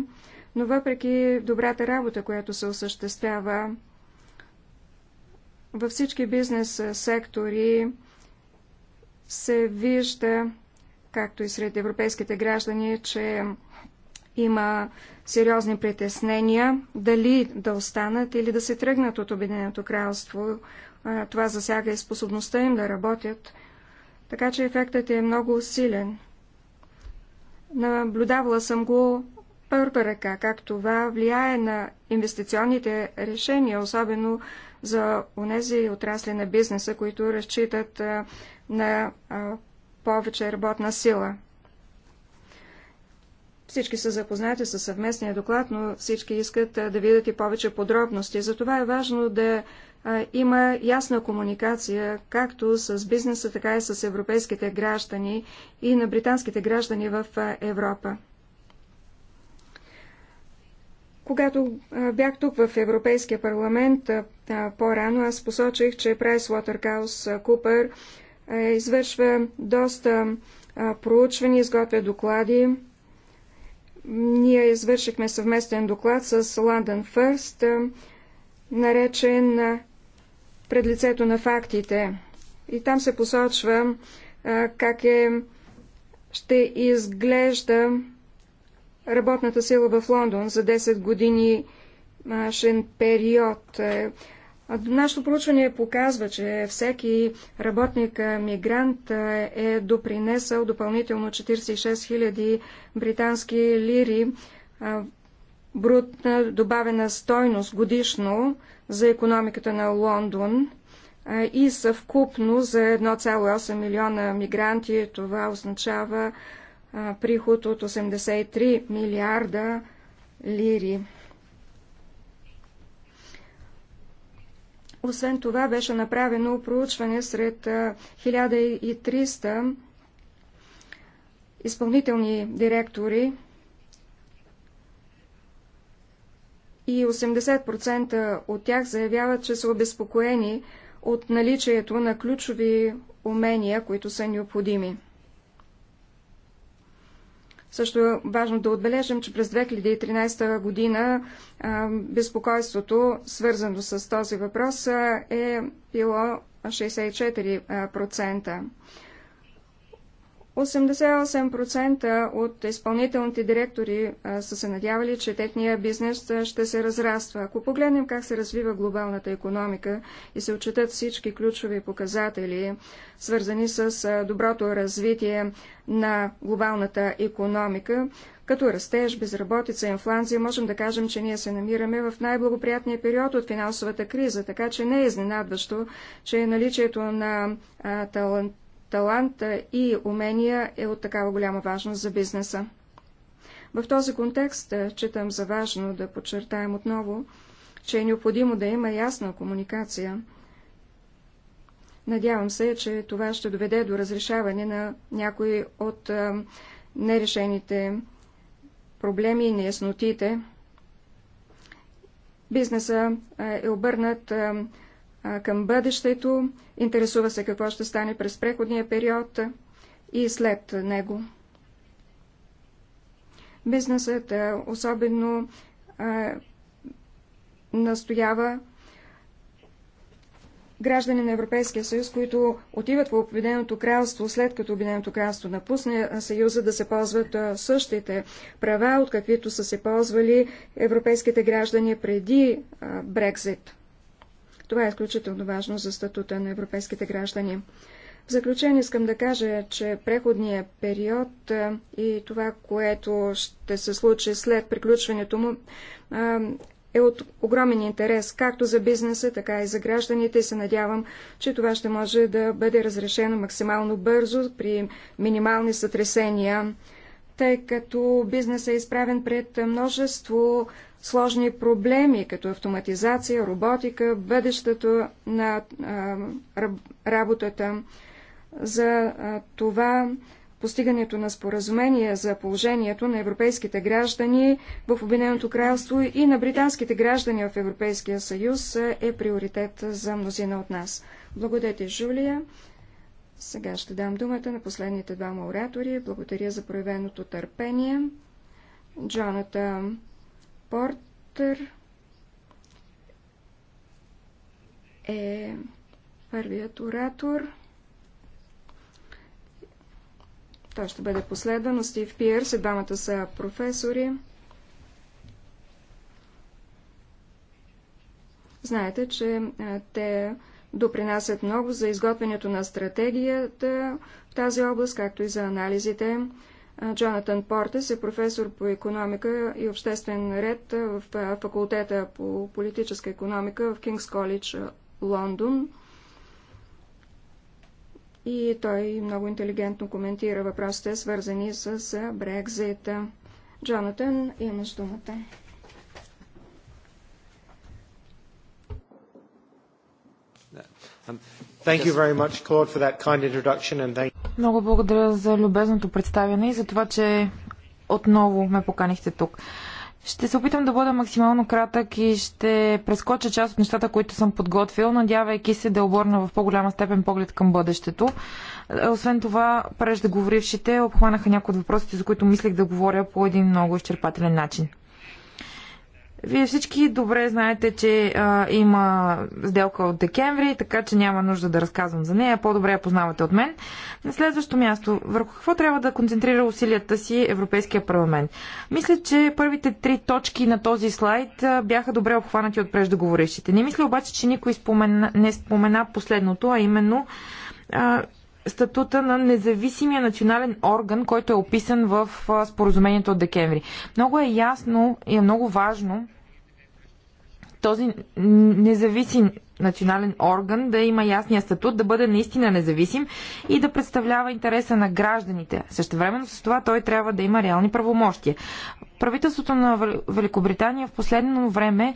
но въпреки добрата работа, която се осъществява във всички бизнес сектори, се вижда както и сред европейските граждани, че има сериозни притеснения дали да останат или да се тръгнат от Обединеното кралство. Това засяга и способността им да работят. Така че ефектът е много силен. Наблюдавала съм го първа ръка, как това влияе на инвестиционните решения, особено за онези отрасли на бизнеса, които разчитат на повече работна сила. Всички са запознати със съвместния доклад, но всички искат да видят и повече подробности. Затова е важно да има ясна комуникация както с бизнеса, така и с европейските граждани и на британските граждани в Европа. Когато бях тук в Европейския парламент по-рано, аз посочих, че Прайс PricewaterhouseCoopers Купър е, извършва доста проучвания, изготвя доклади. Ние извършихме съвместен доклад с London First, наречен пред лицето на фактите. И там се посочва как е, ще изглежда работната сила в Лондон за 10 години шен период. Е, Нашето проучване показва, че всеки работник мигрант е допринесъл допълнително 46 000 британски лири брутна добавена стойност годишно за економиката на Лондон и съвкупно за 1,8 милиона мигранти това означава приход от 83 милиарда лири. Освен това беше направено проучване сред 1300 изпълнителни директори и 80% от тях заявяват, че са обезпокоени от наличието на ключови умения, които са необходими. Също е важно да отбележим, че през 2013 година безпокойството, свързано с този въпрос, е било 64%. 88% от изпълнителните директори са се надявали, че техния бизнес ще се разраства. Ако погледнем как се развива глобалната економика и се отчитат всички ключови показатели, свързани с доброто развитие на глобалната економика, като растеж, безработица, инфланция, можем да кажем, че ние се намираме в най-благоприятния период от финансовата криза, така че не е изненадващо, че наличието на а, талант талант и умения е от такава голяма важност за бизнеса. В този контекст е, читам за важно да подчертаем отново, че е необходимо да има ясна комуникация. Надявам се, че това ще доведе до разрешаване на някои от е, нерешените проблеми и неяснотите. Бизнеса е, е обърнат към бъдещето, интересува се какво ще стане през преходния период и след него. Бизнесът особено настоява граждани на Европейския съюз, които отиват в Обединеното кралство, след като Обединеното кралство напусне съюза, да се ползват същите права, от каквито са се ползвали европейските граждани преди Брекзит. Това е изключително важно за статута на европейските граждани. В заключение искам да кажа, че преходният период и това, което ще се случи след приключването му, е от огромен интерес както за бизнеса, така и за гражданите. Се надявам, че това ще може да бъде разрешено максимално бързо при минимални сътресения тъй като бизнесът е изправен пред множество сложни проблеми, като автоматизация, роботика, бъдещето на работата. За това постигането на споразумение за положението на европейските граждани в Обединеното кралство и на британските граждани в Европейския съюз е приоритет за мнозина от нас. Благодаря, Жулия. Сега ще дам думата на последните двама оратори. Благодаря за проявеното търпение. Джоната Портер е първият оратор. Той ще бъде последван от Стив Пиерс. Двамата са професори. Знаете, че те допринасят много за изготвянето на стратегията в тази област, както и за анализите. Джонатан Портес е професор по економика и обществен ред в факултета по политическа економика в Кингс Колледж, Лондон. И той много интелигентно коментира въпросите, свързани с Брекзита. Джонатан, имаш думата. Um, много благодаря за любезното представяне и за това, че отново ме поканихте тук. Ще се опитам да бъда максимално кратък и ще прескоча част от нещата, които съм подготвил, надявайки се да оборна в по-голяма степен поглед към бъдещето. Е, освен това, преждеговорившите обхванаха някои от въпросите, за които мислех да говоря по един много изчерпателен начин. Вие всички добре знаете, че а, има сделка от декември, така че няма нужда да разказвам за нея. По-добре я познавате от мен. На следващо място, върху какво трябва да концентрира усилията си Европейския парламент? Мисля, че първите три точки на този слайд а, бяха добре обхванати от преждоговорившите. Не мисля обаче, че никой спомена, не спомена последното, а именно а, статута на независимия национален орган, който е описан в споразумението от декември. Много е ясно и е много важно този независим национален орган да има ясния статут, да бъде наистина независим и да представлява интереса на гражданите. Същевременно с това той трябва да има реални правомощия. Правителството на Великобритания в последно време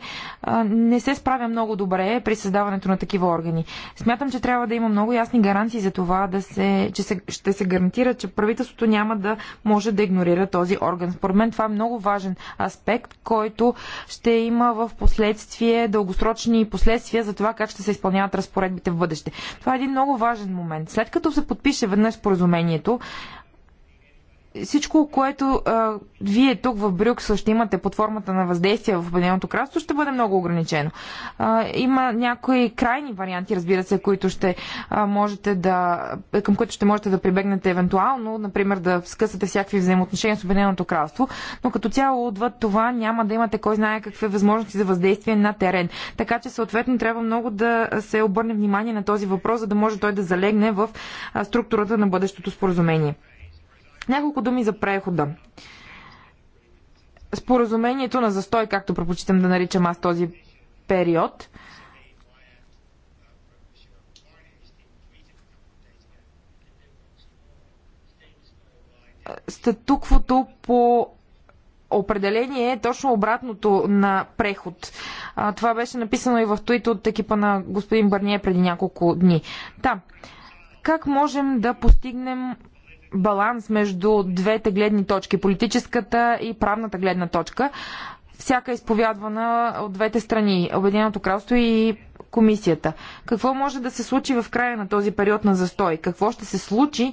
не се справя много добре при създаването на такива органи. Смятам, че трябва да има много ясни гаранции за това, да се, че се, ще се гарантира, че правителството няма да може да игнорира този орган. Според мен това е много важен аспект, който ще има в последствие дългосрочни последствия за това как ще се изпълняват разпоредбите в бъдеще. Това е един много важен момент. След като се подпише веднъж споразумението, всичко, което а, вие тук в Брюксел ще имате под формата на въздействие в Обединеното кралство, ще бъде много ограничено. А, има някои крайни варианти, разбира се, които ще а, можете да, към които ще можете да прибегнете евентуално, например да скъсате всякакви взаимоотношения с Обединеното кралство, но като цяло отвъд това няма да имате кой знае какви възможности за въздействие на терен. Така че съответно трябва много да се обърне внимание на този въпрос, за да може той да залегне в структурата на бъдещото споразумение. Няколко думи за прехода. Споразумението на застой, както предпочитам да наричам аз този период, статуквото по определение е точно обратното на преход. А, това беше написано и в туито от екипа на господин Барния преди няколко дни. Да, как можем да постигнем баланс между двете гледни точки политическата и правната гледна точка. Всяка е изповядвана от двете страни Обединеното кралство и комисията. Какво може да се случи в края на този период на застой? Какво ще се случи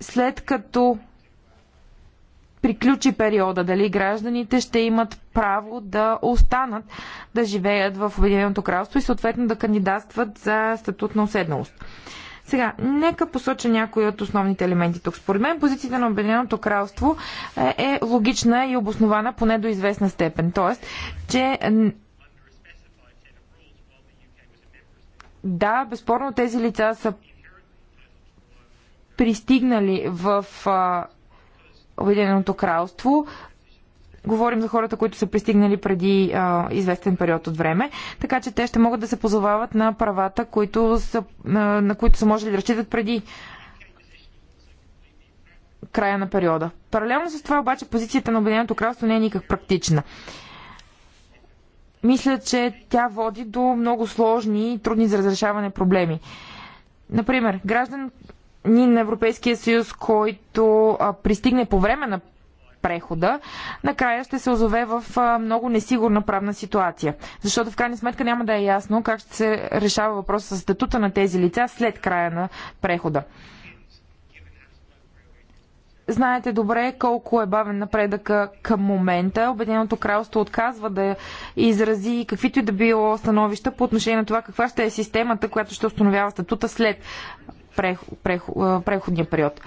след като приключи периода, дали гражданите ще имат право да останат да живеят в Обединеното кралство и съответно да кандидатстват за статут на уседналост. Сега, нека посоча някои от основните елементи тук. Според мен позицията на Обединеното кралство е, е логична и обоснована поне до известна степен. Тоест, че да, безспорно тези лица са пристигнали в Обединеното кралство Говорим за хората, които са пристигнали преди а, известен период от време, така че те ще могат да се позовават на правата, които са, на, на които са можели да разчитат преди края на периода. Паралелно с това обаче позицията на Обединеното кралство не е никак практична. Мисля, че тя води до много сложни и трудни за разрешаване проблеми. Например, граждан, гражданин на Европейския съюз, който а, пристигне по време на прехода, накрая ще се озове в много несигурна правна ситуация. Защото в крайна сметка няма да е ясно как ще се решава въпроса с статута на тези лица след края на прехода. Знаете добре колко е бавен напредък към момента. Обединеното кралство отказва да изрази каквито и да било становища по отношение на това каква ще е системата, която ще установява статута след преходния период.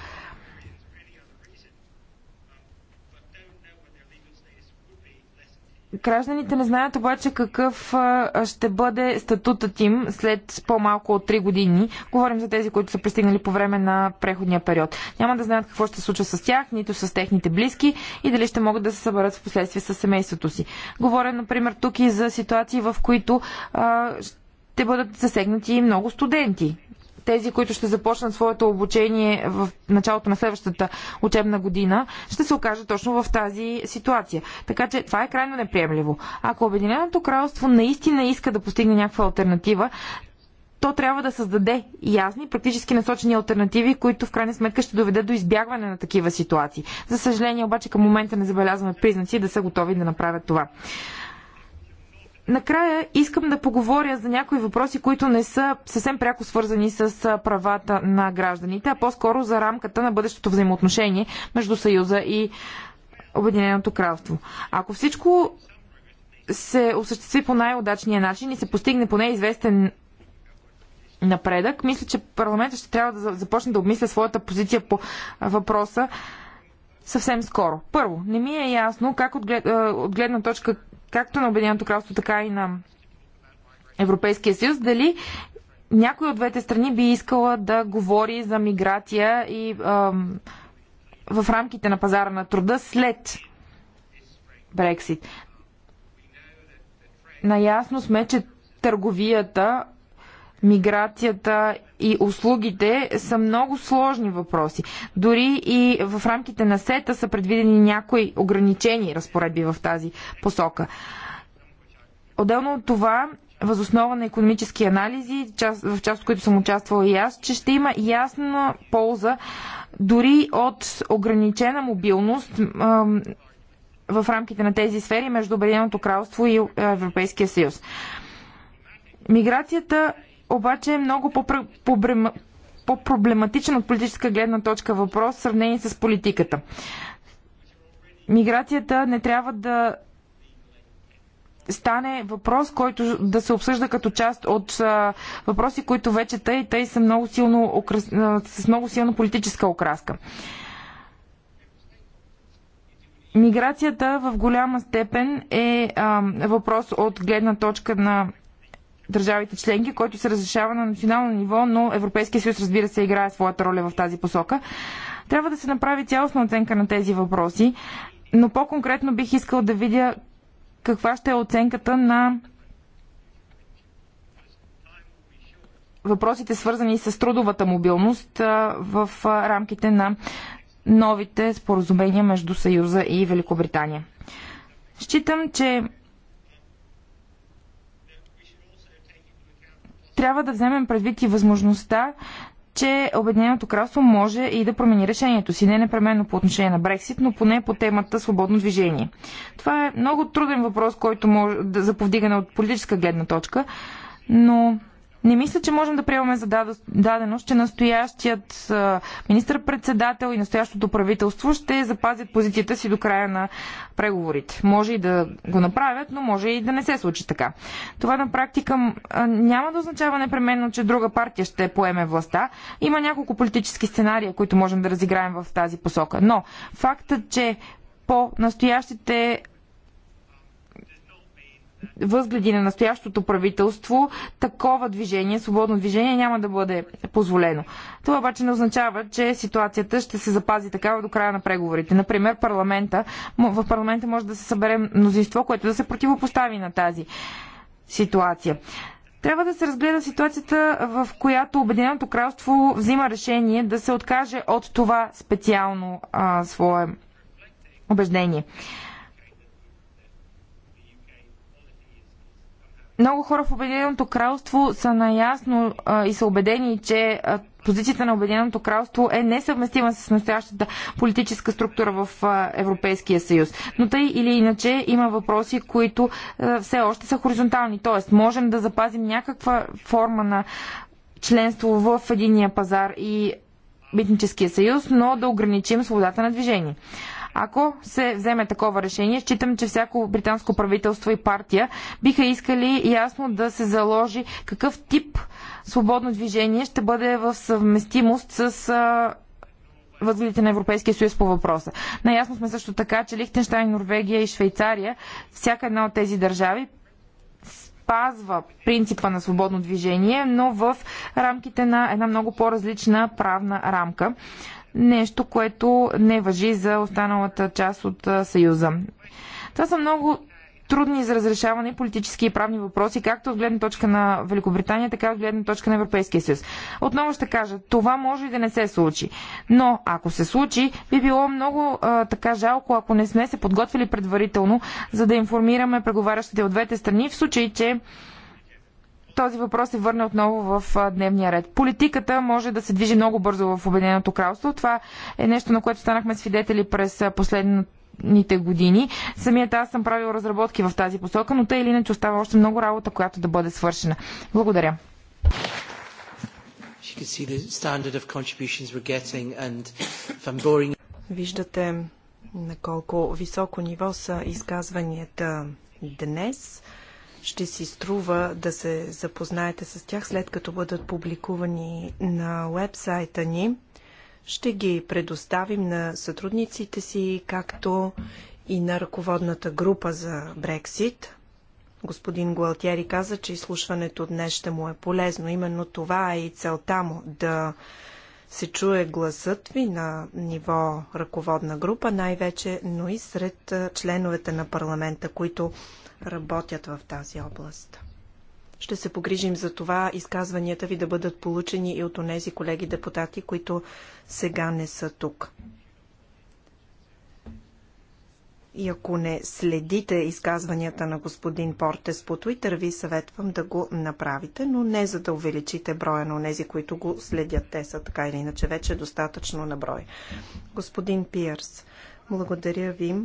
Гражданите не знаят обаче какъв ще бъде статутът им след по-малко от 3 години. Говорим за тези, които са пристигнали по време на преходния период. Няма да знаят какво ще се случва с тях, нито с техните близки и дали ще могат да се съберат в последствие с семейството си. Говоря, например, тук и за ситуации, в които а, ще бъдат засегнати и много студенти тези, които ще започнат своето обучение в началото на следващата учебна година, ще се окажат точно в тази ситуация. Така че това е крайно неприемливо. Ако Обединеното кралство наистина иска да постигне някаква альтернатива, то трябва да създаде ясни, практически насочени альтернативи, които в крайна сметка ще доведат до избягване на такива ситуации. За съжаление, обаче към момента не забелязваме признаци да са готови да направят това. Накрая искам да поговоря за някои въпроси, които не са съвсем пряко свързани с правата на гражданите, а по-скоро за рамката на бъдещото взаимоотношение между Съюза и Обединеното кралство. Ако всичко се осъществи по най-удачния начин и се постигне поне известен напредък, мисля, че парламентът ще трябва да започне да обмисля своята позиция по въпроса съвсем скоро. Първо, не ми е ясно как от, от гледна точка както на Обединеното кралство, така и на Европейския съюз, дали някой от двете страни би искала да говори за миграция и а, в рамките на пазара на труда след Брексит. Наясно сме, че търговията миграцията и услугите са много сложни въпроси. Дори и в рамките на сета са предвидени някои ограничени разпоредби в тази посока. Отделно от това, възоснова на економически анализи, в част от които съм участвала и аз, че ще има ясна полза дори от ограничена мобилност в рамките на тези сфери между Обединеното кралство и Европейския съюз. Миграцията обаче е много по-проблематичен от политическа гледна точка въпрос в сравнение с политиката. Миграцията не трябва да стане въпрос, който да се обсъжда като част от а, въпроси, които вече тъй, тъй са много силно, окрас... с много силно политическа окраска. Миграцията в голяма степен е а, въпрос от гледна точка на държавите членки, който се разрешава на национално ниво, но Европейския съюз, разбира се, играе своята роля в тази посока. Трябва да се направи цялостна оценка на тези въпроси, но по-конкретно бих искал да видя каква ще е оценката на въпросите, свързани с трудовата мобилност в рамките на новите споразумения между Съюза и Великобритания. Считам, че трябва да вземем предвид и възможността, че Обединеното кралство може и да промени решението си. Не непременно по отношение на Брексит, но поне по темата свободно движение. Това е много труден въпрос, който може да заповдигане от политическа гледна точка, но не мисля, че можем да приемаме за даденост, че настоящият министр-председател и настоящото правителство ще запазят позицията си до края на преговорите. Може и да го направят, но може и да не се случи така. Това на практика няма да означава непременно, че друга партия ще поеме властта. Има няколко политически сценария, които можем да разиграем в тази посока. Но фактът, че по настоящите възгледи на настоящото правителство, такова движение, свободно движение няма да бъде позволено. Това обаче не означава, че ситуацията ще се запази такава до края на преговорите. Например, парламента, в парламента може да се събере мнозинство, което да се противопостави на тази ситуация. Трябва да се разгледа ситуацията, в която Обединеното кралство взима решение да се откаже от това специално а, свое убеждение. много хора в Обединеното кралство са наясно а, и са убедени, че а, позицията на Обединеното кралство е несъвместима с настоящата политическа структура в а, Европейския съюз. Но тъй или иначе има въпроси, които а, все още са хоризонтални. Тоест, можем да запазим някаква форма на членство в единия пазар и митническия съюз, но да ограничим свободата на движение. Ако се вземе такова решение, считам, че всяко британско правителство и партия биха искали ясно да се заложи какъв тип свободно движение ще бъде в съвместимост с възгледите на Европейския съюз по въпроса. Наясно сме също така, че Лихтенштайн, Норвегия и Швейцария, всяка една от тези държави спазва принципа на свободно движение, но в рамките на една много по-различна правна рамка нещо, което не въжи за останалата част от Съюза. Това са много трудни за разрешаване политически и правни въпроси, както от гледна точка на Великобритания, така и от гледна точка на Европейския съюз. Отново ще кажа, това може и да не се случи. Но ако се случи, би било много а, така жалко, ако не сме се подготвили предварително, за да информираме преговарящите от двете страни, в случай, че този въпрос се върне отново в дневния ред. Политиката може да се движи много бързо в Обединеното кралство. Това е нещо, на което станахме свидетели през последното последните години. Самият аз съм правил разработки в тази посока, но тъй или иначе остава още много работа, която да бъде свършена. Благодаря. Виждате на колко високо ниво са изказванията днес ще си струва да се запознаете с тях след като бъдат публикувани на вебсайта ни. Ще ги предоставим на сътрудниците си, както и на ръководната група за Брексит. Господин Гуалтери каза, че изслушването днес ще му е полезно. Именно това е и целта му да се чуе гласът ви на ниво ръководна група, най-вече, но и сред членовете на парламента, които работят в тази област. Ще се погрижим за това изказванията ви да бъдат получени и от онези колеги депутати, които сега не са тук. И ако не следите изказванията на господин Портес по Твитър, ви съветвам да го направите, но не за да увеличите броя на онези, които го следят. Те са така или иначе вече достатъчно на брой. Господин Пиърс, благодаря ви.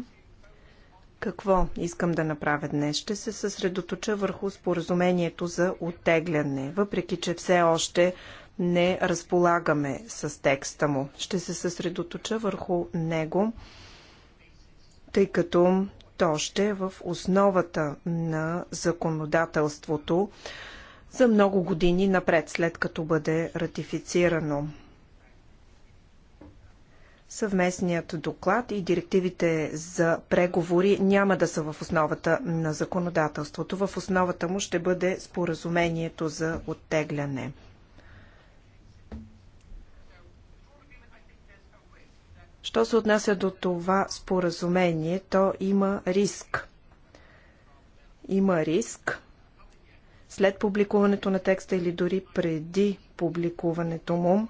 Какво искам да направя днес? Ще се съсредоточа върху споразумението за оттегляне, въпреки че все още не разполагаме с текста му. Ще се съсредоточа върху него, тъй като то ще е в основата на законодателството за много години напред, след като бъде ратифицирано. Съвместният доклад и директивите за преговори няма да са в основата на законодателството. В основата му ще бъде споразумението за оттегляне. Що се отнася до това споразумение, то има риск. Има риск след публикуването на текста или дори преди публикуването му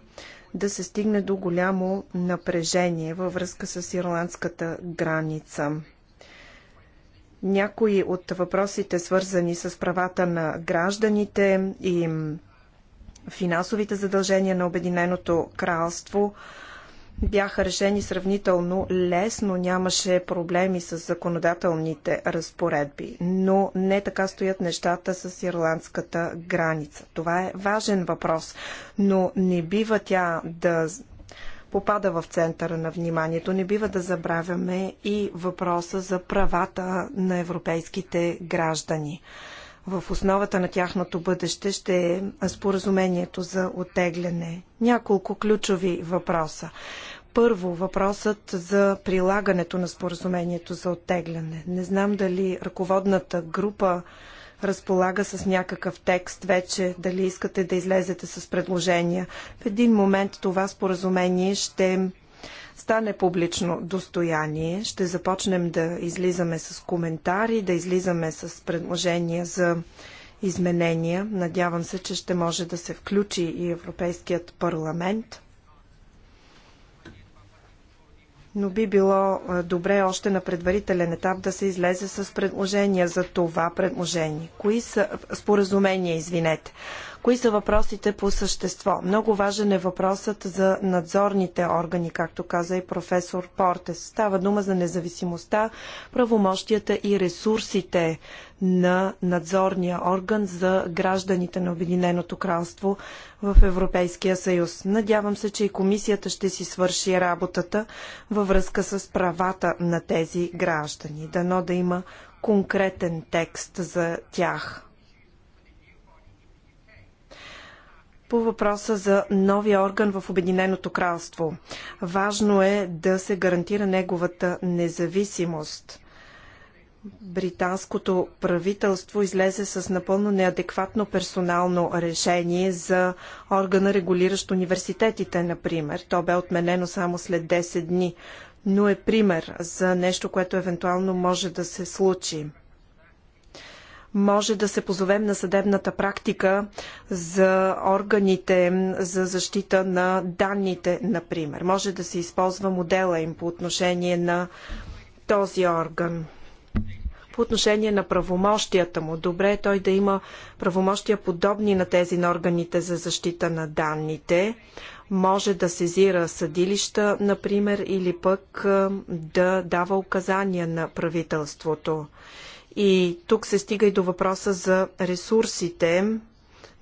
да се стигне до голямо напрежение във връзка с ирландската граница. Някои от въпросите, свързани с правата на гражданите и финансовите задължения на Обединеното кралство, бяха решени сравнително лесно, нямаше проблеми с законодателните разпоредби, но не така стоят нещата с ирландската граница. Това е важен въпрос, но не бива тя да попада в центъра на вниманието. Не бива да забравяме и въпроса за правата на европейските граждани. В основата на тяхното бъдеще ще е споразумението за отегляне. Няколко ключови въпроса. Първо, въпросът за прилагането на споразумението за оттегляне. Не знам дали ръководната група разполага с някакъв текст вече, дали искате да излезете с предложения. В един момент това споразумение ще стане публично достояние. Ще започнем да излизаме с коментари, да излизаме с предложения за изменения. Надявам се, че ще може да се включи и Европейският парламент но би било добре още на предварителен етап да се излезе с предложения за това предложение. Кои са споразумения, извинете. Кои са въпросите по същество? Много важен е въпросът за надзорните органи, както каза и професор Портес. Става дума за независимостта, правомощията и ресурсите на надзорния орган за гражданите на Обединеното кралство в Европейския съюз. Надявам се, че и комисията ще си свърши работата във връзка с правата на тези граждани. Дано да има конкретен текст за тях. по въпроса за новия орган в Обединеното кралство. Важно е да се гарантира неговата независимост. Британското правителство излезе с напълно неадекватно персонално решение за органа, регулиращ университетите, например. То бе отменено само след 10 дни, но е пример за нещо, което евентуално може да се случи може да се позовем на съдебната практика за органите за защита на данните, например. Може да се използва модела им по отношение на този орган. По отношение на правомощията му, добре е той да има правомощия подобни на тези на органите за защита на данните. Може да сезира съдилища, например, или пък да дава указания на правителството и тук се стига и до въпроса за ресурсите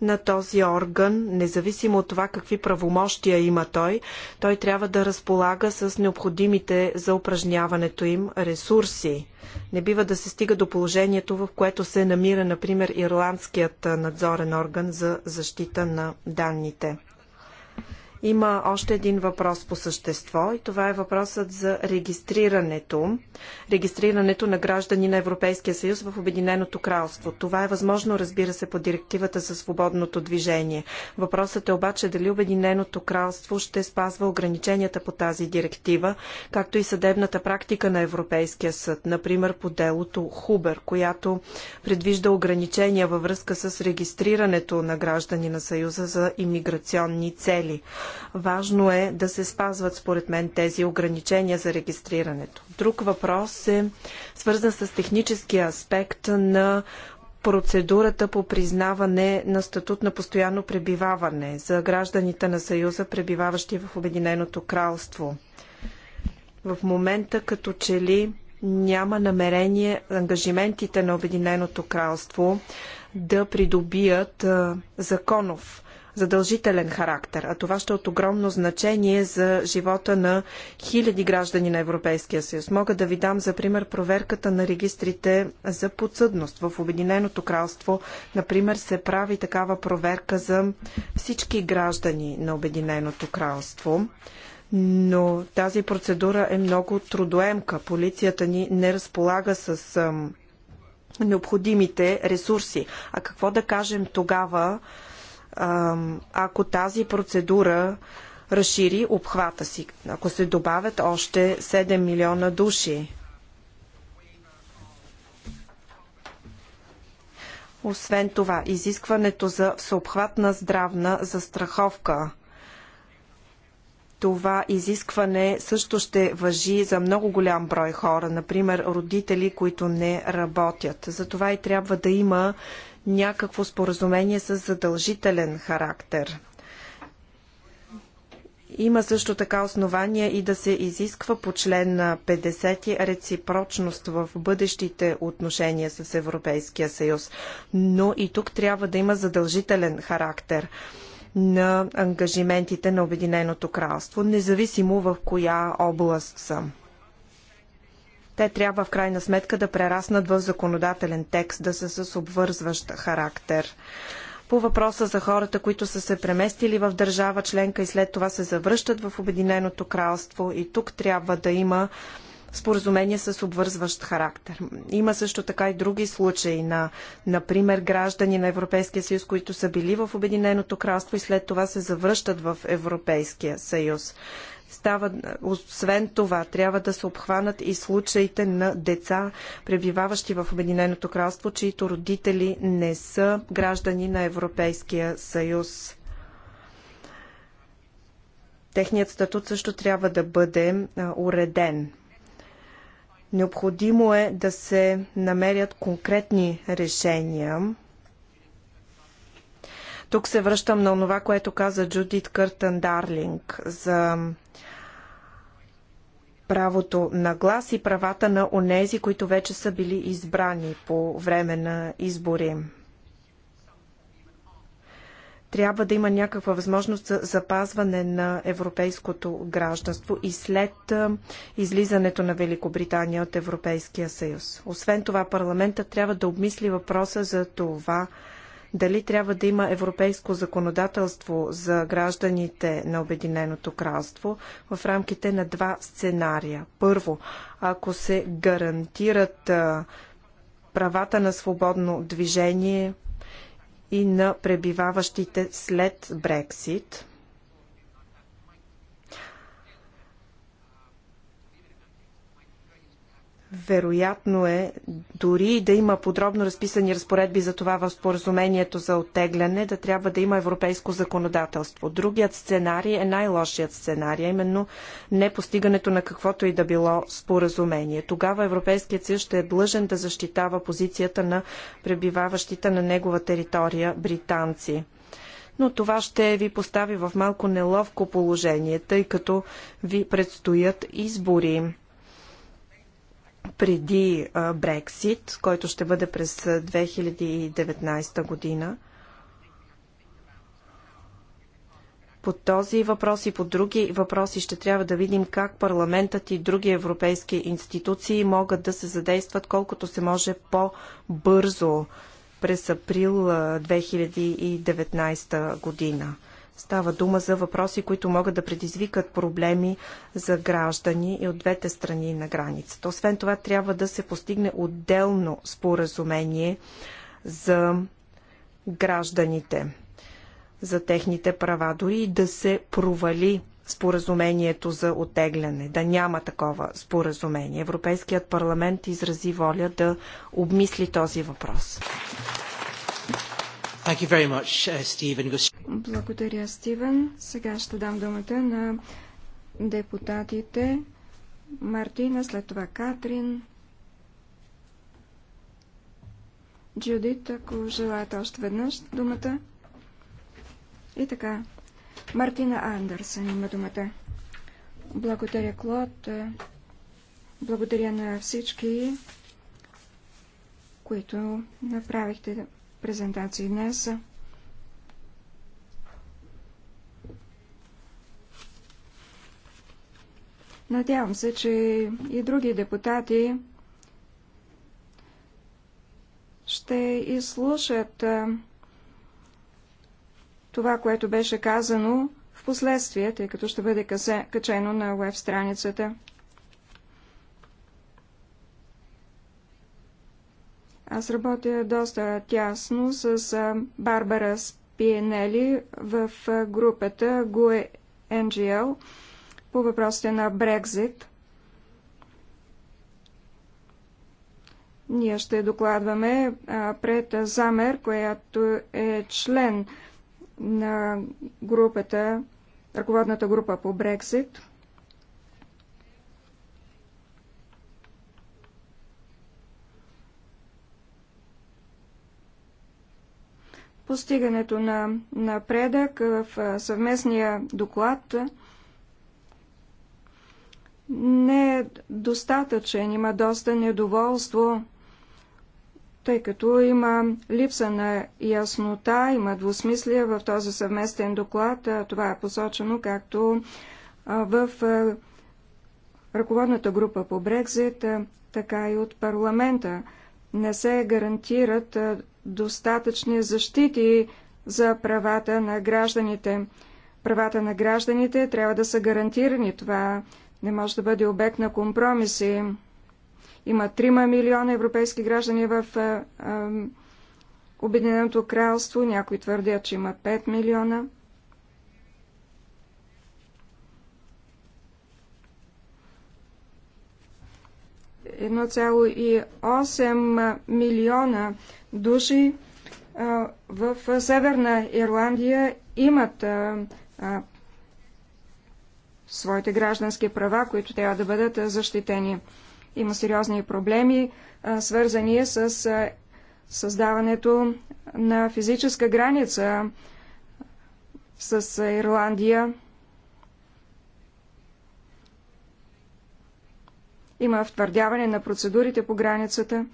на този орган, независимо от това какви правомощия има той, той трябва да разполага с необходимите за упражняването им ресурси. Не бива да се стига до положението, в което се намира, например, Ирландският надзорен орган за защита на данните. Има още един въпрос по същество и това е въпросът за регистрирането. Регистрирането на граждани на Европейския съюз в Обединеното кралство. Това е възможно, разбира се, по директивата за свободното движение. Въпросът е обаче дали Обединеното кралство ще спазва ограниченията по тази директива, както и съдебната практика на Европейския съд, например по делото Хубер, която предвижда ограничения във връзка с регистрирането на граждани на Съюза за имиграционни цели. Важно е да се спазват, според мен, тези ограничения за регистрирането. Друг въпрос е свързан с техническия аспект на процедурата по признаване на статут на постоянно пребиваване за гражданите на Съюза, пребиваващи в Обединеното кралство. В момента като че ли няма намерение ангажиментите на Обединеното кралство да придобият законов задължителен характер, а това ще е от огромно значение за живота на хиляди граждани на Европейския съюз. Мога да ви дам за пример проверката на регистрите за подсъдност. В Обединеното кралство, например, се прави такава проверка за всички граждани на Обединеното кралство но тази процедура е много трудоемка. Полицията ни не разполага с необходимите ресурси. А какво да кажем тогава ако тази процедура разшири обхвата си, ако се добавят още 7 милиона души. Освен това, изискването за всеобхватна здравна застраховка. Това изискване също ще въжи за много голям брой хора, например родители, които не работят. Затова и трябва да има някакво споразумение с задължителен характер. Има също така основания и да се изисква по член на 50 реципрочност в бъдещите отношения с Европейския съюз, но и тук трябва да има задължителен характер на ангажиментите на Обединеното кралство, независимо в коя област съм. Те трябва в крайна сметка да прераснат в законодателен текст, да са с обвързващ характер. По въпроса за хората, които са се преместили в държава членка и след това се завръщат в Обединеното кралство и тук трябва да има споразумение с обвързващ характер. Има също така и други случаи на, например, граждани на Европейския съюз, които са били в Обединеното кралство и след това се завръщат в Европейския съюз. Става, освен това, трябва да се обхванат и случаите на деца, пребиваващи в Обединеното кралство, чието родители не са граждани на Европейския съюз. Техният статут също трябва да бъде уреден. Необходимо е да се намерят конкретни решения. Тук се връщам на това, което каза Джудит Къртън Дарлинг за правото на глас и правата на онези, които вече са били избрани по време на избори. Трябва да има някаква възможност за запазване на европейското гражданство и след излизането на Великобритания от Европейския съюз. Освен това, парламентът трябва да обмисли въпроса за това, дали трябва да има европейско законодателство за гражданите на Обединеното кралство в рамките на два сценария. Първо, ако се гарантират правата на свободно движение и на пребиваващите след Брексит – Вероятно е, дори да има подробно разписани разпоредби за това в споразумението за оттегляне, да трябва да има европейско законодателство. Другият сценарий е най-лошият сценарий, именно непостигането на каквото и да било споразумение. Тогава Европейският съюз ще е длъжен да защитава позицията на пребиваващите на негова територия британци но това ще ви постави в малко неловко положение, тъй като ви предстоят избори преди Брексит, който ще бъде през 2019 година. По този въпрос и по други въпроси ще трябва да видим как парламентът и други европейски институции могат да се задействат колкото се може по-бързо през април 2019 година. Става дума за въпроси, които могат да предизвикат проблеми за граждани и от двете страни на границата. Освен това, трябва да се постигне отделно споразумение за гражданите, за техните права, дори и да се провали споразумението за отегляне, да няма такова споразумение. Европейският парламент изрази воля да обмисли този въпрос. Much, uh, Благодаря, Стивен. Сега ще дам думата на депутатите Мартина, след това Катрин. Джудит, ако желаете още веднъж думата. И така. Мартина Андерсън има думата. Благодаря, Клод. Благодаря на всички, които направихте презентации днес. Надявам се, че и други депутати ще изслушат това, което беше казано в последствие, тъй като ще бъде качено на веб страницата. Аз работя доста тясно с Барбара Спиенели в групата GUE NGL по въпросите на Брекзит. Ние ще докладваме пред Замер, която е член на групата, ръководната група по Брекзит. постигането на напредък в съвместния доклад не е достатъчен. Има доста недоволство, тъй като има липса на яснота, има двусмислие в този съвместен доклад. Това е посочено както в ръководната група по Брекзит, така и от парламента. Не се гарантират достатъчни защити за правата на гражданите. Правата на гражданите трябва да са гарантирани. Това не може да бъде обект на компромиси. Има 3 милиона европейски граждани в Обединеното кралство, някои твърдят, че има 5 милиона – 1,8 милиона души в Северна Ирландия имат своите граждански права, които трябва да бъдат защитени. Има сериозни проблеми, свързани с създаването на физическа граница с Ирландия. Има втвърдяване на процедурите по границата.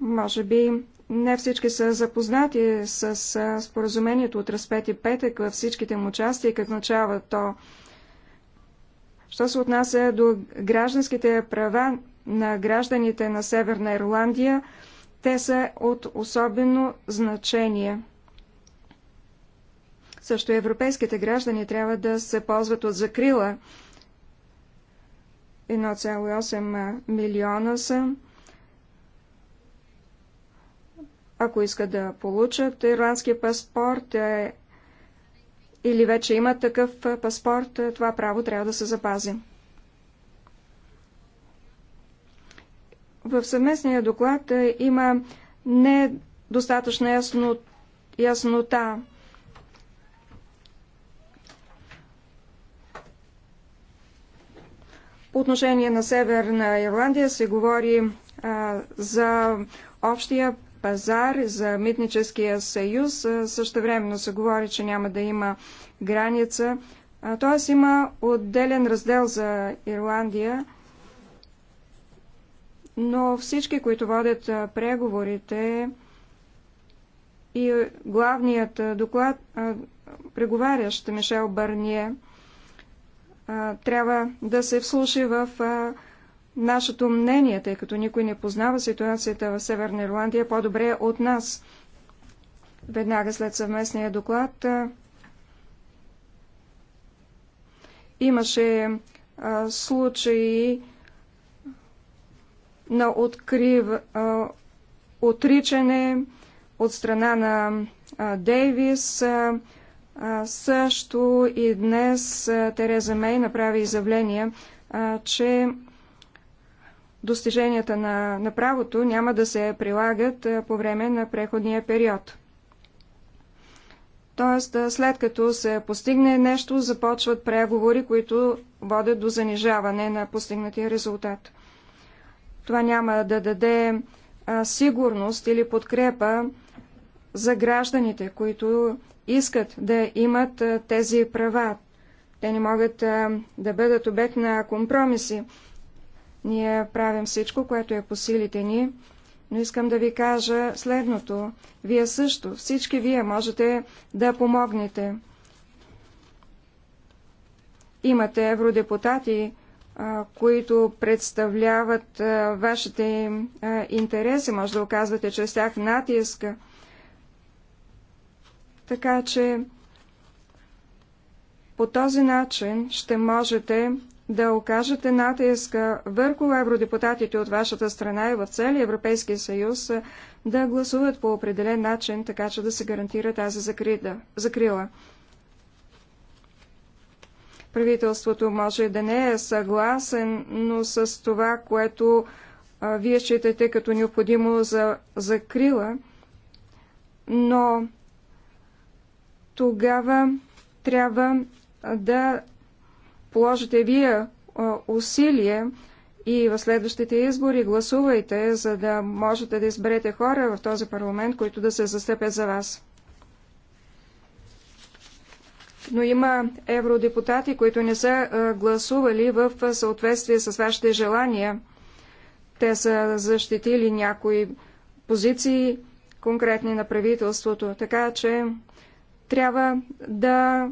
Може би не всички са запознати с споразумението от разпети петък във всичките му части и какво начава то. Що се отнася до гражданските права на гражданите на Северна Ирландия, те са от особено значение. Също европейските граждани трябва да се ползват от закрила 1,8 милиона са. Ако искат да получат ирландски паспорт е, или вече имат такъв паспорт, е, това право трябва да се запази. В съвместния доклад е, има недостатъчна ясно, яснота По отношение на Северна Ирландия се говори а, за общия пазар, за митническия съюз. Също времено се говори, че няма да има граница. Т.е. има отделен раздел за Ирландия, но всички, които водят преговорите и главният доклад, преговарящ Мишел Барние, трябва да се вслуши в нашето мнение, тъй като никой не познава ситуацията в Северна Ирландия по-добре от нас. Веднага след съвместния доклад имаше а, случаи на открив, а, отричане от страна на а, Дейвис. А, също и днес Тереза Мей направи изявление, че достиженията на, на правото няма да се прилагат по време на преходния период. Тоест, след като се постигне нещо, започват преговори, които водят до занижаване на постигнатия резултат. Това няма да даде сигурност или подкрепа за гражданите, които искат да имат тези права. Те не могат да бъдат обект на компромиси. Ние правим всичко, което е по силите ни, но искам да ви кажа следното. Вие също, всички вие можете да помогнете. Имате евродепутати, които представляват вашите интереси, може да оказвате чрез тях натиска. Така че по този начин ще можете да окажете натиска върху евродепутатите от вашата страна и в целия Европейския съюз да гласуват по определен начин, така че да се гарантира тази закрида, закрила. Правителството може да не е съгласен, но с това, което а, вие считате като необходимо за закрила, но тогава трябва да положите вие усилие и в следващите избори гласувайте, за да можете да изберете хора в този парламент, които да се застъпят за вас. Но има евродепутати, които не са гласували в съответствие с вашите желания. Те са защитили някои позиции конкретни на правителството. Така че трябва да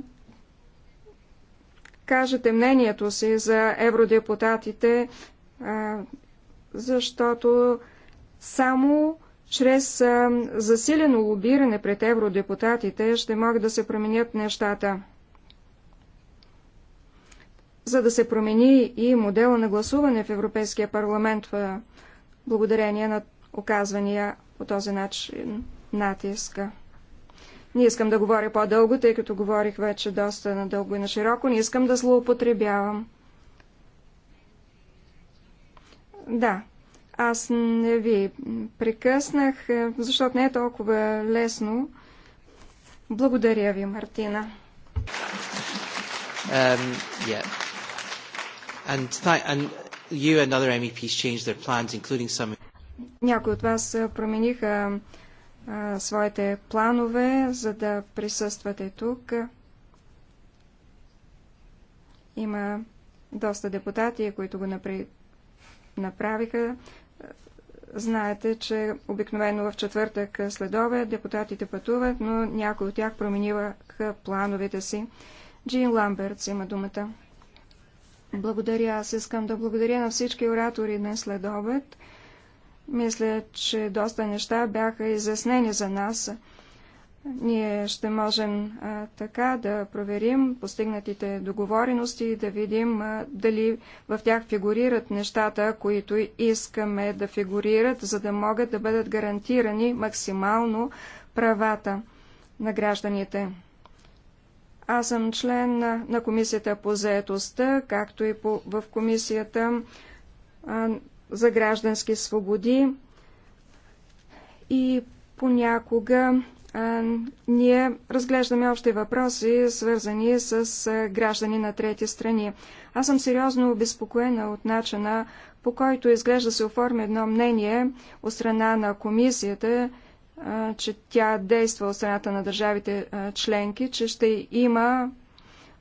кажете мнението си за евродепутатите, защото само чрез засилено лобиране пред евродепутатите ще могат да се променят нещата. За да се промени и модела на гласуване в Европейския парламент в благодарение на оказвания по този начин натиска. Не искам да говоря по-дълго, тъй като говорих вече доста надълго и на широко. Не искам да злоупотребявам. Да, аз не ви прекъснах, е, защото не е толкова лесно. Благодаря ви, Мартина. Um, yeah. and th- and you and other MEPs changed their plans, including some... Някои от вас е, промениха своите планове, за да присъствате тук. Има доста депутати, които го напри... направиха. Знаете, че обикновено в четвъртък следове депутатите пътуват, но някои от тях промениваха плановете си. Джин Ламбертс има думата. Благодаря. Аз искам да благодаря на всички оратори днес след обед. Мисля, че доста неща бяха изяснени за нас. Ние ще можем а, така да проверим постигнатите договорености и да видим а, дали в тях фигурират нещата, които искаме да фигурират, за да могат да бъдат гарантирани максимално правата на гражданите. Аз съм член на, на Комисията по заетостта, както и по, в Комисията за граждански свободи и понякога а, ние разглеждаме общи въпроси, свързани с а, граждани на трети страни. Аз съм сериозно обезпокоена от начина, по който изглежда се оформи едно мнение от страна на комисията, а, че тя действа от страната на държавите а, членки, че ще има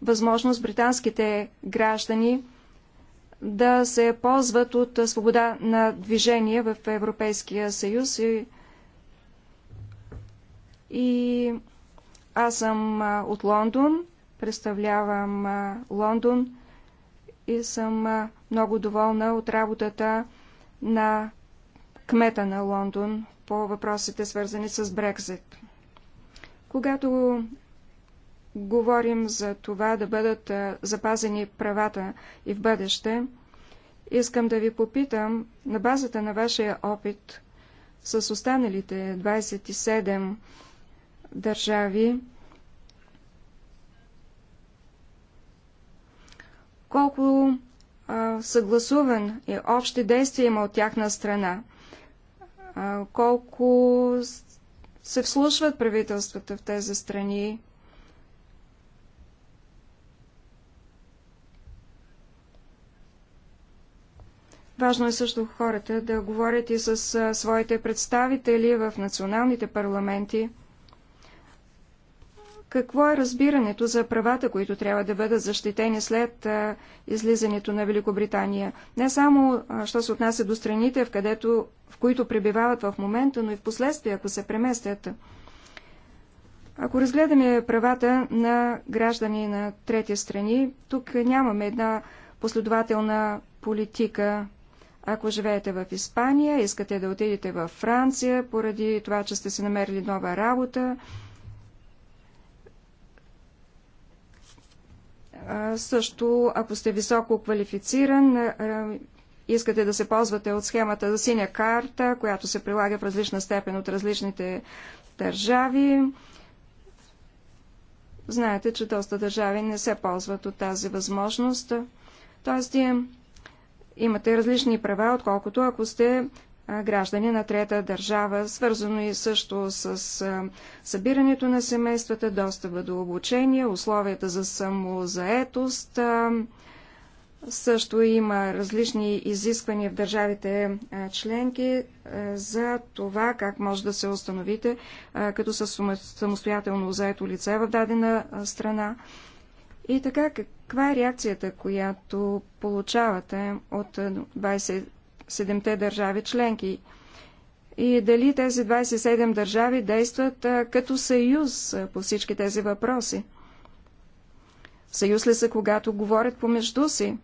възможност британските граждани да се ползват от свобода на движение в Европейския съюз. И, и аз съм от Лондон, представлявам Лондон и съм много доволна от работата на кмета на Лондон по въпросите свързани с Брекзит. Когато говорим за това да бъдат запазени правата и в бъдеще, искам да ви попитам, на базата на вашия опит с останалите 27 държави, колко съгласуван и общи действия има от тяхна страна, колко се вслушват правителствата в тези страни, Важно е също хората да говорят и с своите представители в националните парламенти. Какво е разбирането за правата, които трябва да бъдат защитени след излизането на Великобритания? Не само, що се отнася до страните, в, където, в които пребивават в момента, но и в последствие, ако се преместят. Ако разгледаме правата на граждани на трети страни, тук нямаме една последователна политика. Ако живеете в Испания, искате да отидете в Франция, поради това, че сте си намерили нова работа, също, ако сте високо квалифициран, искате да се ползвате от схемата за синя карта, която се прилага в различна степен от различните държави. Знаете, че доста държави не се ползват от тази възможност. Тоест, имате различни права, отколкото ако сте граждани на трета държава, свързано и също с събирането на семействата, достъпа до обучение, условията за самозаетост. Също има различни изисквания в държавите членки за това как може да се установите като със самостоятелно заето лице в дадена страна. И така, каква е реакцията, която получавате от 27-те е, държави членки? И дали тези 27 държави действат е, като съюз е, по всички тези въпроси? Съюз ли са, когато говорят помежду си?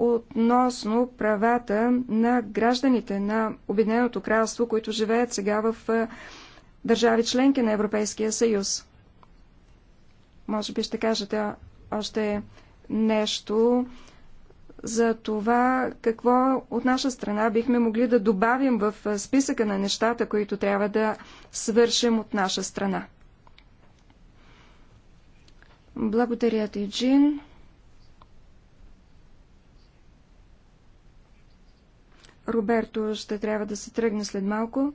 относно правата на гражданите на Обединеното кралство, които живеят сега в държави членки на Европейския съюз. Може би ще кажете, още нещо за това какво от наша страна бихме могли да добавим в списъка на нещата, които трябва да свършим от наша страна. Благодаря ти, Джин. Роберто ще трябва да се тръгне след малко.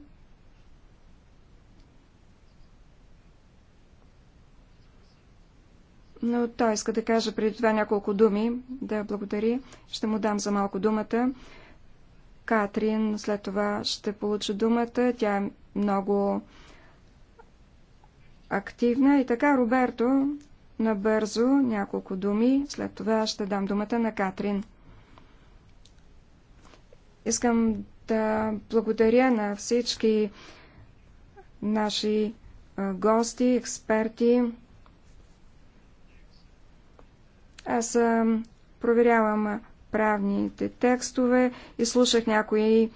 но той иска да каже преди това няколко думи, да благодари. Ще му дам за малко думата. Катрин след това ще получи думата. Тя е много активна. И така, Роберто, набързо няколко думи. След това ще дам думата на Катрин. Искам да благодаря на всички наши гости, експерти, аз проверявам правните текстове и слушах някои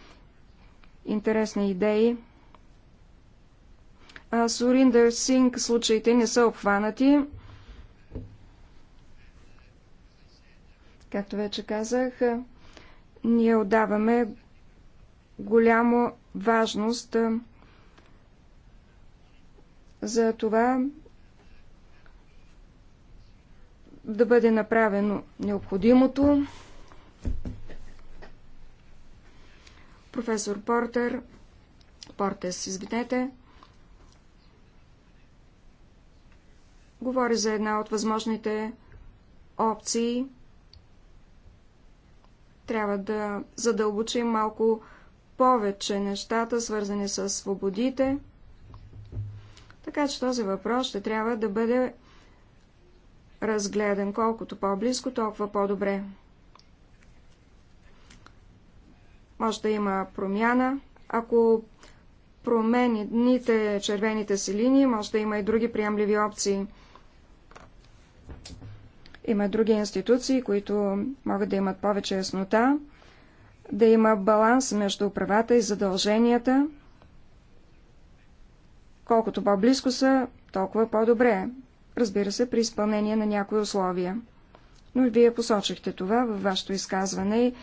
интересни идеи. Суриндър Синг случаите не са обхванати. Както вече казах, ние отдаваме голямо важност за това да бъде направено необходимото. Професор Портер, Портес, извинете, говори за една от възможните опции. Трябва да задълбочим малко повече нещата, свързани с свободите. Така че този въпрос ще трябва да бъде разгледан. Колкото по-близко, толкова по-добре. Може да има промяна. Ако промени дните червените си линии, може да има и други приемливи опции. Има други институции, които могат да имат повече яснота, да има баланс между правата и задълженията. Колкото по-близко са, толкова по-добре разбира се, при изпълнение на някои условия. Но вие посочихте това във вашето изказване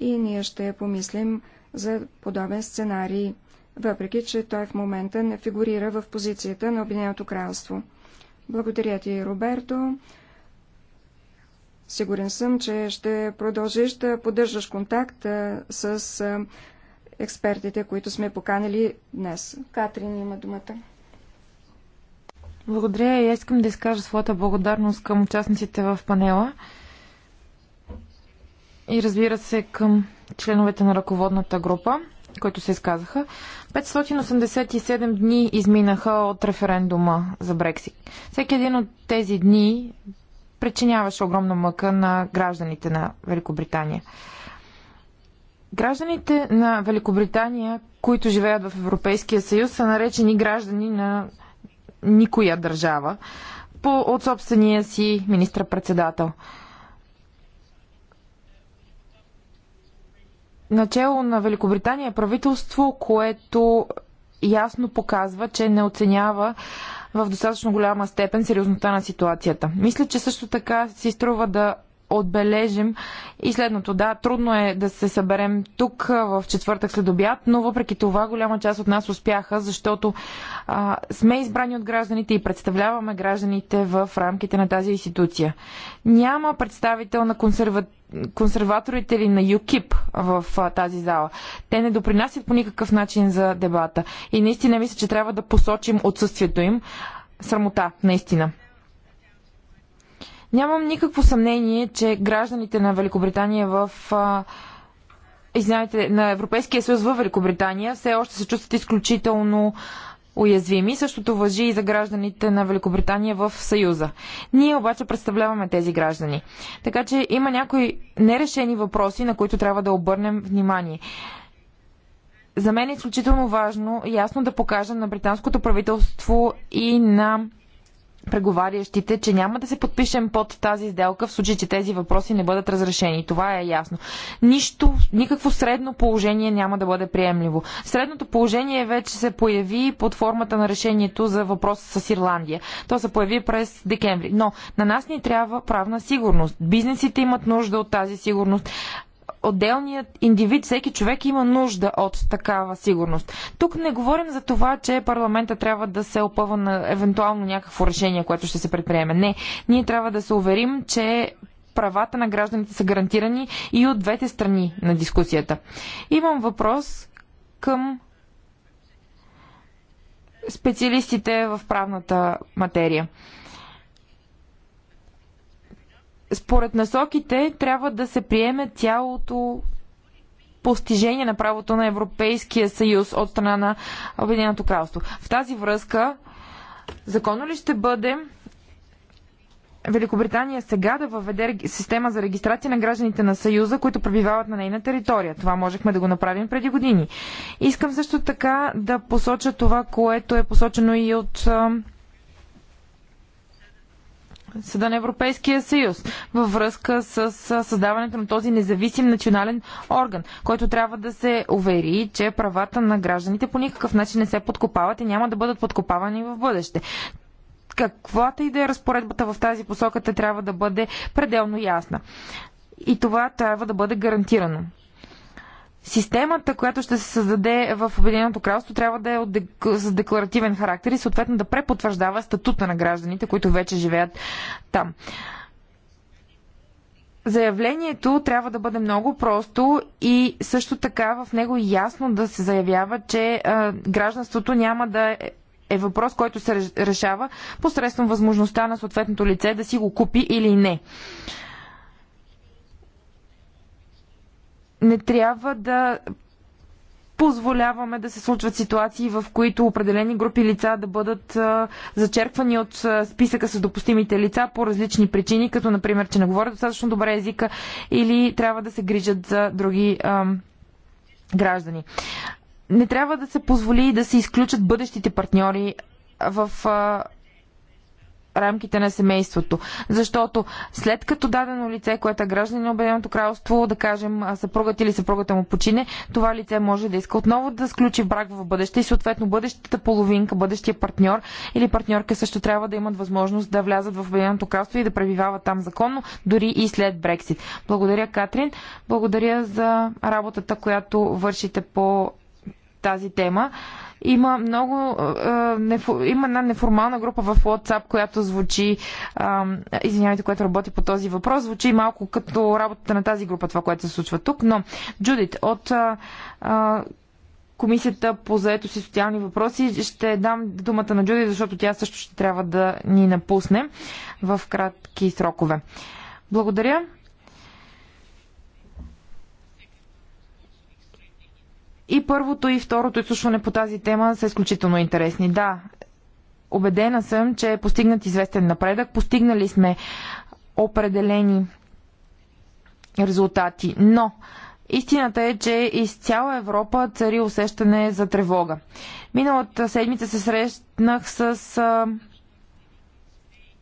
и ние ще помислим за подобен сценарий, въпреки че той в момента не фигурира в позицията на Обединеното кралство. Благодаря ти, Роберто. Сигурен съм, че ще продължиш да поддържаш контакт с експертите, които сме поканили днес. Катрин има думата. Благодаря и искам да изкажа своята благодарност към участниците в панела и разбира се към членовете на ръководната група, които се изказаха. 587 дни изминаха от референдума за Брексит. Всеки един от тези дни причиняваше огромна мъка на гражданите на Великобритания. Гражданите на Великобритания, които живеят в Европейския съюз, са наречени граждани на никоя държава по, от собствения си министр-председател. Начало на Великобритания е правителство, което ясно показва, че не оценява в достатъчно голяма степен сериозността на ситуацията. Мисля, че също така си струва да отбележим и следното. Да, трудно е да се съберем тук в четвъртък след обяд, но въпреки това голяма част от нас успяха, защото а, сме избрани от гражданите и представляваме гражданите в рамките на тази институция. Няма представител на консерва... консерваторите или на ЮКИП в а, тази зала. Те не допринасят по никакъв начин за дебата. И наистина мисля, че трябва да посочим отсъствието им. Срамота, наистина. Нямам никакво съмнение, че гражданите на Великобритания в извинявайте, на Европейския съюз в Великобритания все още се чувстват изключително уязвими. Същото въжи и за гражданите на Великобритания в Съюза. Ние обаче представляваме тези граждани. Така че има някои нерешени въпроси, на които трябва да обърнем внимание. За мен е изключително важно ясно да покажа на британското правителство и на преговарящите, че няма да се подпишем под тази сделка в случай, че тези въпроси не бъдат разрешени. Това е ясно. Нищо, никакво средно положение няма да бъде приемливо. Средното положение вече се появи под формата на решението за въпроса с Ирландия. То се появи през декември. Но на нас ни трябва правна сигурност. Бизнесите имат нужда от тази сигурност отделният индивид, всеки човек има нужда от такава сигурност. Тук не говорим за това, че парламента трябва да се опъва на евентуално някакво решение, което ще се предприеме. Не, ние трябва да се уверим, че правата на гражданите са гарантирани и от двете страни на дискусията. Имам въпрос към специалистите в правната материя според насоките трябва да се приеме цялото постижение на правото на Европейския съюз от страна на Обединеното кралство. В тази връзка, законно ли ще бъде Великобритания сега да въведе система за регистрация на гражданите на Съюза, които пребивават на нейна територия. Това можехме да го направим преди години. Искам също така да посоча това, което е посочено и от Съда на Европейския съюз във връзка с създаването на този независим национален орган, който трябва да се увери, че правата на гражданите по никакъв начин не се подкопават и няма да бъдат подкопавани в бъдеще. Каквата и да е разпоредбата в тази посока, трябва да бъде пределно ясна. И това трябва да бъде гарантирано системата, която ще се създаде в Обединеното кралство, трябва да е от дек... с декларативен характер и съответно да препотвърждава статута на гражданите, които вече живеят там. Заявлението трябва да бъде много просто и също така в него ясно да се заявява, че а, гражданството няма да е въпрос, който се решава посредством възможността на съответното лице да си го купи или не. А, не трябва да позволяваме да се случват ситуации, в които определени групи лица да бъдат зачерквани от списъка с допустимите лица по различни причини, като например, че не говорят достатъчно добре езика или трябва да се грижат за други ам, граждани. Не трябва да се позволи да се изключат бъдещите партньори в а, рамките на семейството. Защото след като дадено лице, което е гражданин на Обединеното кралство, да кажем съпругът или съпругата му почине, това лице може да иска отново да сключи брак в бъдеще и съответно бъдещата половинка, бъдещия партньор или партньорка също трябва да имат възможност да влязат в Обединеното кралство и да пребивават там законно, дори и след Брексит. Благодаря, Катрин. Благодаря за работата, която вършите по тази тема. Има много. Има една неформална група в WhatsApp, която звучи. Извинявайте, която работи по този въпрос. Звучи малко като работата на тази група, това, което се случва тук. Но, Джудит, от Комисията по заето си социални въпроси. Ще дам думата на Джуди, защото тя също ще трябва да ни напусне в кратки срокове. Благодаря. И първото и второто изслушване по тази тема са изключително интересни. Да, убедена съм, че е постигнат известен напредък. Постигнали сме определени резултати. Но истината е, че из цяла Европа цари усещане за тревога. Миналата седмица се срещнах с а,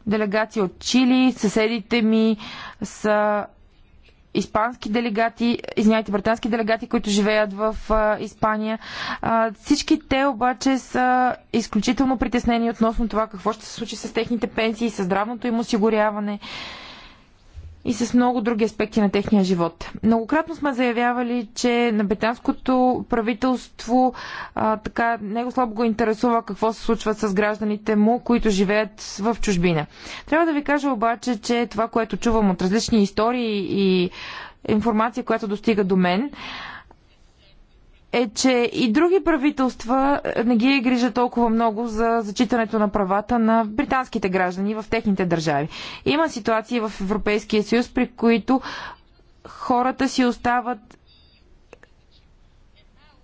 делегация от Чили. Съседите ми са испански делегати, извинявайте, британски делегати, които живеят в Испания. всички те обаче са изключително притеснени относно това какво ще се случи с техните пенсии, с здравното им осигуряване и с много други аспекти на техния живот. Многократно сме заявявали, че на британското правителство а, така него слабо го интересува какво се случва с гражданите му, които живеят в чужбина. Трябва да ви кажа обаче, че това, което чувам от различни истории и информация, която достига до мен, е, че и други правителства не ги е грижа толкова много за зачитането на правата на британските граждани в техните държави. Има ситуации в Европейския съюз, при които хората си остават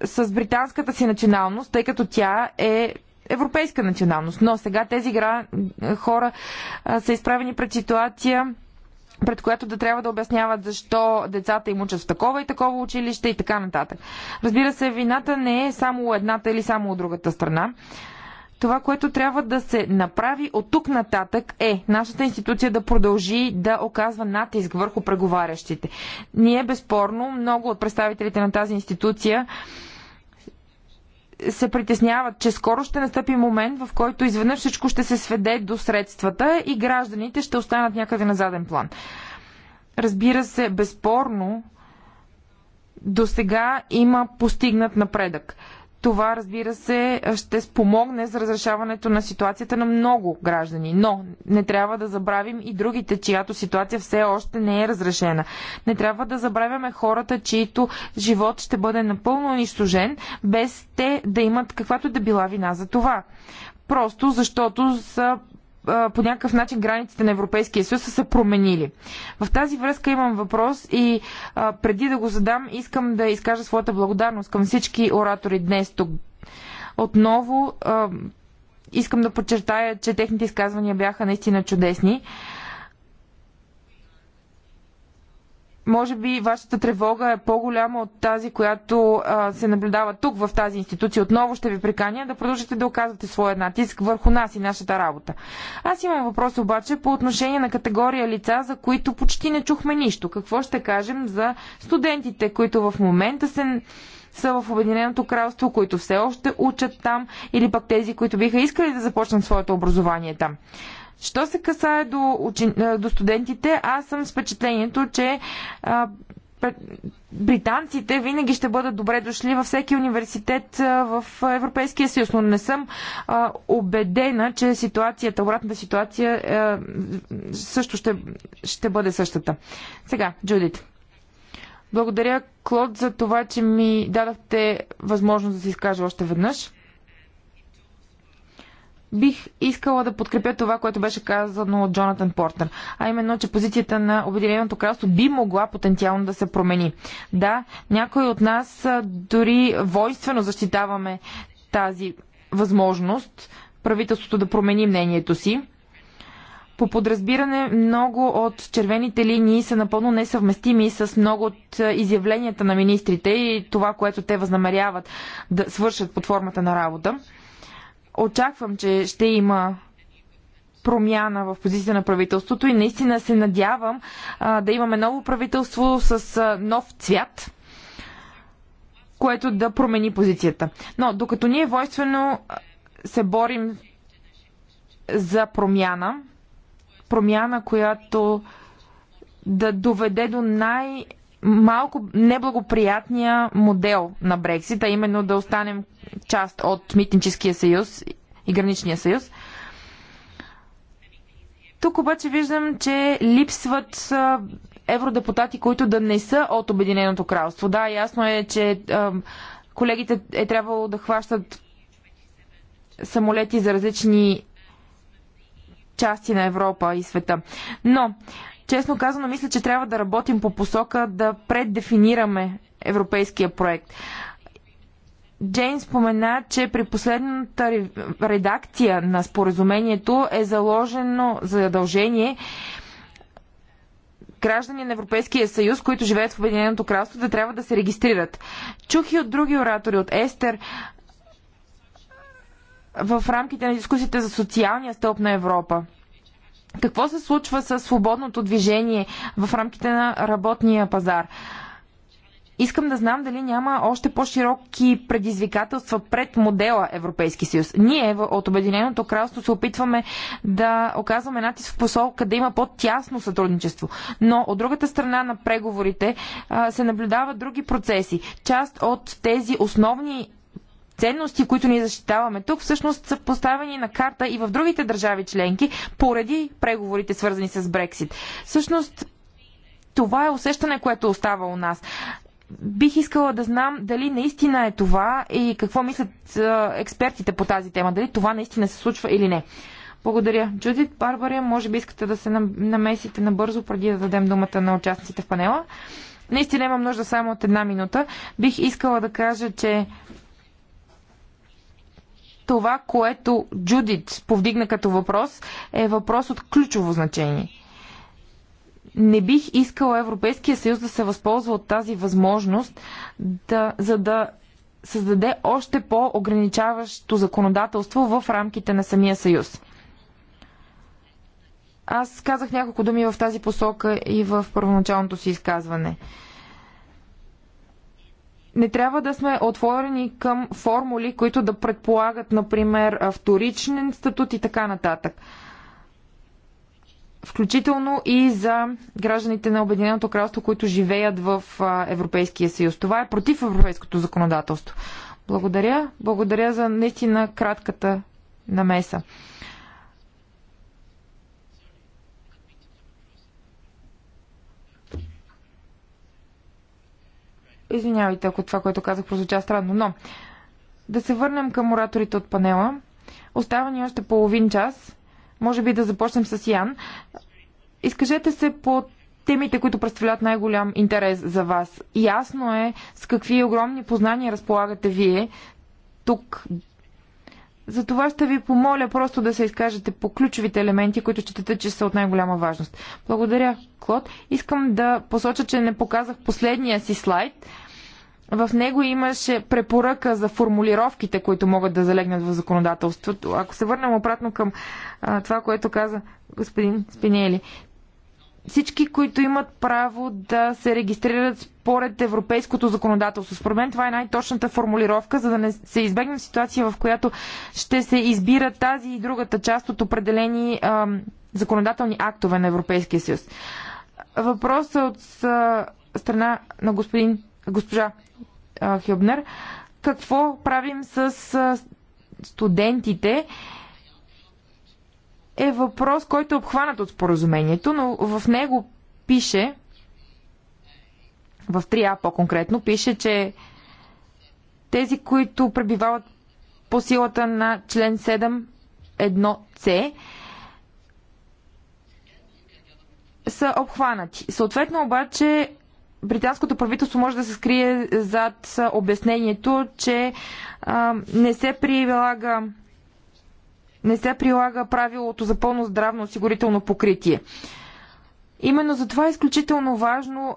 с британската си националност, тъй като тя е европейска националност. Но сега тези гра... хора а, са изправени пред ситуация пред която да трябва да обясняват защо децата им учат в такова и такова училище и така нататък. Разбира се, вината не е само едната или само от другата страна. Това, което трябва да се направи от тук нататък е нашата институция да продължи да оказва натиск върху преговарящите. Ние безспорно, много от представителите на тази институция се притесняват, че скоро ще настъпи момент, в който изведнъж всичко ще се сведе до средствата и гражданите ще останат някъде на заден план. Разбира се, безспорно, до сега има постигнат напредък. Това, разбира се, ще спомогне за разрешаването на ситуацията на много граждани, но не трябва да забравим и другите, чиято ситуация все още не е разрешена. Не трябва да забравяме хората, чието живот ще бъде напълно унищожен, без те да имат каквато да била вина за това. Просто защото са по някакъв начин границите на Европейския съюз са се променили. В тази връзка имам въпрос и а, преди да го задам, искам да изкажа своята благодарност към всички оратори днес тук. Отново а, искам да подчертая, че техните изказвания бяха наистина чудесни. може би вашата тревога е по-голяма от тази, която а, се наблюдава тук в тази институция. Отново ще ви приканя да продължите да оказвате своя натиск върху нас и нашата работа. Аз имам въпрос обаче по отношение на категория лица, за които почти не чухме нищо. Какво ще кажем за студентите, които в момента се са в Обединеното кралство, които все още учат там, или пък тези, които биха искали да започнат своето образование там. Що се касае до, учен... Е, до студентите, аз съм с впечатлението, че а, е, британците винаги ще бъдат добре дошли във всеки университет е, в Европейския съюз, но не съм а, убедена, че ситуацията, обратната ситуация а, също ще, ще бъде същата. Сега, Джудит. Благодаря, Клод, за това, че ми дадахте възможност да се изкажа още веднъж бих искала да подкрепя това, което беше казано от Джонатан Портер, а именно, че позицията на Обединеното кралство би могла потенциално да се промени. Да, някои от нас дори войствено защитаваме тази възможност правителството да промени мнението си. По подразбиране, много от червените линии са напълно несъвместими с много от изявленията на министрите и това, което те възнамеряват да свършат под формата на работа очаквам, че ще има промяна в позиция на правителството и наистина се надявам а, да имаме ново правителство с а, нов цвят, което да промени позицията. Но докато ние войствено се борим за промяна, промяна, която да доведе до най- малко неблагоприятния модел на Брексита, именно да останем част от Митническия съюз и Граничния съюз. Тук обаче виждам, че липсват евродепутати, които да не са от Обединеното кралство. Да, ясно е, че колегите е трябвало да хващат самолети за различни части на Европа и света. Но Честно казано, мисля, че трябва да работим по посока да преддефинираме европейския проект. Джейн спомена, че при последната редакция на споразумението е заложено задължение граждани на Европейския съюз, които живеят в Обединеното кралство, да трябва да се регистрират. Чух и от други оратори, от Естер, в рамките на дискусията за социалния стълб на Европа. Какво се случва с свободното движение в рамките на работния пазар? Искам да знам дали няма още по-широки предизвикателства пред модела Европейски съюз. Ние от Обединеното кралство се опитваме да оказваме натиск в посолка да има по-тясно сътрудничество. Но от другата страна на преговорите се наблюдават други процеси. Част от тези основни ценности, които ни защитаваме тук, всъщност са поставени на карта и в другите държави членки, поради преговорите, свързани с Брексит. Всъщност, това е усещане, което остава у нас. Бих искала да знам дали наистина е това и какво мислят експертите по тази тема. Дали това наистина се случва или не. Благодаря. Джудит, Барбария, може би искате да се намесите набързо, преди да дадем думата на участниците в панела. Наистина имам нужда само от една минута. Бих искала да кажа, че това, което Джудит повдигна като въпрос, е въпрос от ключово значение. Не бих искала Европейския съюз да се възползва от тази възможност, да, за да създаде още по-ограничаващо законодателство в рамките на самия съюз. Аз казах няколко думи в тази посока и в първоначалното си изказване не трябва да сме отворени към формули, които да предполагат, например, вторичен статут и така нататък. Включително и за гражданите на Обединеното кралство, които живеят в Европейския съюз. Това е против европейското законодателство. Благодаря. Благодаря за наистина кратката намеса. Извинявайте, ако това, което казах, прозвуча странно, но да се върнем към ораторите от панела. Остава ни още половин час. Може би да започнем с Ян. Изкажете се по темите, които представляват най-голям интерес за вас. Ясно е с какви огромни познания разполагате вие тук за това ще ви помоля просто да се изкажете по ключовите елементи, които считате, че са от най-голяма важност. Благодаря, Клод. Искам да посоча, че не показах последния си слайд. В него имаше препоръка за формулировките, които могат да залегнат в законодателството. Ако се върнем обратно към а, това, което каза господин Спинели, всички, които имат право да се регистрират според европейското законодателство. Според мен това е най-точната формулировка, за да не се избегне ситуация, в която ще се избира тази и другата част от определени а, законодателни актове на Европейския съюз. Въпросът от а, страна на господин, госпожа а, Хюбнер. Какво правим с а, студентите? е въпрос, който е обхванат от споразумението, но в него пише, в 3А по-конкретно, пише, че тези, които пребивават по силата на член 7.1c, са обхванати. Съответно обаче британското правителство може да се скрие зад обяснението, че а, не се прилага не се прилага правилото за пълно здравно осигурително покритие. Именно затова е изключително важно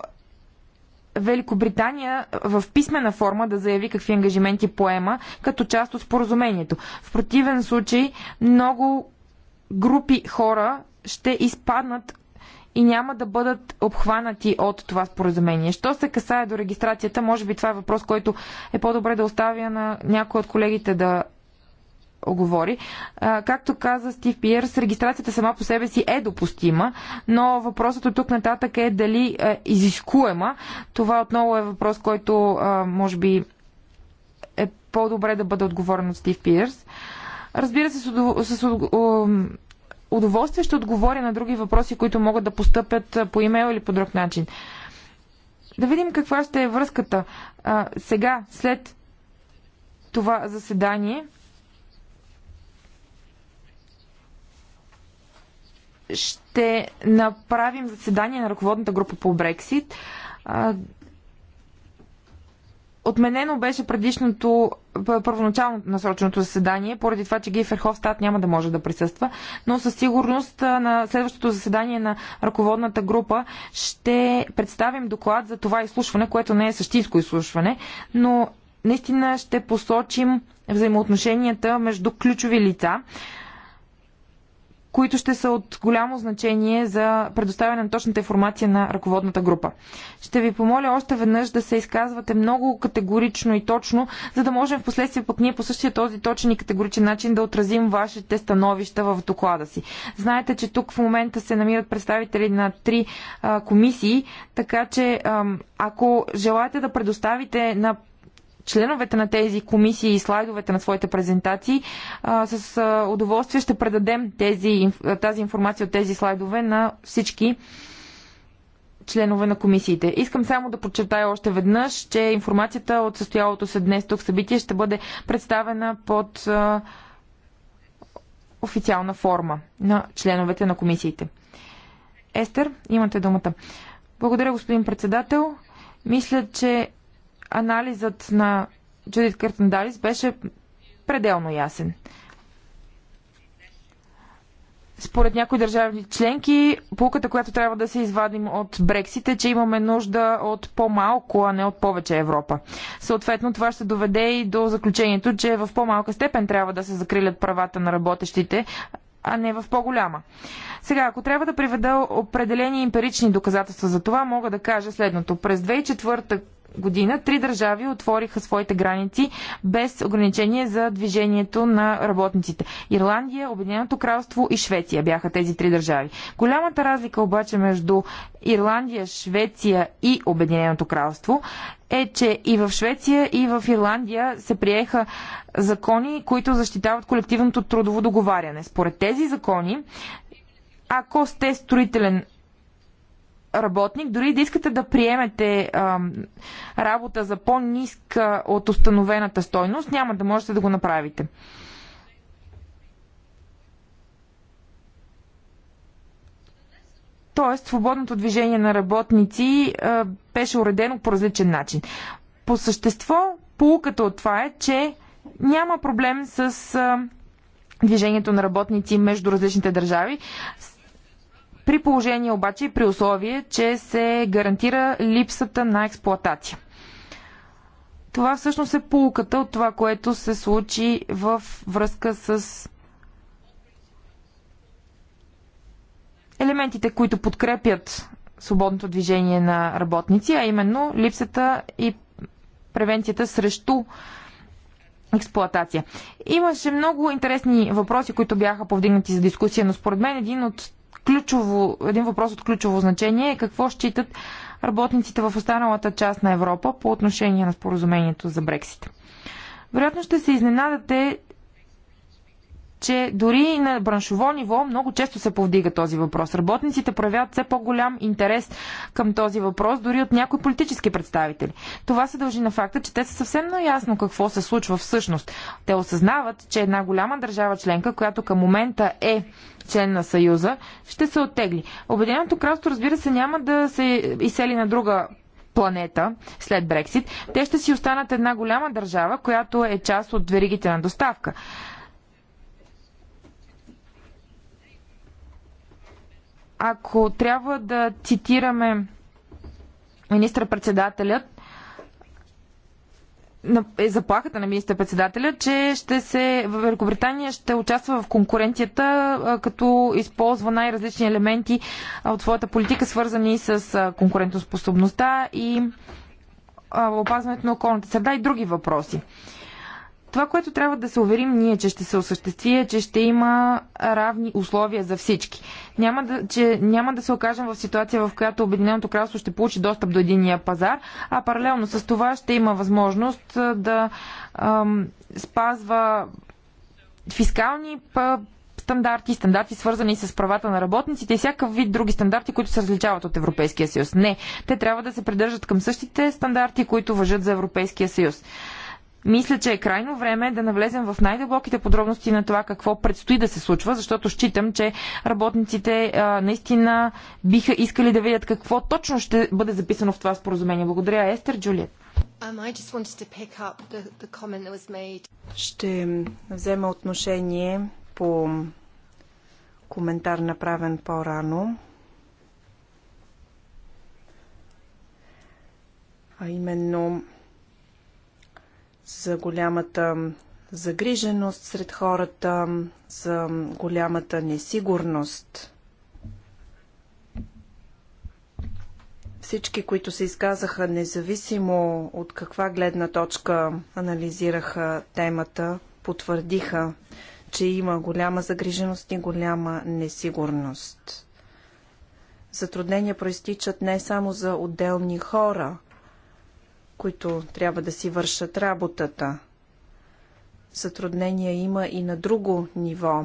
Великобритания в писмена форма да заяви какви ангажименти поема като част от споразумението. В противен случай много групи хора ще изпаднат и няма да бъдат обхванати от това споразумение. Що се касае до регистрацията, може би това е въпрос, който е по-добре да оставя на някой от колегите да оговори. Както каза Стив Пиерс, регистрацията сама по себе си е допустима, но въпросът от тук нататък е дали е изискуема. Това отново е въпрос, който може би е по-добре да бъде отговорен от Стив Пиерс. Разбира се, с, удов... с удоволствие ще отговоря на други въпроси, които могат да постъпят по имейл или по друг начин. Да видим каква ще е връзката. А, сега, след това заседание, ще направим заседание на ръководната група по Брексит. Отменено беше предишното първоначално насроченото заседание, поради това, че Гей Ферховстат няма да може да присъства, но със сигурност на следващото заседание на ръководната група ще представим доклад за това изслушване, което не е същинско изслушване, но наистина ще посочим взаимоотношенията между ключови лица които ще са от голямо значение за предоставяне на точната информация на ръководната група. Ще ви помоля още веднъж да се изказвате много категорично и точно, за да можем в последствие пък ние по същия този точен и категоричен начин да отразим вашите становища в доклада си. Знаете, че тук в момента се намират представители на три а, комисии, така че ако желаете да предоставите на членовете на тези комисии и слайдовете на своите презентации. С удоволствие ще предадем тези, тази информация от тези слайдове на всички членове на комисиите. Искам само да подчертая още веднъж, че информацията от състоялото се днес тук събитие ще бъде представена под официална форма на членовете на комисиите. Естер, имате думата. Благодаря, господин председател. Мисля, че анализът на Джудит Картандалис беше пределно ясен. Според някои държави членки, полуката, която трябва да се извадим от Брексит е, че имаме нужда от по-малко, а не от повече Европа. Съответно, това ще доведе и до заключението, че в по-малка степен трябва да се закрилят правата на работещите, а не в по-голяма. Сега, ако трябва да приведа определени емпирични доказателства за това, мога да кажа следното. През 2004 година три държави отвориха своите граници без ограничение за движението на работниците. Ирландия, Обединеното кралство и Швеция бяха тези три държави. Голямата разлика обаче между Ирландия, Швеция и Обединеното кралство е, че и в Швеция, и в Ирландия се приеха закони, които защитават колективното трудово договаряне. Според тези закони, ако сте строителен работник, дори да искате да приемете а, работа за по-ниска от установената стойност, няма да можете да го направите. Тоест, свободното движение на работници а, беше уредено по различен начин. По същество, полуката от това е, че няма проблем с а, движението на работници между различните държави. При положение обаче и при условие, че се гарантира липсата на експлоатация. Това всъщност е полуката от това, което се случи в връзка с елементите, които подкрепят свободното движение на работници, а именно липсата и превенцията срещу експлоатация. Имаше много интересни въпроси, които бяха повдигнати за дискусия, но според мен един от ключово, един въпрос от ключово значение е какво считат работниците в останалата част на Европа по отношение на споразумението за Брексит. Вероятно ще се изненадате, че дори на браншово ниво много често се повдига този въпрос. Работниците проявяват все по-голям интерес към този въпрос, дори от някои политически представители. Това се дължи на факта, че те са съвсем наясно какво се случва всъщност. Те осъзнават, че една голяма държава членка, която към момента е член на Съюза, ще се оттегли. Обединеното кралство, разбира се, няма да се изсели на друга планета след Брексит. Те ще си останат една голяма държава, която е част от веригите на доставка. Ако трябва да цитираме министър-председателят, е заплахата на министър-председателя, че ще се, Великобритания ще участва в конкуренцията, като използва най-различни елементи от своята политика, свързани с конкурентоспособността и опазването на околната среда и други въпроси. Това, което трябва да се уверим ние, че ще се осъществи е, че ще има равни условия за всички. Няма да, че няма да се окажем в ситуация, в която Обединеното кралство ще получи достъп до единия пазар, а паралелно с това ще има възможност да ам, спазва фискални стандарти, стандарти свързани с правата на работниците и всякакъв вид други стандарти, които се различават от Европейския съюз. Не, те трябва да се придържат към същите стандарти, които въжат за Европейския съюз. Мисля, че е крайно време да навлезем в най-дълбоките подробности на това какво предстои да се случва, защото считам, че работниците а, наистина биха искали да видят какво точно ще бъде записано в това споразумение. Благодаря, Естер Джулиет. Um, ще взема отношение по коментар направен по-рано. А именно за голямата загриженост сред хората, за голямата несигурност. Всички, които се изказаха, независимо от каква гледна точка анализираха темата, потвърдиха, че има голяма загриженост и голяма несигурност. Затруднения проистичат не само за отделни хора, които трябва да си вършат работата. Сътруднения има и на друго ниво.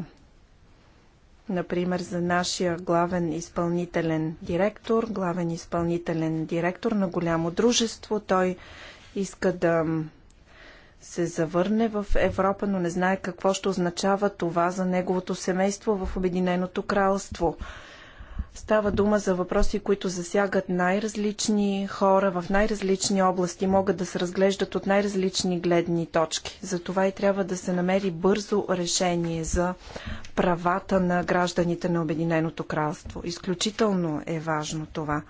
Например, за нашия главен изпълнителен директор, главен изпълнителен директор на голямо дружество. Той иска да се завърне в Европа, но не знае какво ще означава това за неговото семейство в Обединеното кралство. Става дума за въпроси, които засягат най-различни хора в най-различни области, могат да се разглеждат от най-различни гледни точки. Затова и трябва да се намери бързо решение за правата на гражданите на Обединеното кралство. Изключително е важно това.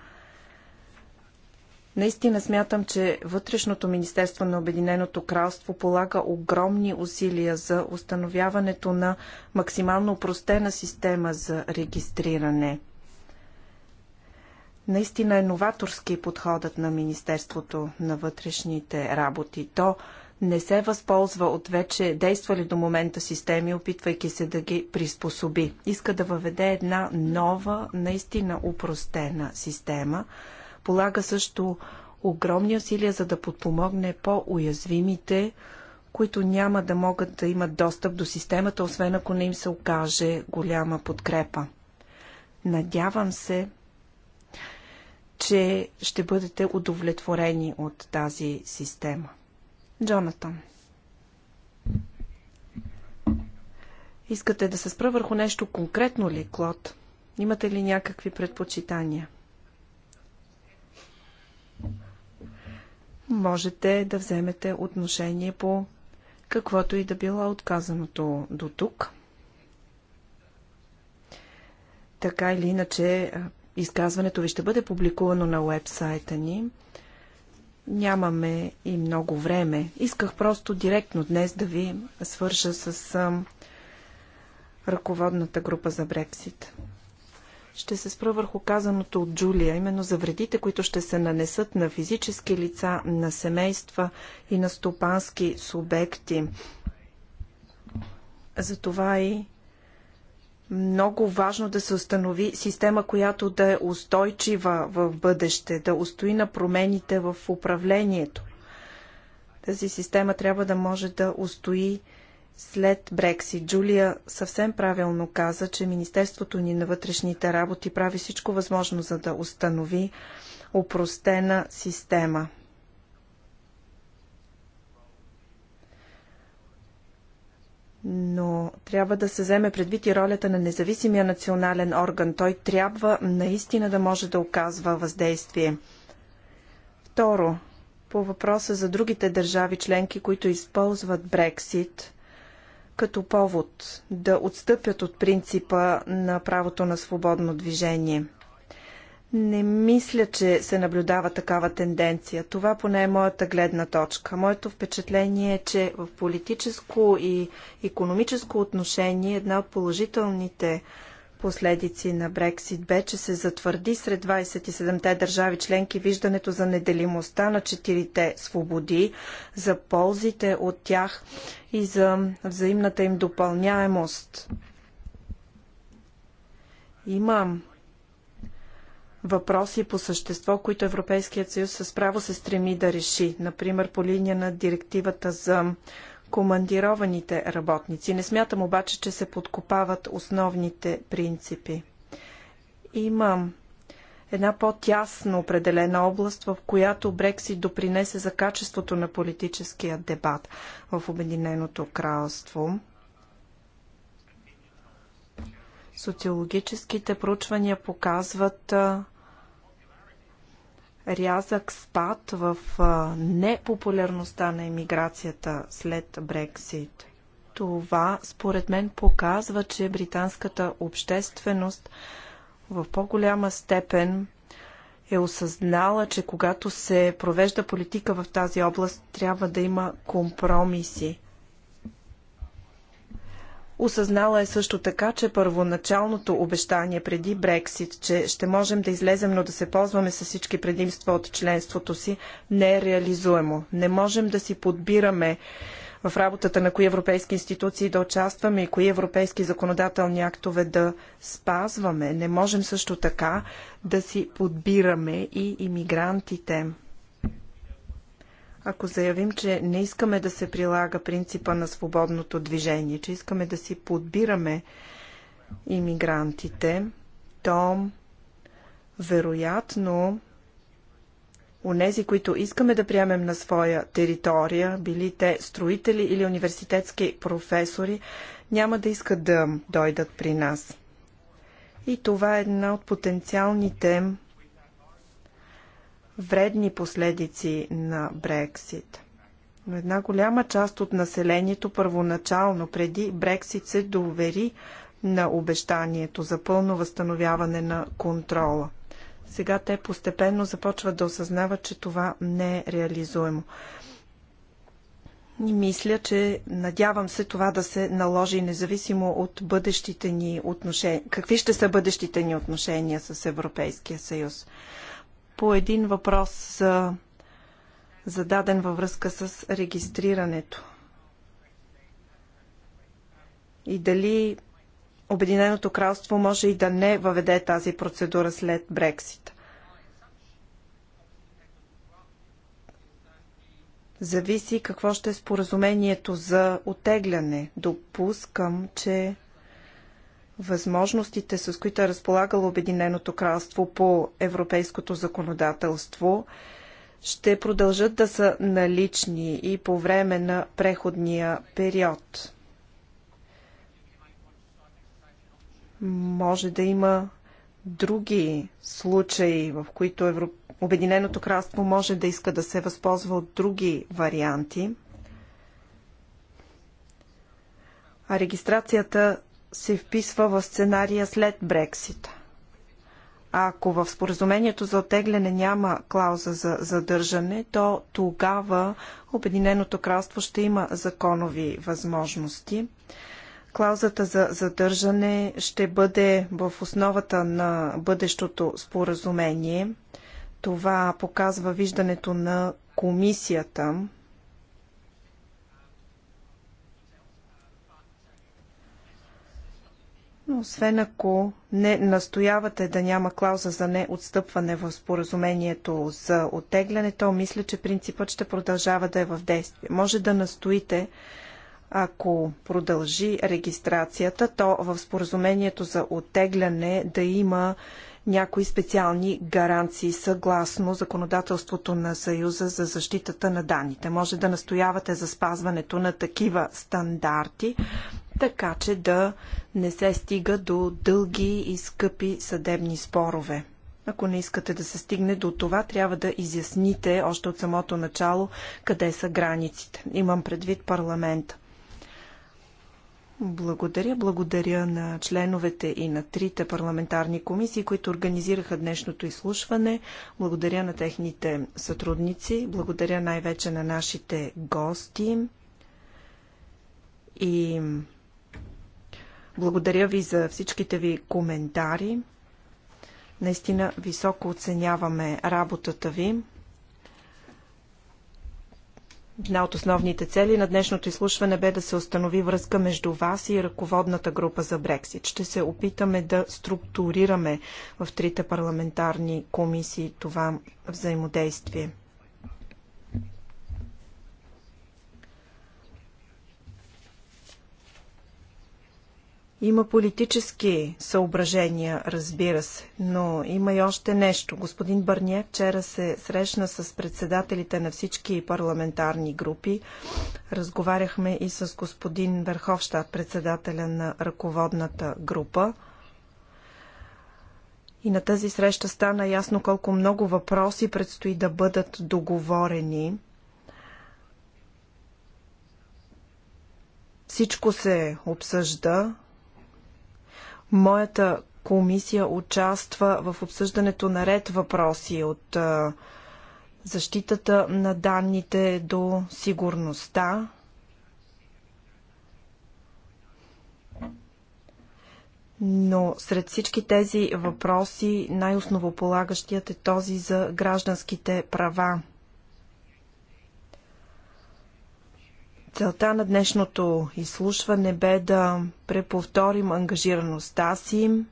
Наистина смятам, че Вътрешното министерство на Обединеното кралство полага огромни усилия за установяването на максимално простена система за регистриране – Наистина е новаторски подходът на Министерството на вътрешните работи. То не се възползва от вече действали до момента системи, опитвайки се да ги приспособи. Иска да въведе една нова, наистина упростена система. Полага също огромни усилия, за да подпомогне по-уязвимите, които няма да могат да имат достъп до системата, освен ако не им се окаже голяма подкрепа. Надявам се че ще бъдете удовлетворени от тази система. Джонатан. Искате да се спра върху нещо конкретно ли, Клод? Имате ли някакви предпочитания? Можете да вземете отношение по каквото и да било отказаното до тук. Така или иначе, Изказването ви ще бъде публикувано на уебсайта ни. Нямаме и много време. Исках просто директно днес да ви свържа с ръководната група за Брексит. Ще се спра върху казаното от Джулия, именно за вредите, които ще се нанесат на физически лица, на семейства и на стопански субекти. Затова и много важно да се установи система, която да е устойчива в бъдеще, да устои на промените в управлението. Тази система трябва да може да устои след Брексит. Джулия съвсем правилно каза, че Министерството ни на вътрешните работи прави всичко възможно, за да установи упростена система – но трябва да се вземе предвид и ролята на независимия национален орган. Той трябва наистина да може да оказва въздействие. Второ, по въпроса за другите държави членки, които използват Брексит като повод да отстъпят от принципа на правото на свободно движение – не мисля, че се наблюдава такава тенденция. Това поне е моята гледна точка. Моето впечатление е, че в политическо и економическо отношение една от положителните последици на Брексит бе, че се затвърди сред 27-те държави членки виждането за неделимостта на четирите свободи, за ползите от тях и за взаимната им допълняемост. Имам въпроси по същество, които Европейският съюз с право се стреми да реши, например по линия на директивата за командированите работници. Не смятам обаче, че се подкопават основните принципи. Имам една по-тясно определена област, в която Брексит допринесе за качеството на политическия дебат в Обединеното кралство – Социологическите проучвания показват рязък спад в непопулярността на емиграцията след Брексит. Това, според мен, показва, че британската общественост в по-голяма степен е осъзнала, че когато се провежда политика в тази област, трябва да има компромиси. Осъзнала е също така, че първоначалното обещание преди Брексит, че ще можем да излезем, но да се ползваме с всички предимства от членството си, не е реализуемо. Не можем да си подбираме в работата на кои европейски институции да участваме и кои европейски законодателни актове да спазваме. Не можем също така да си подбираме и имигрантите ако заявим, че не искаме да се прилага принципа на свободното движение, че искаме да си подбираме иммигрантите, то вероятно нези, които искаме да приемем на своя територия, били те строители или университетски професори, няма да искат да дойдат при нас. И това е една от потенциалните вредни последици на Брексит. Но една голяма част от населението първоначално преди Брексит се довери на обещанието за пълно възстановяване на контрола. Сега те постепенно започват да осъзнават, че това не е реализуемо. И мисля, че надявам се това да се наложи независимо от бъдещите ни отношения. Какви ще са бъдещите ни отношения с Европейския съюз? по един въпрос за зададен във връзка с регистрирането. И дали Обединеното кралство може и да не въведе тази процедура след Брексит. Зависи какво ще е споразумението за отегляне. Допускам, че възможностите, с които е разполагало Обединеното кралство по европейското законодателство, ще продължат да са налични и по време на преходния период. Може да има други случаи, в които Европ... Обединеното кралство може да иска да се възползва от други варианти. А регистрацията се вписва в сценария след Брексит. А ако в споразумението за отегляне няма клауза за задържане, то тогава Обединеното кралство ще има законови възможности. Клаузата за задържане ще бъде в основата на бъдещото споразумение. Това показва виждането на комисията Но освен ако не настоявате да няма клауза за неотстъпване в споразумението за оттегляне, то мисля, че принципът ще продължава да е в действие. Може да настоите, ако продължи регистрацията, то в споразумението за оттегляне да има някои специални гаранции съгласно законодателството на Съюза за защитата на данните. Може да настоявате за спазването на такива стандарти, така че да не се стига до дълги и скъпи съдебни спорове. Ако не искате да се стигне до това, трябва да изясните още от самото начало къде са границите. Имам предвид парламента. Благодаря. Благодаря на членовете и на трите парламентарни комисии, които организираха днешното изслушване. Благодаря на техните сътрудници. Благодаря най-вече на нашите гости. И благодаря ви за всичките ви коментари. Наистина високо оценяваме работата ви. Една от основните цели на днешното изслушване бе да се установи връзка между вас и ръководната група за Брексит. Ще се опитаме да структурираме в трите парламентарни комисии това взаимодействие. Има политически съображения, разбира се, но има и още нещо. Господин Бърния вчера се срещна с председателите на всички парламентарни групи. Разговаряхме и с господин Верховщад, председателя на ръководната група. И на тази среща стана ясно колко много въпроси предстои да бъдат договорени. Всичко се обсъжда, Моята комисия участва в обсъждането на ред въпроси от защитата на данните до сигурността. Но сред всички тези въпроси най-основополагащият е този за гражданските права. Целта на днешното изслушване бе да преповторим ангажираността си,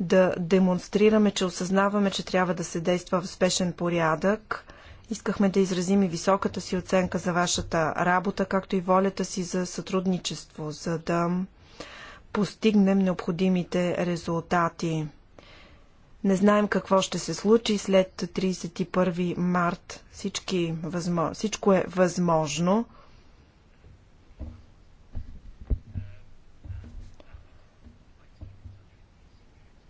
да демонстрираме, че осъзнаваме, че трябва да се действа в спешен порядък. Искахме да изразим и високата си оценка за вашата работа, както и волята си за сътрудничество, за да постигнем необходимите резултати. Не знаем какво ще се случи след 31 март. Всички Всичко е възможно.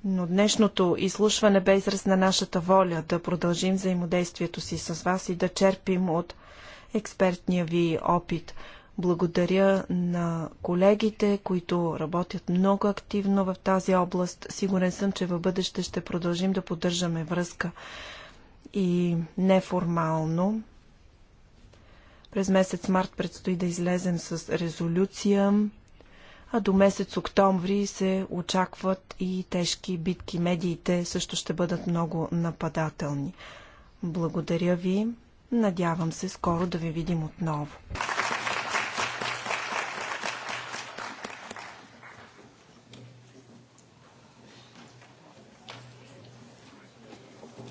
Но днешното изслушване бе израз на нашата воля да продължим взаимодействието си с вас и да черпим от експертния ви опит. Благодаря на колегите, които работят много активно в тази област. Сигурен съм, че в бъдеще ще продължим да поддържаме връзка и неформално. През месец март предстои да излезем с резолюция, а до месец октомври се очакват и тежки битки. Медиите също ще бъдат много нападателни. Благодаря ви. Надявам се скоро да ви видим отново.